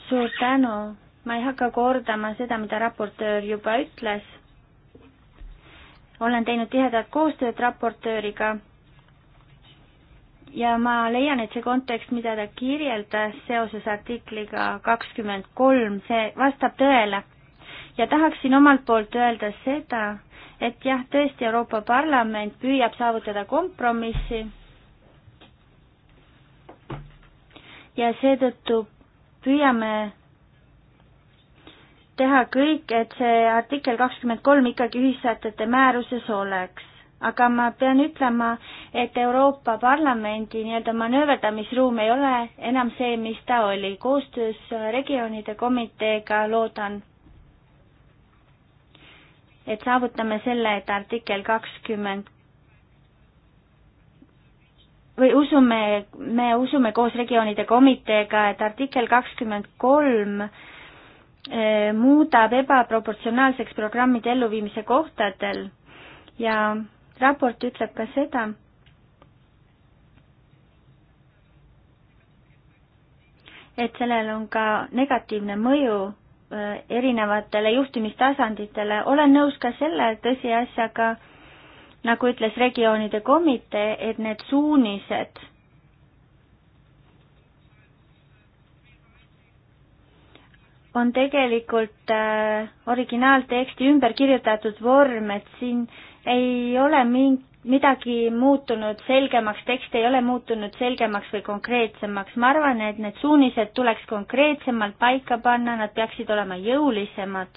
Suur tänu. Ma ei hakka kordama seda, mida raportöör juba ütles. Olen teinud tihedat koostööd raportööriga ja ma leian, et see kontekst, mida ta kirjeldas seoses artikliga kakskümmend kolm, see vastab tõele. ja tahaksin omalt poolt öelda seda, et jah, tõesti Euroopa Parlament püüab saavutada kompromissi ja seetõttu püüame teha kõik, et see artikkel kakskümmend kolm ikkagi ühissätete määruses oleks aga ma pean ütlema, et Euroopa Parlamendi nii-öelda manööverdamisruum ei ole enam see, mis ta oli. koostöös regioonide komiteega loodan, et saavutame selle, et artikkel kakskümmend või usume, me usume koos regioonide komiteega, et artikkel kakskümmend kolm eh, muudab ebaproportsionaalseks programmide elluviimise kohtadel ja raport ütleb ka seda, et sellel on ka negatiivne mõju äh, erinevatele juhtimistasanditele, olen nõus ka selle tõsiasjaga, nagu ütles regioonide komitee, et need suunised on tegelikult äh, originaalteksti ümber kirjutatud vorm, et siin äh, ei ole mingi midagi muutunud selgemaks, tekst ei ole muutunud selgemaks või konkreetsemaks. ma arvan, et need suunised tuleks konkreetsemalt paika panna, nad peaksid olema jõulisemad.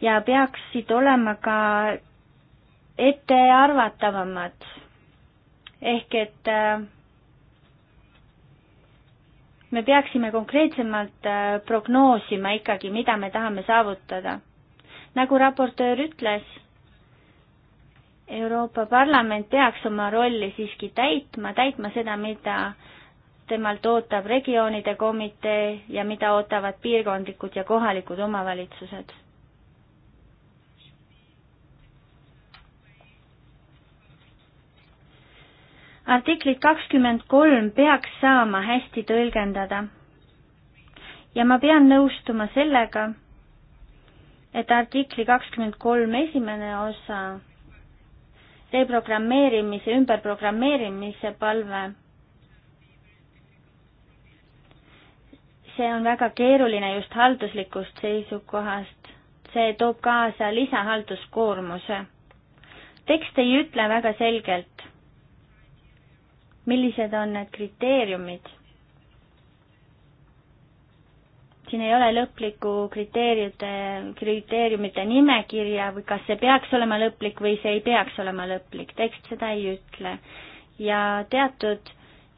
ja peaksid olema ka ettearvatavamad. ehk et äh, me peaksime konkreetsemalt äh, prognoosima ikkagi, mida me tahame saavutada nagu raportöör ütles, Euroopa Parlament peaks oma rolli siiski täitma, täitma seda, mida temalt ootab regioonide komitee ja mida ootavad piirkondlikud ja kohalikud omavalitsused. artiklit kakskümmend kolm peaks saama hästi tõlgendada. ja ma pean nõustuma sellega, et artikli kakskümmend kolm esimene osa reprogrammeerimise, ümberprogrammeerimise palve. see on väga keeruline just halduslikust seisukohast, see toob kaasa lisahalduskoormuse. tekst ei ütle väga selgelt, millised on need kriteeriumid siin ei ole lõplikku kriteeriumite, kriteeriumite nimekirja või kas see peaks olema lõplik või see ei peaks olema lõplik, tekst seda ei ütle. ja teatud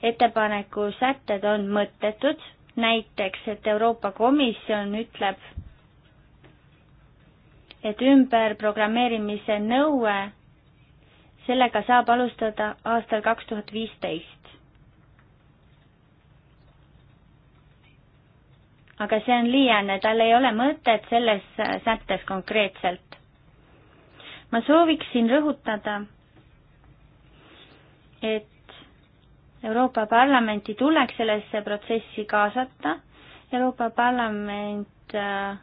ettepaneku sätted on mõttetud, näiteks et Euroopa Komisjon ütleb, et ümberprogrammeerimise nõue, sellega saab alustada aastal kaks tuhat viisteist. aga see on liiane, tal ei ole mõtet selles sättes konkreetselt. ma sooviksin rõhutada, et Euroopa Parlamenti tuleks sellesse protsessi kaasata, Euroopa Parlament äh,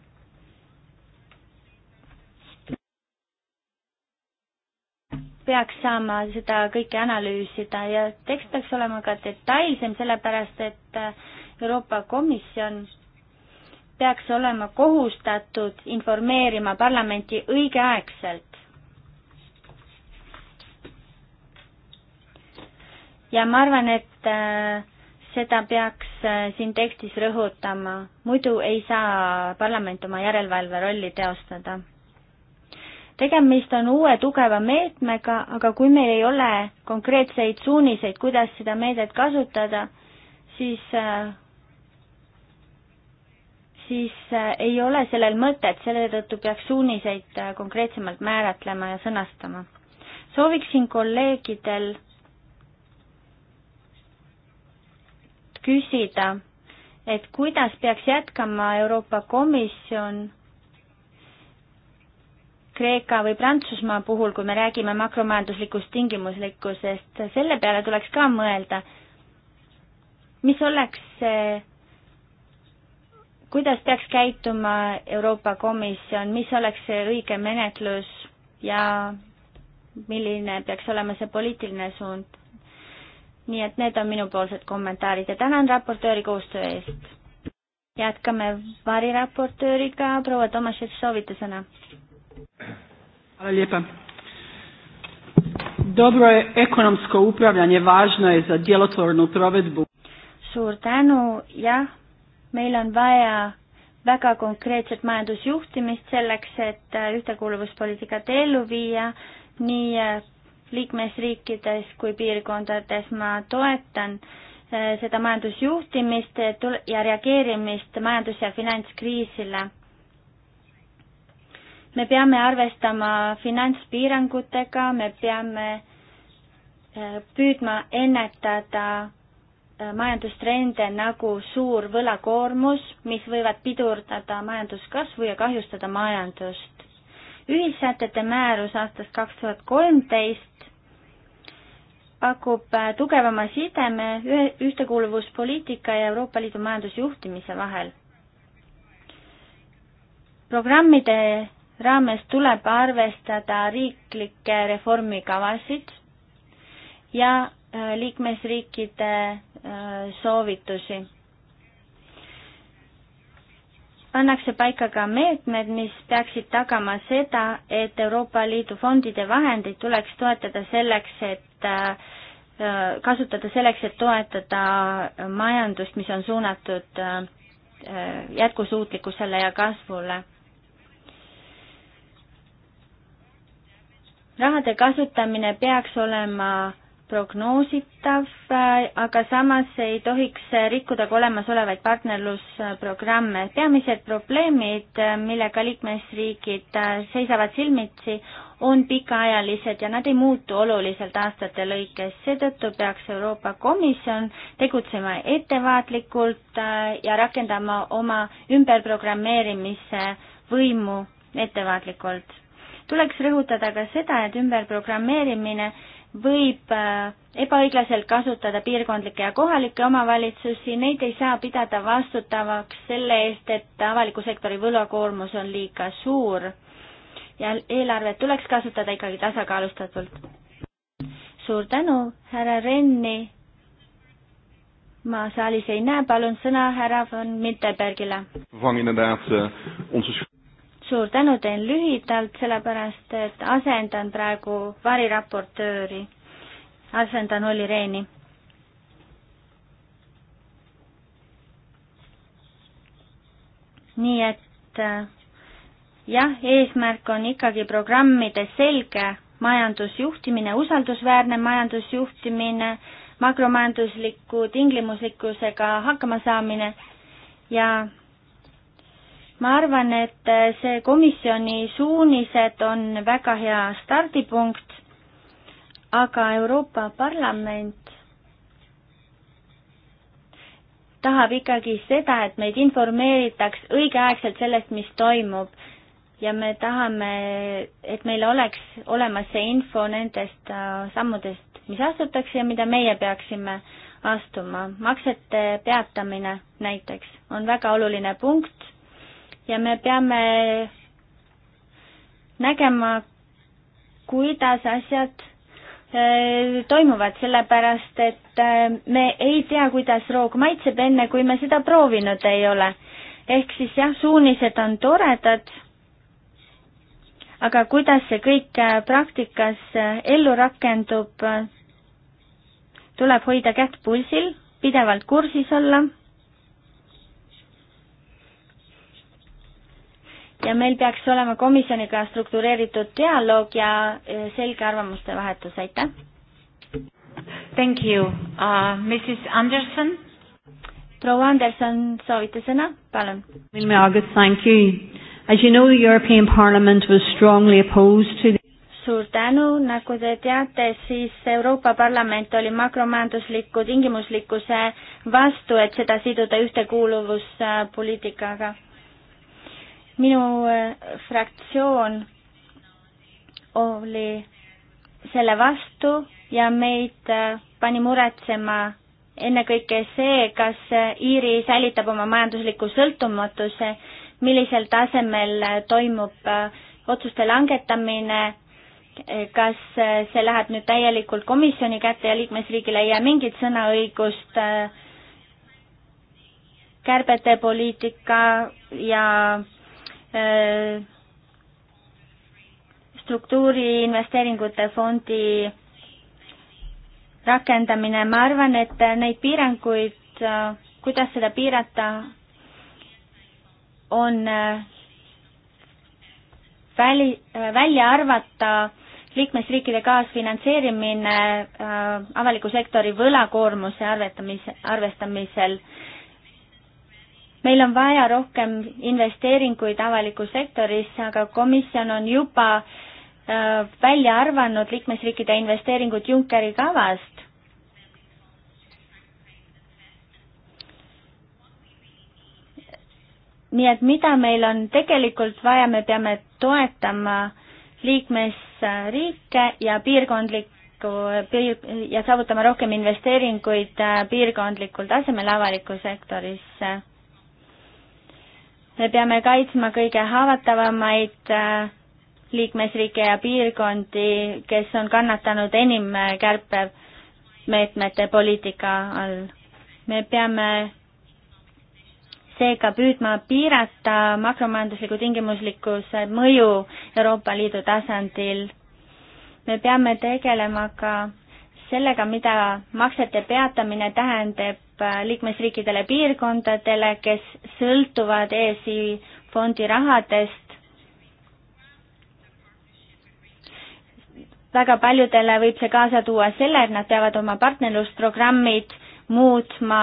peaks saama seda kõike analüüsida ja tekst peaks olema ka detailsem, sellepärast et äh, Euroopa Komisjon peaks olema kohustatud informeerima parlamenti õigeaegselt. ja ma arvan, et äh, seda peaks äh, siin tekstis rõhutama, muidu ei saa parlament oma järelevalve rolli teostada. tegemist on uue tugeva meetmega, aga kui meil ei ole konkreetseid suuniseid, kuidas seda meedet kasutada, siis äh, siis äh, ei ole sellel mõtet, selle tõttu peaks suuniseid äh, konkreetsemalt määratlema ja sõnastama. sooviksin kolleegidel küsida, et kuidas peaks jätkama Euroopa Komisjon Kreeka või Prantsusmaa puhul, kui me räägime makromajanduslikust tingimuslikkusest, selle peale tuleks ka mõelda, mis oleks see kuidas peaks käituma Euroopa Komisjon, mis oleks see õige menetlus ja milline peaks olema see poliitiline suund? nii et need on minupoolsed kommentaarid ja tänan raportööri koostöö eest. jätkame variraportööriga, proua Tomašev, soovite sõna? Hvala lijepa. Dobro je ekonomsko upravljanje važno je za djelotvornu provedbu. Suur tänu, jah, meil on vaja väga konkreetset majandusjuhtimist selleks, et äh, ühtekuuluvuspoliitikat ellu viia nii äh, liikmesriikides kui piirkondades. ma toetan äh, seda majandusjuhtimist ja reageerimist majandus- ja finantskriisile. me peame arvestama finantspiirangutega, me peame püüdma ennetada majandustrende nagu suur võlakoormus, mis võivad pidurdada majanduskasvu ja kahjustada majandust. ühissätete määrus aastast kaks tuhat kolmteist pakub äh, tugevama sideme ühtekuuluvuspoliitika ja Euroopa Liidu majandusjuhtimise vahel. programmide raames tuleb arvestada riiklikke reformikavasid ja äh, liikmesriikide Äh, soovitusi. pannakse paika ka meetmed, mis peaksid tagama seda, et Euroopa Liidu fondide vahendeid tuleks toetada selleks, et äh, kasutada selleks, et toetada majandust, mis on suunatud äh, jätkusuutlikkusele ja kasvule rahade kasutamine peaks olema prognoositav, aga samas ei tohiks rikkuda ka olemasolevaid partnerlusprogramme. peamised probleemid, millega liikmesriigid seisavad silmitsi, on pikaajalised ja nad ei muutu oluliselt aastate lõikes, seetõttu peaks Euroopa Komisjon tegutsema ettevaatlikult ja rakendama oma ümberprogrammeerimise võimu ettevaatlikult. tuleks rõhutada ka seda, et ümberprogrammeerimine võib äh, ebaõiglaselt kasutada piirkondlikke ja kohalikke omavalitsusi, neid ei saa pidada vastutavaks selle eest, et avaliku sektori võlakoormus on liiga suur ja eelarvet tuleks kasutada ikkagi tasakaalustatult. suur tänu, härra Renni. ma saalis ei näe, palun sõna härra von Mitterbergile suur tänu, teen lühidalt, sellepärast et asendan praegu variraportööri, asendan Olli Rehni. nii et äh, jah, eesmärk on ikkagi programmide selge majandusjuhtimine, usaldusväärne majandusjuhtimine, makromajandusliku tinglimuslikkusega hakkamasaamine ja ma arvan, et äh, see komisjoni suunised on väga hea stardipunkt, aga Euroopa Parlament tahab ikkagi seda, et meid informeeritaks õigeaegselt sellest, mis toimub ja me tahame, et meil oleks olemas see info nendest äh, sammudest, mis astutakse ja mida meie peaksime astuma. maksete peatamine näiteks on väga oluline punkt ja me peame nägema, kuidas asjad äh, toimuvad, sellepärast et äh, me ei tea, kuidas roog maitseb, enne kui me seda proovinud ei ole. ehk siis jah, suunised on toredad, aga kuidas see kõik äh, praktikas ellu rakendub, tuleb hoida kätt pulsil, pidevalt kursis olla ja meil peaks olema komisjoniga struktureeritud dialoog ja eh, selge arvamuste vahetus, aitäh! Thank you uh,, Mrs Anderson? proua Anderson, soovite sõna, palun? Thank you. As you know, the European Parliament was strongly opposed to the suur tänu, nagu te teate, siis Euroopa Parlament oli makromajandusliku tingimuslikkuse vastu, et seda siduda ühtekuuluvuspoliitikaga minu äh, fraktsioon oli selle vastu ja meid äh, pani muretsema ennekõike see, kas äh, Iiri säilitab oma majandusliku sõltumatuse, millisel tasemel toimub otsuste langetamine, kas see läheb nüüd täielikult komisjoni kätte ja liikmesriigile ei jää mingit sõnaõigust, kärbete poliitika ja struktuuriinvesteeringute fondi rakendamine, ma arvan, et neid piiranguid, kuidas seda piirata, on väli, välja arvata liikmesriikide kaasfinantseerimine äh, avaliku sektori võlakoormuse arvetamise, arvestamisel meil on vaja rohkem investeeringuid avalikku sektorisse, aga komisjon on juba äh, välja arvanud liikmesriikide investeeringud Junckeri kavast. nii et mida meil on tegelikult vaja, me peame toetama liikmesriike ja piirkondlikku piir, ja saavutama rohkem investeeringuid äh, piirkondlikul tasemel avalikku sektorisse me peame kaitsma kõige haavatavamaid äh, liikmesriike ja piirkondi, kes on kannatanud enim äh, kärpemeetmete poliitika all. me peame seega püüdma piirata makromajandusliku tingimuslikkuse mõju Euroopa Liidu tasandil. me peame tegelema ka sellega, mida maksete peatamine tähendab Äh, liikmesriikidele piirkondadele, kes sõltuvad ESI fondi rahadest. väga paljudele võib see kaasa tuua selle, et nad peavad oma partnerlusprogrammid muutma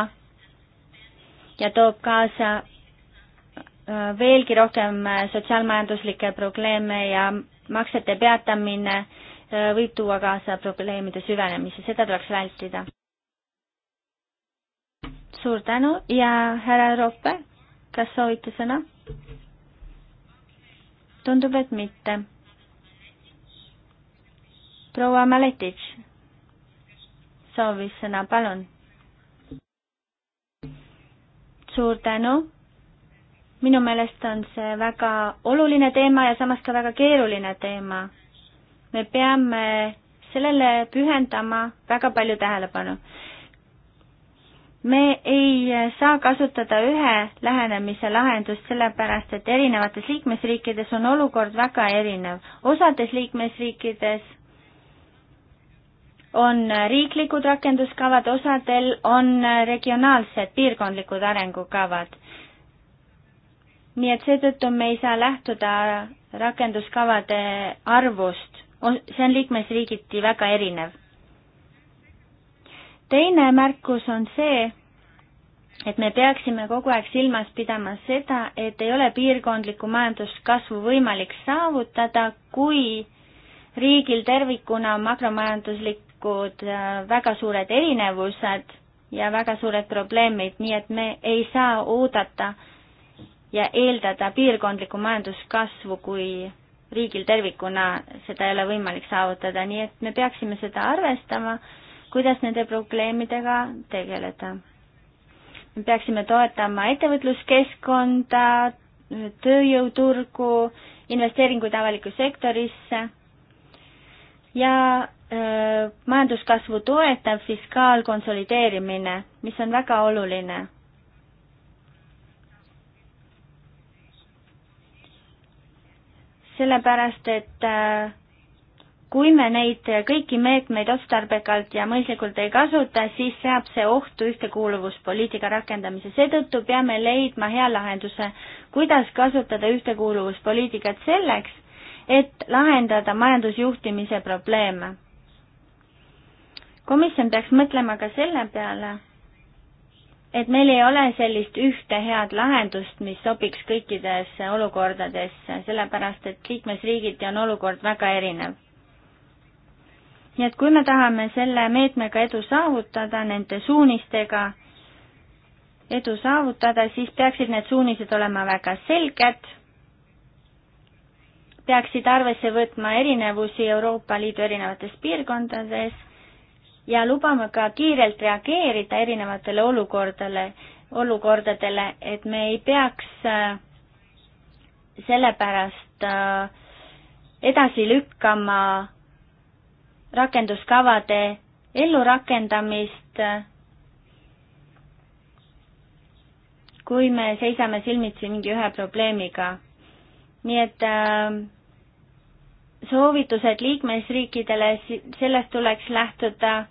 ja toob kaasa äh, veelgi rohkem äh, sotsiaalmajanduslikke probleeme ja maksete peatamine võib tuua kaasa probleemide süvenemise, seda tuleks vältida suur tänu ja härra Roppe, kas soovite sõna? tundub, et mitte. proua Maletitš soovis sõna, palun. suur tänu. minu meelest on see väga oluline teema ja samas ka väga keeruline teema. me peame sellele pühendama väga palju tähelepanu me ei saa kasutada ühe lähenemise lahendust, sellepärast et erinevates liikmesriikides on olukord väga erinev. osades liikmesriikides on riiklikud rakenduskavad, osadel on regionaalsed piirkondlikud arengukavad. nii et seetõttu me ei saa lähtuda rakenduskavade arvust, see on liikmesriigiti väga erinev teine märkus on see, et me peaksime kogu aeg silmas pidama seda, et ei ole piirkondlikku majanduskasvu võimalik saavutada, kui riigil tervikuna makromajanduslikud äh, väga suured erinevused ja väga suured probleemid, nii et me ei saa oodata ja eeldada piirkondlikku majanduskasvu, kui riigil tervikuna seda ei ole võimalik saavutada, nii et me peaksime seda arvestama kuidas nende probleemidega tegeleda. me peaksime toetama ettevõtluskeskkonda, tööjõuturgu, investeeringuid avalikku sektorisse ja öö, majanduskasvu toetav fiskaalkonsolideerimine, mis on väga oluline sellepärast, et kui me neid kõiki meetmeid otstarbekalt ja mõistlikult ei kasuta, siis seab see ohtu ühtekuuluvuspoliitika rakendamise. seetõttu peame leidma hea lahenduse, kuidas kasutada ühtekuuluvuspoliitikat selleks, et lahendada majandusjuhtimise probleeme. komisjon peaks mõtlema ka selle peale, et meil ei ole sellist ühte head lahendust, mis sobiks kõikides olukordades, sellepärast et liikmesriigiti on olukord väga erinev nii et kui me tahame selle meetmega edu saavutada, nende suunistega edu saavutada, siis peaksid need suunised olema väga selged, peaksid arvesse võtma erinevusi Euroopa Liidu erinevates piirkondades ja lubama ka kiirelt reageerida erinevatele olukordadele, olukordadele, et me ei peaks äh, sellepärast äh, edasi lükkama rakenduskavade ellurakendamist. kui me seisame silmitsi mingi ühe probleemiga. nii et äh, soovitused liikmesriikidele, sellest tuleks lähtuda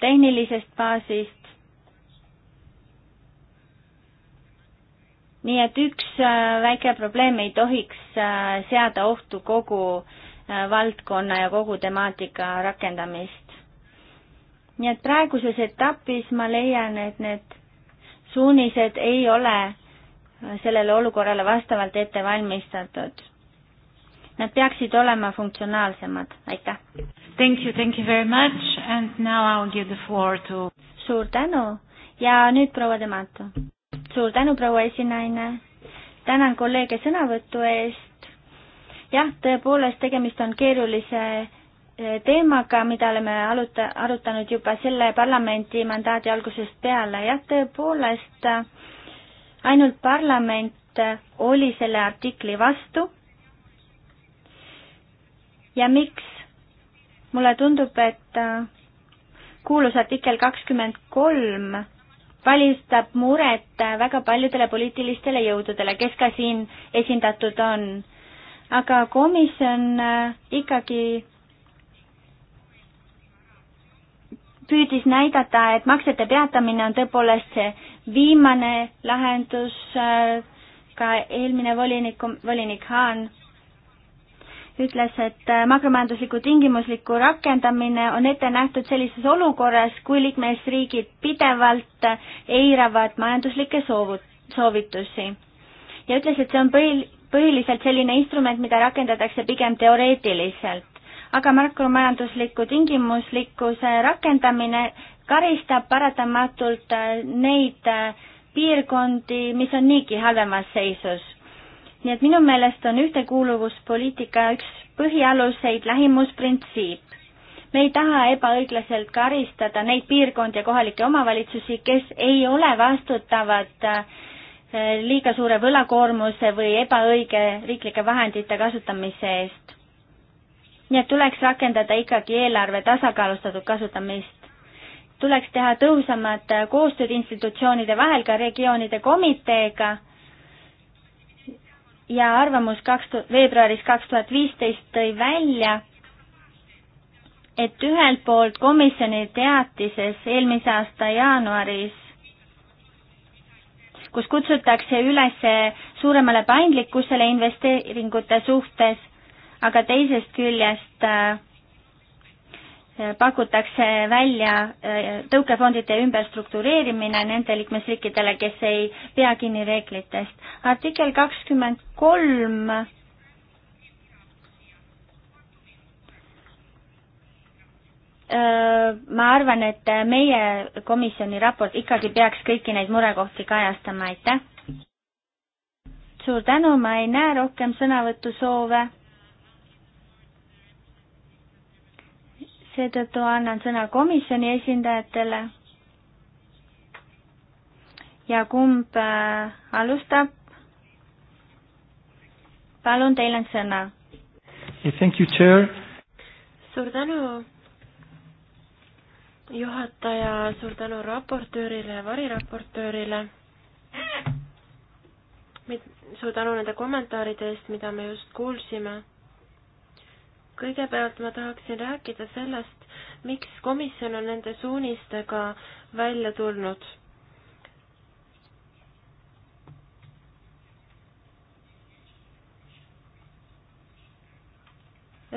tehnilisest baasist. nii et üks äh, väike probleem ei tohiks äh, seada ohtu kogu Äh, valdkonna ja kogu temaatika rakendamist. nii et praeguses etapis ma leian, et need suunised ei ole äh, sellele olukorrale vastavalt ette valmistatud. Nad peaksid olema funktsionaalsemad, aitäh! Thank you, thank you very much and now I will give the floor to suur tänu ja nüüd proua Demato. suur tänu, proua esinaine, tänan kolleege sõnavõtu eest, jah, tõepoolest, tegemist on keerulise eh, teemaga, mida oleme aruta-, arutanud juba selle parlamendi mandaadi algusest peale, jah, tõepoolest ainult parlament oli selle artikli vastu. ja miks? mulle tundub, et eh, kuulus artikkel kakskümmend kolm valistab muret väga paljudele poliitilistele jõududele, kes ka siin esindatud on aga komisjon äh, ikkagi püüdis näidata, et maksete peatamine on tõepoolest see viimane lahendus, äh, ka eelmine volinik, volinik Haan ütles, et äh, makromajandusliku tingimusliku rakendamine on ette nähtud sellises olukorras, kui liikmesriigid pidevalt eiravad majanduslikke soovu-, soovitusi. ja ütles, et see on põhi, põhiliselt selline instrument, mida rakendatakse pigem teoreetiliselt. aga makromajandusliku tingimuslikkuse rakendamine karistab paratamatult äh, neid äh, piirkondi, mis on niigi halvemas seisus. nii et minu meelest on ühtekuuluvuspoliitika üks põhialuseid lähimusprintsiip. me ei taha ebaõiglaselt karistada neid piirkondi ja kohalikke omavalitsusi, kes ei ole vastutavad äh, Eh, liiga suure võlakoormuse või ebaõige riiklike vahendite kasutamise eest. nii et tuleks rakendada ikkagi eelarve tasakaalustatud kasutamist. tuleks teha tõhusamat koostööd institutsioonide vahel, ka regioonide komiteega ja arvamus kaks tu-, veebruaris kaks tuhat viisteist tõi välja, et ühelt poolt komisjoni teatises eelmise aasta jaanuaris kus kutsutakse üles suuremale paindlikkusele investeeringute suhtes, aga teisest küljest äh, pakutakse välja äh, tõukefondide ümberstruktureerimine nende liikmesriikidele, kes ei pea kinni reeglitest. artikkel kakskümmend kolm ma arvan, et meie komisjoni raport ikkagi peaks kõiki neid murekohti kajastama, aitäh! suur tänu, ma ei näe rohkem sõnavõtusoove. seetõttu annan sõna komisjoni esindajatele. ja kumb äh, alustab? palun, teil on sõna. Thank you, chair. suur tänu juhataja, suur tänu raportöörile ja variraportöörile. suur tänu nende kommentaaride eest, mida me just kuulsime. kõigepealt ma tahaksin rääkida sellest, miks komisjon on nende suunistega välja tulnud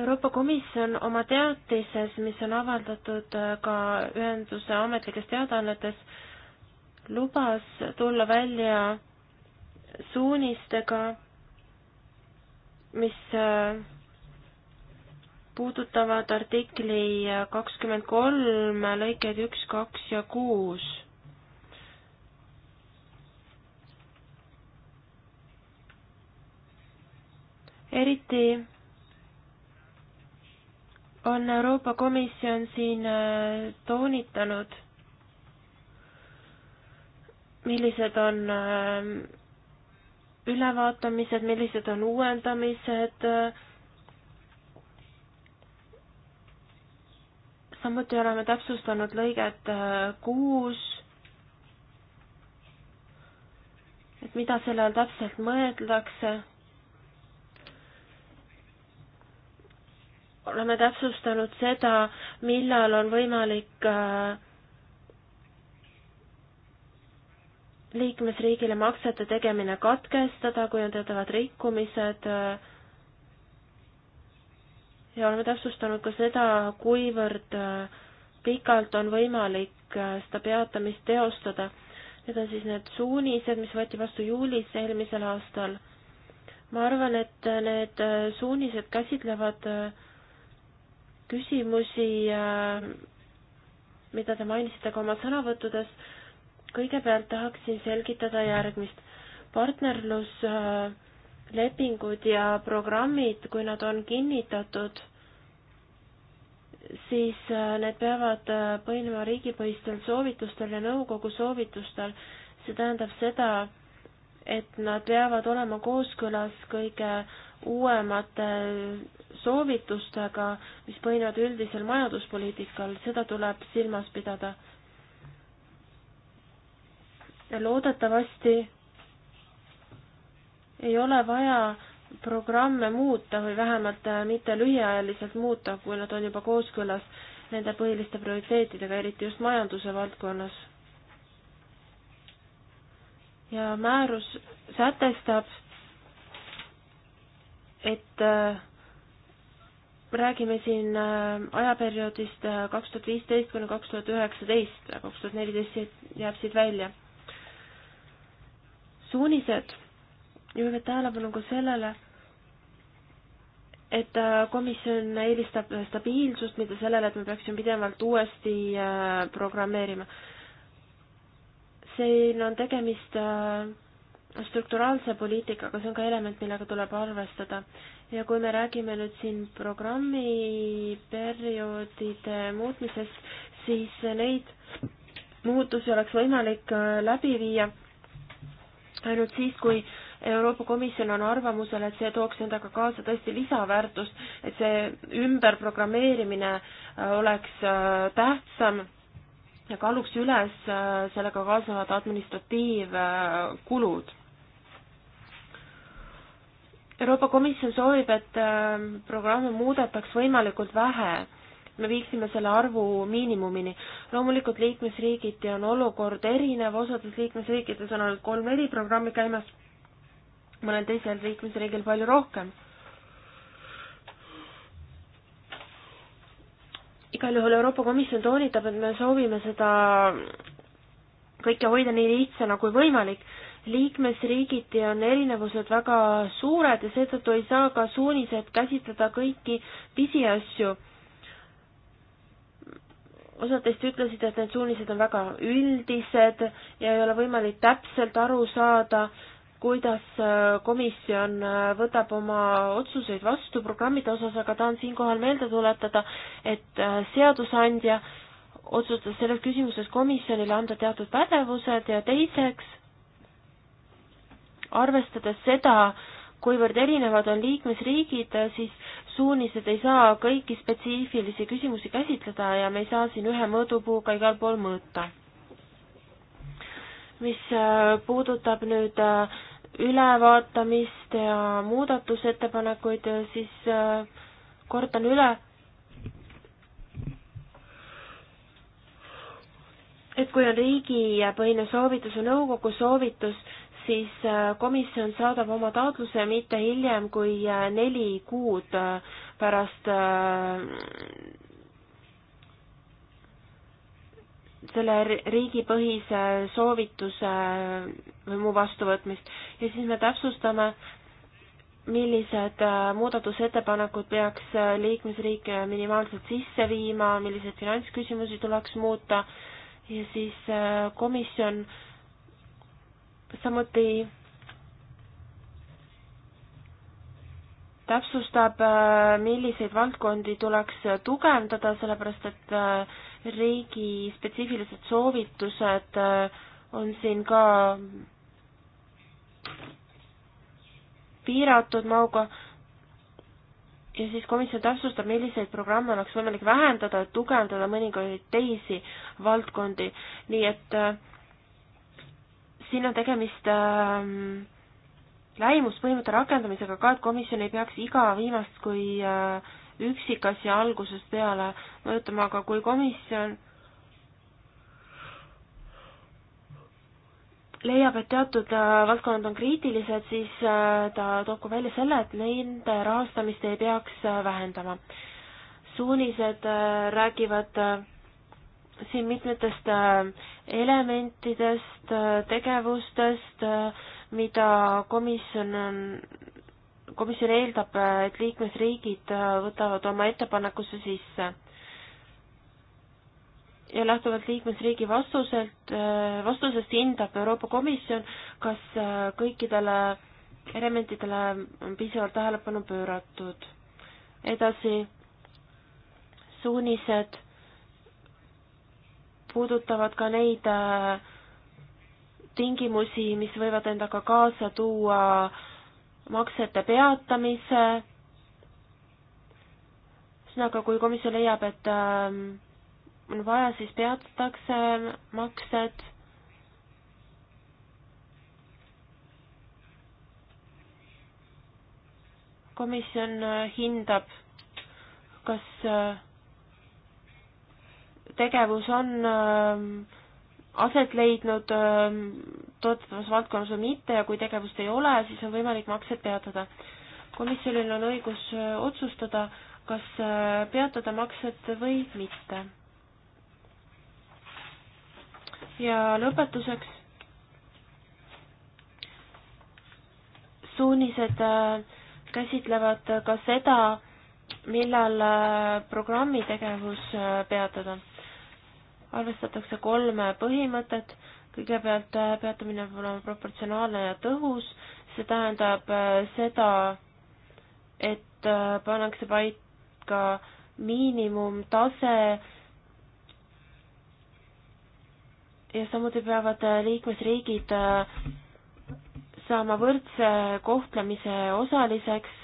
Euroopa Komisjon oma teatises, mis on avaldatud äh, ka ühenduse ametlikes teadaannetes, lubas tulla välja suunistega, mis äh, puudutavad artikli kakskümmend kolm lõikeid üks, kaks ja kuus. eriti on Euroopa Komisjon siin äh, toonitanud, millised on ähm, ülevaatamised, millised on uuendamised, äh. samuti oleme täpsustanud lõiget äh, kuus, et mida selle all täpselt mõeldakse oleme täpsustanud seda, millal on võimalik äh, liikmesriigile maksete tegemine katkestada, kui on teatavad rikkumised. Äh, ja oleme täpsustanud ka seda, kuivõrd äh, pikalt on võimalik seda peatamist teostada. Need on siis need suunised, mis võeti vastu juulis eelmisel aastal. ma arvan, et need suunised käsitlevad äh, küsimusi, äh, mida te mainisite ka oma sõnavõttudes. kõigepealt tahaksin selgitada järgmist. partnerluslepingud äh, ja programmid, kui nad on kinnitatud, siis äh, need peavad põhinema riigipõhistel soovitustel ja nõukogu soovitustel. see tähendab seda, et nad peavad olema kooskõlas kõige uuemate soovitustega, mis põhinevad üldisel majanduspoliitikal, seda tuleb silmas pidada. ja loodetavasti ei ole vaja programme muuta või vähemalt äh, mitte lühiajaliselt muuta, kui nad on juba kooskõlas nende põhiliste prioriteetidega, eriti just majanduse valdkonnas. ja määrus sätestab, et äh, räägime siin äh, ajaperioodist äh, kaks tuhat viisteist kuni kaks tuhat üheksateist, kaks tuhat neliteist jääb siit välja. suunised juhivad tähelepanu ka sellele, et äh, komisjon eelistab stabiilsust, mitte sellele, et me peaksime pidevalt uuesti programmeerima. siin on tegemist äh, strukturaalse poliitikaga, see on ka element, millega tuleb arvestada. ja kui me räägime nüüd siin programmiperioodide muutmisest, siis neid muutusi oleks võimalik äh, läbi viia ainult siis, kui Euroopa Komisjon on arvamusel, et see tooks endaga kaasa tõesti lisaväärtust, et see ümberprogrammeerimine äh, oleks äh, tähtsam ja kaaluks üles sellega kaasnevad administratiivkulud Euroopa Komisjon soovib, et ähm, programme muudetaks võimalikult vähe me viiksime selle arvu miinimumini. loomulikult liikmesriigiti on olukord erinev, osades liikmesriikides on ainult kolm-neli programmi käimas, mõnel teisel liikmesriigil palju rohkem. igal juhul Euroopa Komisjon toonitab, et me soovime seda kõike hoida nii lihtsana kui võimalik liikmesriigiti on erinevused väga suured ja seetõttu ei saa ka suunised käsitleda kõiki pisiasju. osad teist ütlesid, et need suunised on väga üldised ja ei ole võimalik täpselt aru saada, kuidas äh, komisjon äh, võtab oma otsuseid vastu programmide osas, aga tahan siinkohal meelde tuletada, et äh, seadusandja otsustas selles küsimuses komisjonile anda teatud pädevused ja teiseks arvestades seda, kuivõrd erinevad on liikmesriigid, siis suunised ei saa kõiki spetsiifilisi küsimusi käsitleda ja me ei saa siin ühe mõõdupuuga igal pool mõõta. mis äh, puudutab nüüd äh, ülevaatamist ja muudatusettepanekuid, äh, siis kordan üle, et kui on riigipõhine soovitus ja nõukogu soovitus, siis äh, komisjon saadab oma taotluse mitte hiljem kui äh, neli kuud äh, pärast selle riigipõhise soovituse või muu vastuvõtmist ja siis me täpsustame, millised muudatusettepanekud peaks liikmesriik minimaalselt sisse viima, milliseid finantsküsimusi tuleks muuta ja siis komisjon äh, samuti täpsustab, äh, milliseid valdkondi tuleks tugevdada, sellepärast et äh, riigi spetsiifilised soovitused äh, on siin ka piiratud mahuga ja siis komisjon täpsustab, milliseid programme oleks võimalik vähendada, et tugevdada mõningaid teisi valdkondi, nii et äh, siin on tegemist ähm, lähimuspõhimõtte rakendamisega ka, et komisjon ei peaks iga viimast kui äh, üksikasja algusest peale mõjutama, aga kui komisjon leiab, et teatud äh, valdkonnad on kriitilised, siis äh, ta toob ka välja selle, et nende rahastamist ei peaks äh, vähendama. suunised äh, räägivad äh, siin mitmetest äh, elementidest, äh, tegevustest, äh, mida komisjon on, komisjon eeldab, et liikmesriigid võtavad oma ettepanekusse sisse. ja lähtuvalt liikmesriigi vastuselt, vastusest hindab Euroopa Komisjon, kas kõikidele elementidele on piisavalt tähelepanu pööratud. edasi, suunised puudutavad ka neid äh, tingimusi, mis võivad endaga kaasa tuua maksete peatamise. ühesõnaga, kui komisjon leiab, et ähm, on vaja, siis peatatakse maksed komisjon äh, hindab, kas äh, tegevus on ähm, aset leidnud ähm, toetatavas valdkonnas või mitte ja kui tegevust ei ole, siis on võimalik maksed peatada. komisjonil on õigus äh, otsustada, kas äh, peatada maksed või mitte. ja lõpetuseks suunised äh, käsitlevad ka seda, millal programmi tegevus peatada arvestatakse kolme põhimõtet. kõigepealt äh, peatamine peab olema proportsionaalne ja tõhus, see tähendab äh, seda, et äh, pannakse paika miinimumtase ja samuti peavad liikmesriigid saama võrdse kohtlemise osaliseks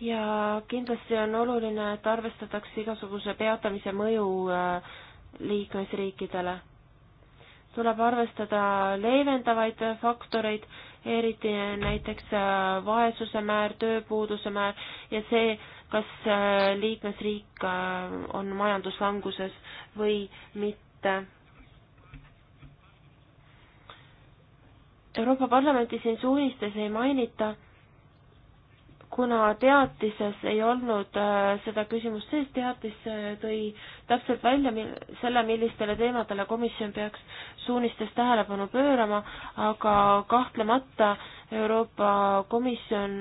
ja kindlasti on oluline, et arvestatakse igasuguse peatamise mõju äh, liikmesriikidele. tuleb arvestada leevendavaid faktoreid, eriti näiteks äh, vaesuse määr, tööpuuduse määr ja see, kas äh, liikmesriik on majanduslanguses või mitte. Euroopa Parlamenti siin suunistes ei mainita kuna teatises ei olnud äh, seda küsimust sees, teatis äh, tõi täpselt välja mil, selle, millistele teemadele komisjon peaks suunistes tähelepanu pöörama, aga kahtlemata Euroopa Komisjon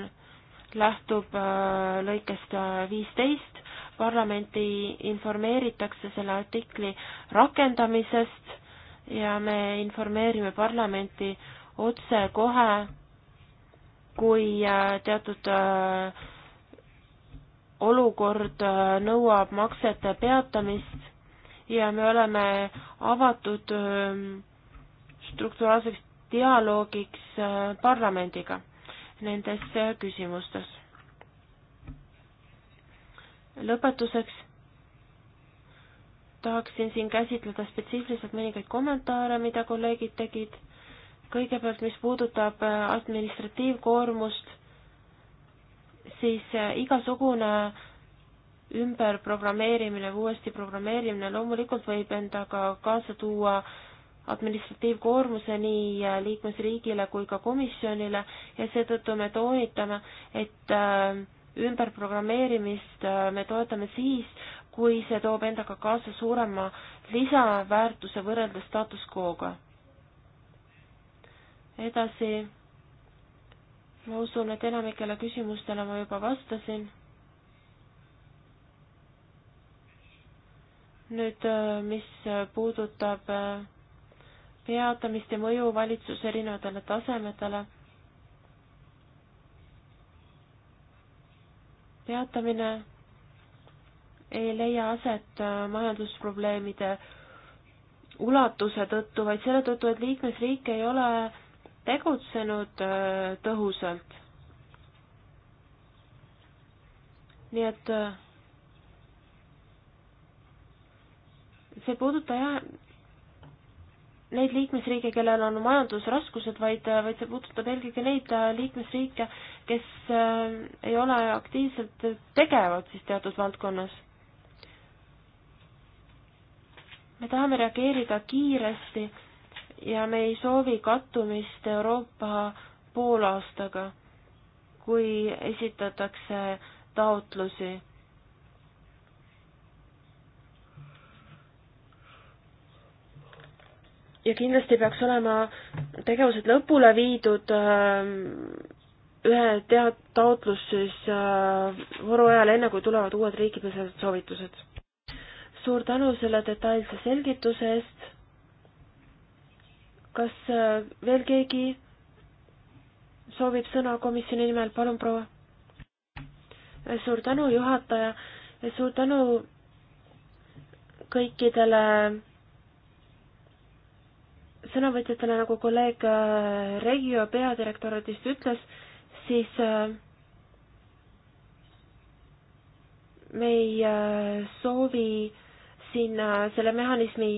lähtub äh, lõikest viisteist, parlamenti informeeritakse selle artikli rakendamisest ja me informeerime parlamenti otsekohe kui äh, teatud äh, olukord äh, nõuab maksete peatamist ja me oleme avatud strukturaalseks dialoogiks parlamendiga nendes küsimustes. lõpetuseks tahaksin siin käsitleda spetsiifiliselt mõningaid kommentaare, mida kolleegid tegid kõigepealt, mis puudutab äh, administratiivkoormust, siis äh, igasugune ümberprogrammeerimine või uuesti programmeerimine loomulikult võib endaga kaasa tuua administratiivkoormuse nii äh, liikmesriigile kui ka komisjonile ja seetõttu me toonitame, et ümberprogrammeerimist me toetame siis, kui see toob endaga kaasa suurema lisaväärtuse võrreldes status quo'ga edasi. ma usun, et enamikele küsimustele ma juba vastasin. nüüd, mis puudutab äh, peatamist ja mõju valitsuse erinevatele tasemetele. peatamine ei leia aset äh, majandusprobleemide ulatuse tõttu, vaid selle tõttu, et liikmesriik ei ole tegutsenud äh, tõhusalt. nii et äh, see ei puuduta jah neid liikmesriike, kellel on majandusraskused, vaid, äh, vaid see puudutab eelkõige neid liikmesriike, kes ei ole aktiivselt tegevad siis teatud valdkonnas. me tahame reageerida kiiresti ja me ei soovi kattumist Euroopa poolaastaga, kui esitatakse taotlusi. ja kindlasti peaks olema tegevused lõpule viidud äh, ühe tea-, taotlus siis äh, voru ajal, enne kui tulevad uued riikidesed soovitused. suur tänu selle detailse selgituse eest kas äh, veel keegi soovib sõna komisjoni nimel, palun proua. suur tänu, juhataja, suur tänu kõikidele sõnavõtjatele, nagu kolleeg äh, Regio peadirektoratist ütles, siis äh, me ei soovi siin selle mehhanismi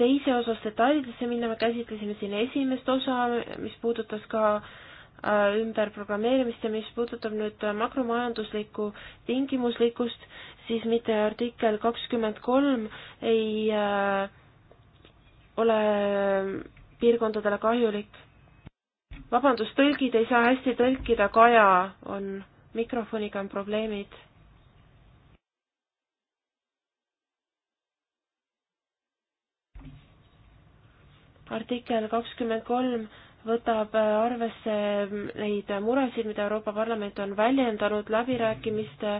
teise osas detailidesse minna, me käsitlesime siin esimest osa, mis puudutas ka äh, ümberprogrammeerimist ja mis puudutab nüüd äh, makromajanduslikku tingimuslikkust, siis mitte artikkel kakskümmend kolm ei äh, ole piirkondadele kahjulik. vabandust, tõlgid ei saa hästi tõlkida, Kaja on, mikrofoniga on probleemid artikkel kakskümmend kolm võtab äh, arvesse äh, neid muresid, mida Euroopa Parlament on väljendanud läbirääkimiste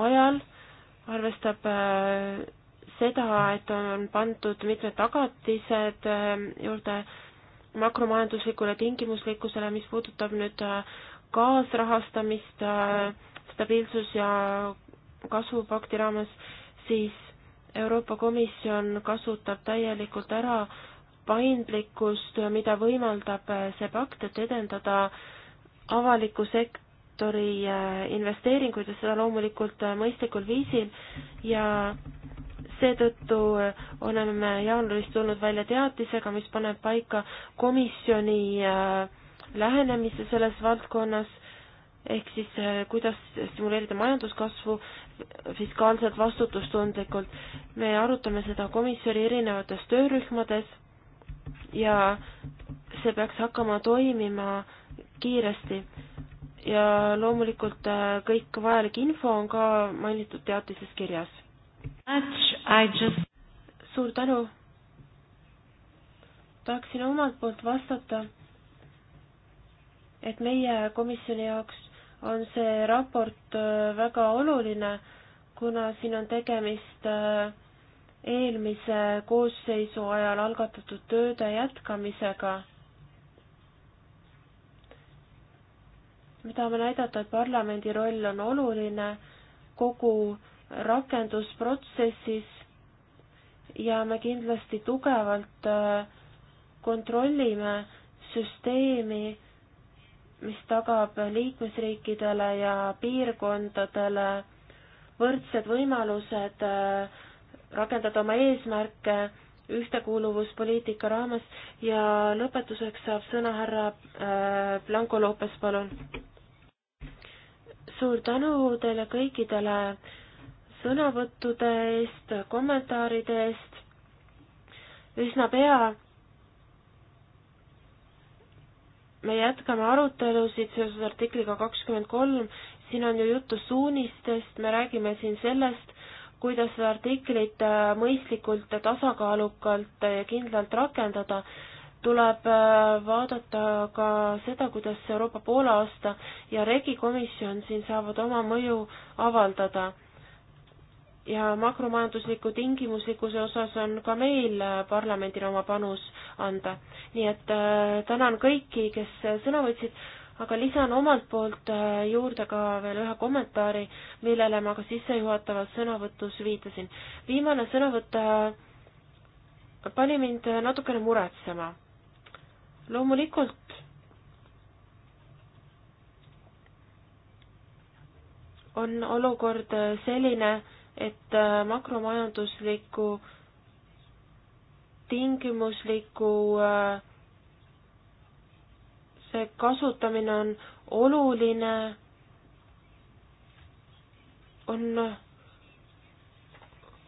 ajal, arvestab äh, seda, et on pandud mitmed tagatised juurde makromajanduslikule tingimuslikkusele, mis puudutab nüüd kaasrahastamist stabiilsus- ja kasvupakti raames, siis Euroopa Komisjon kasutab täielikult ära paindlikkust, mida võimaldab äh, see pakt, et edendada avaliku sektori äh, investeeringuid ja seda loomulikult äh, mõistlikul viisil ja seetõttu oleme jaanuaris tulnud välja teatisega, mis paneb paika komisjoni lähenemise selles valdkonnas ehk siis äh, kuidas stimuleerida majanduskasvu fiskaalselt vastutustundlikult. me arutame seda komisjoni erinevates töörühmades ja see peaks hakkama toimima kiiresti. ja loomulikult äh, kõik vajalik info on ka mainitud teatises kirjas. Just... suur tänu! tahaksin omalt poolt vastata, et meie komisjoni jaoks on see raport äh, väga oluline, kuna siin on tegemist äh, eelmise koosseisu ajal algatatud tööde jätkamisega. me tahame näidata, et parlamendi roll on oluline kogu rakendusprotsessis ja me kindlasti tugevalt äh, kontrollime süsteemi mis tagab liikmesriikidele ja piirkondadele võrdsed võimalused äh, rakendada oma eesmärke ühtekuuluvuspoliitika raames ja lõpetuseks saab sõna härra äh, Blanco Lopes, palun. suur tänu teile kõikidele sõnavõttude eest, kommentaaride eest. üsna pea me jätkame arutelusid seoses artikliga kakskümmend kolm, siin on ju juttu suunistest, me räägime siin sellest, kuidas seda artiklit äh, mõistlikult, tasakaalukalt ja kindlalt rakendada, tuleb äh, vaadata ka seda, kuidas Euroopa poolaasta ja regikomisjon siin saavad oma mõju avaldada ja makromajandusliku tingimuslikkuse osas on ka meil parlamendil oma panus anda. nii et äh, tänan kõiki, kes sõna võtsid, aga lisan omalt poolt äh, juurde ka veel ühe kommentaari, millele ma ka sissejuhatavas sõnavõtus viitasin. viimane sõnavõtt äh, pani mind natukene muretsema. loomulikult on olukord selline, et äh, makromajandusliku tingimusliku äh, see kasutamine on oluline, on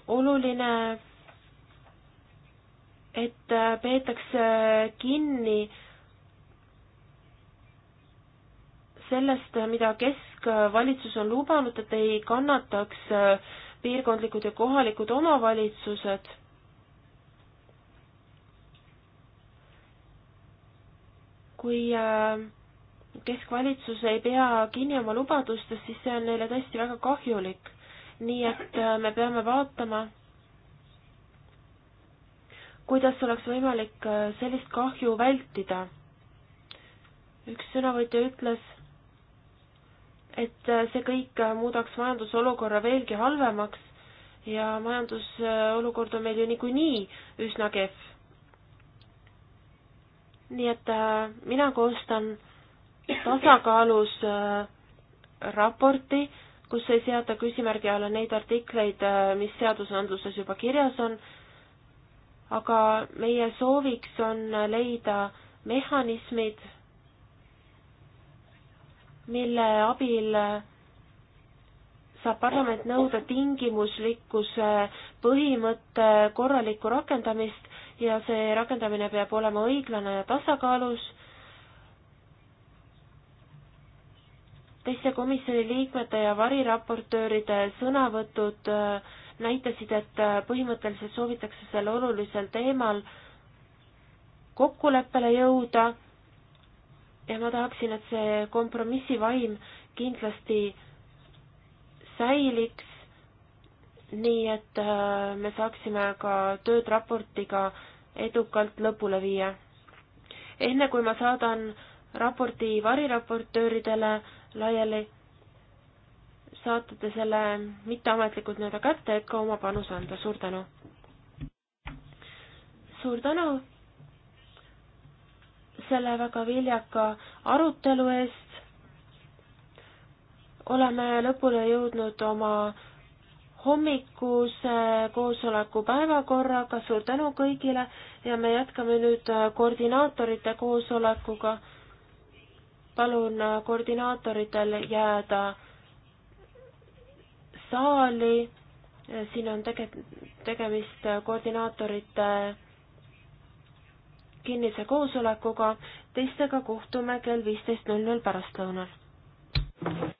oluline, et äh, peetakse kinni sellest, mida keskvalitsus on lubanud, et ei kannataks äh, piirkondlikud ja kohalikud omavalitsused kui äh, keskvalitsus ei pea kinni oma lubadustest, siis see on neile tõesti väga kahjulik. nii et äh, me peame vaatama, kuidas oleks võimalik äh, sellist kahju vältida. üks sõnavõtja ütles et see kõik muudaks majandusolukorra veelgi halvemaks ja majandusolukord on meil ju niikuinii üsna kehv. nii et äh, mina koostan tasakaalus äh, raporti, kus ei seata küsimärgi alla neid artikleid, äh, mis seadusandluses juba kirjas on, aga meie sooviks on leida mehhanismid, mille abil saab parlament nõuda tingimuslikkuse põhimõtte korralikku rakendamist ja see rakendamine peab olema õiglane ja tasakaalus. teiste komisjoni liikmete ja variraportööride sõnavõtud äh, näitasid, et äh, põhimõtteliselt soovitakse sel olulisel teemal kokkuleppele jõuda ja ma tahaksin, et see kompromissivaim kindlasti säiliks, nii et äh, me saaksime ka tööd raportiga edukalt lõpule viia. enne kui ma saadan raporti variraportööridele laiali, saate te selle mitteametlikult nii-öelda kätte, et ka oma panuse anda, suur tänu! suur tänu! selle väga viljaka arutelu eest. oleme lõpule jõudnud oma hommikuse koosoleku päevakorraga, suur tänu kõigile ja me jätkame nüüd koordinaatorite koosolekuga. palun koordinaatoritel jääda saali, siin on tege-, tegemist koordinaatorite kinnise koosolekuga, teistega kohtume kell viisteist null null pärastlõunal.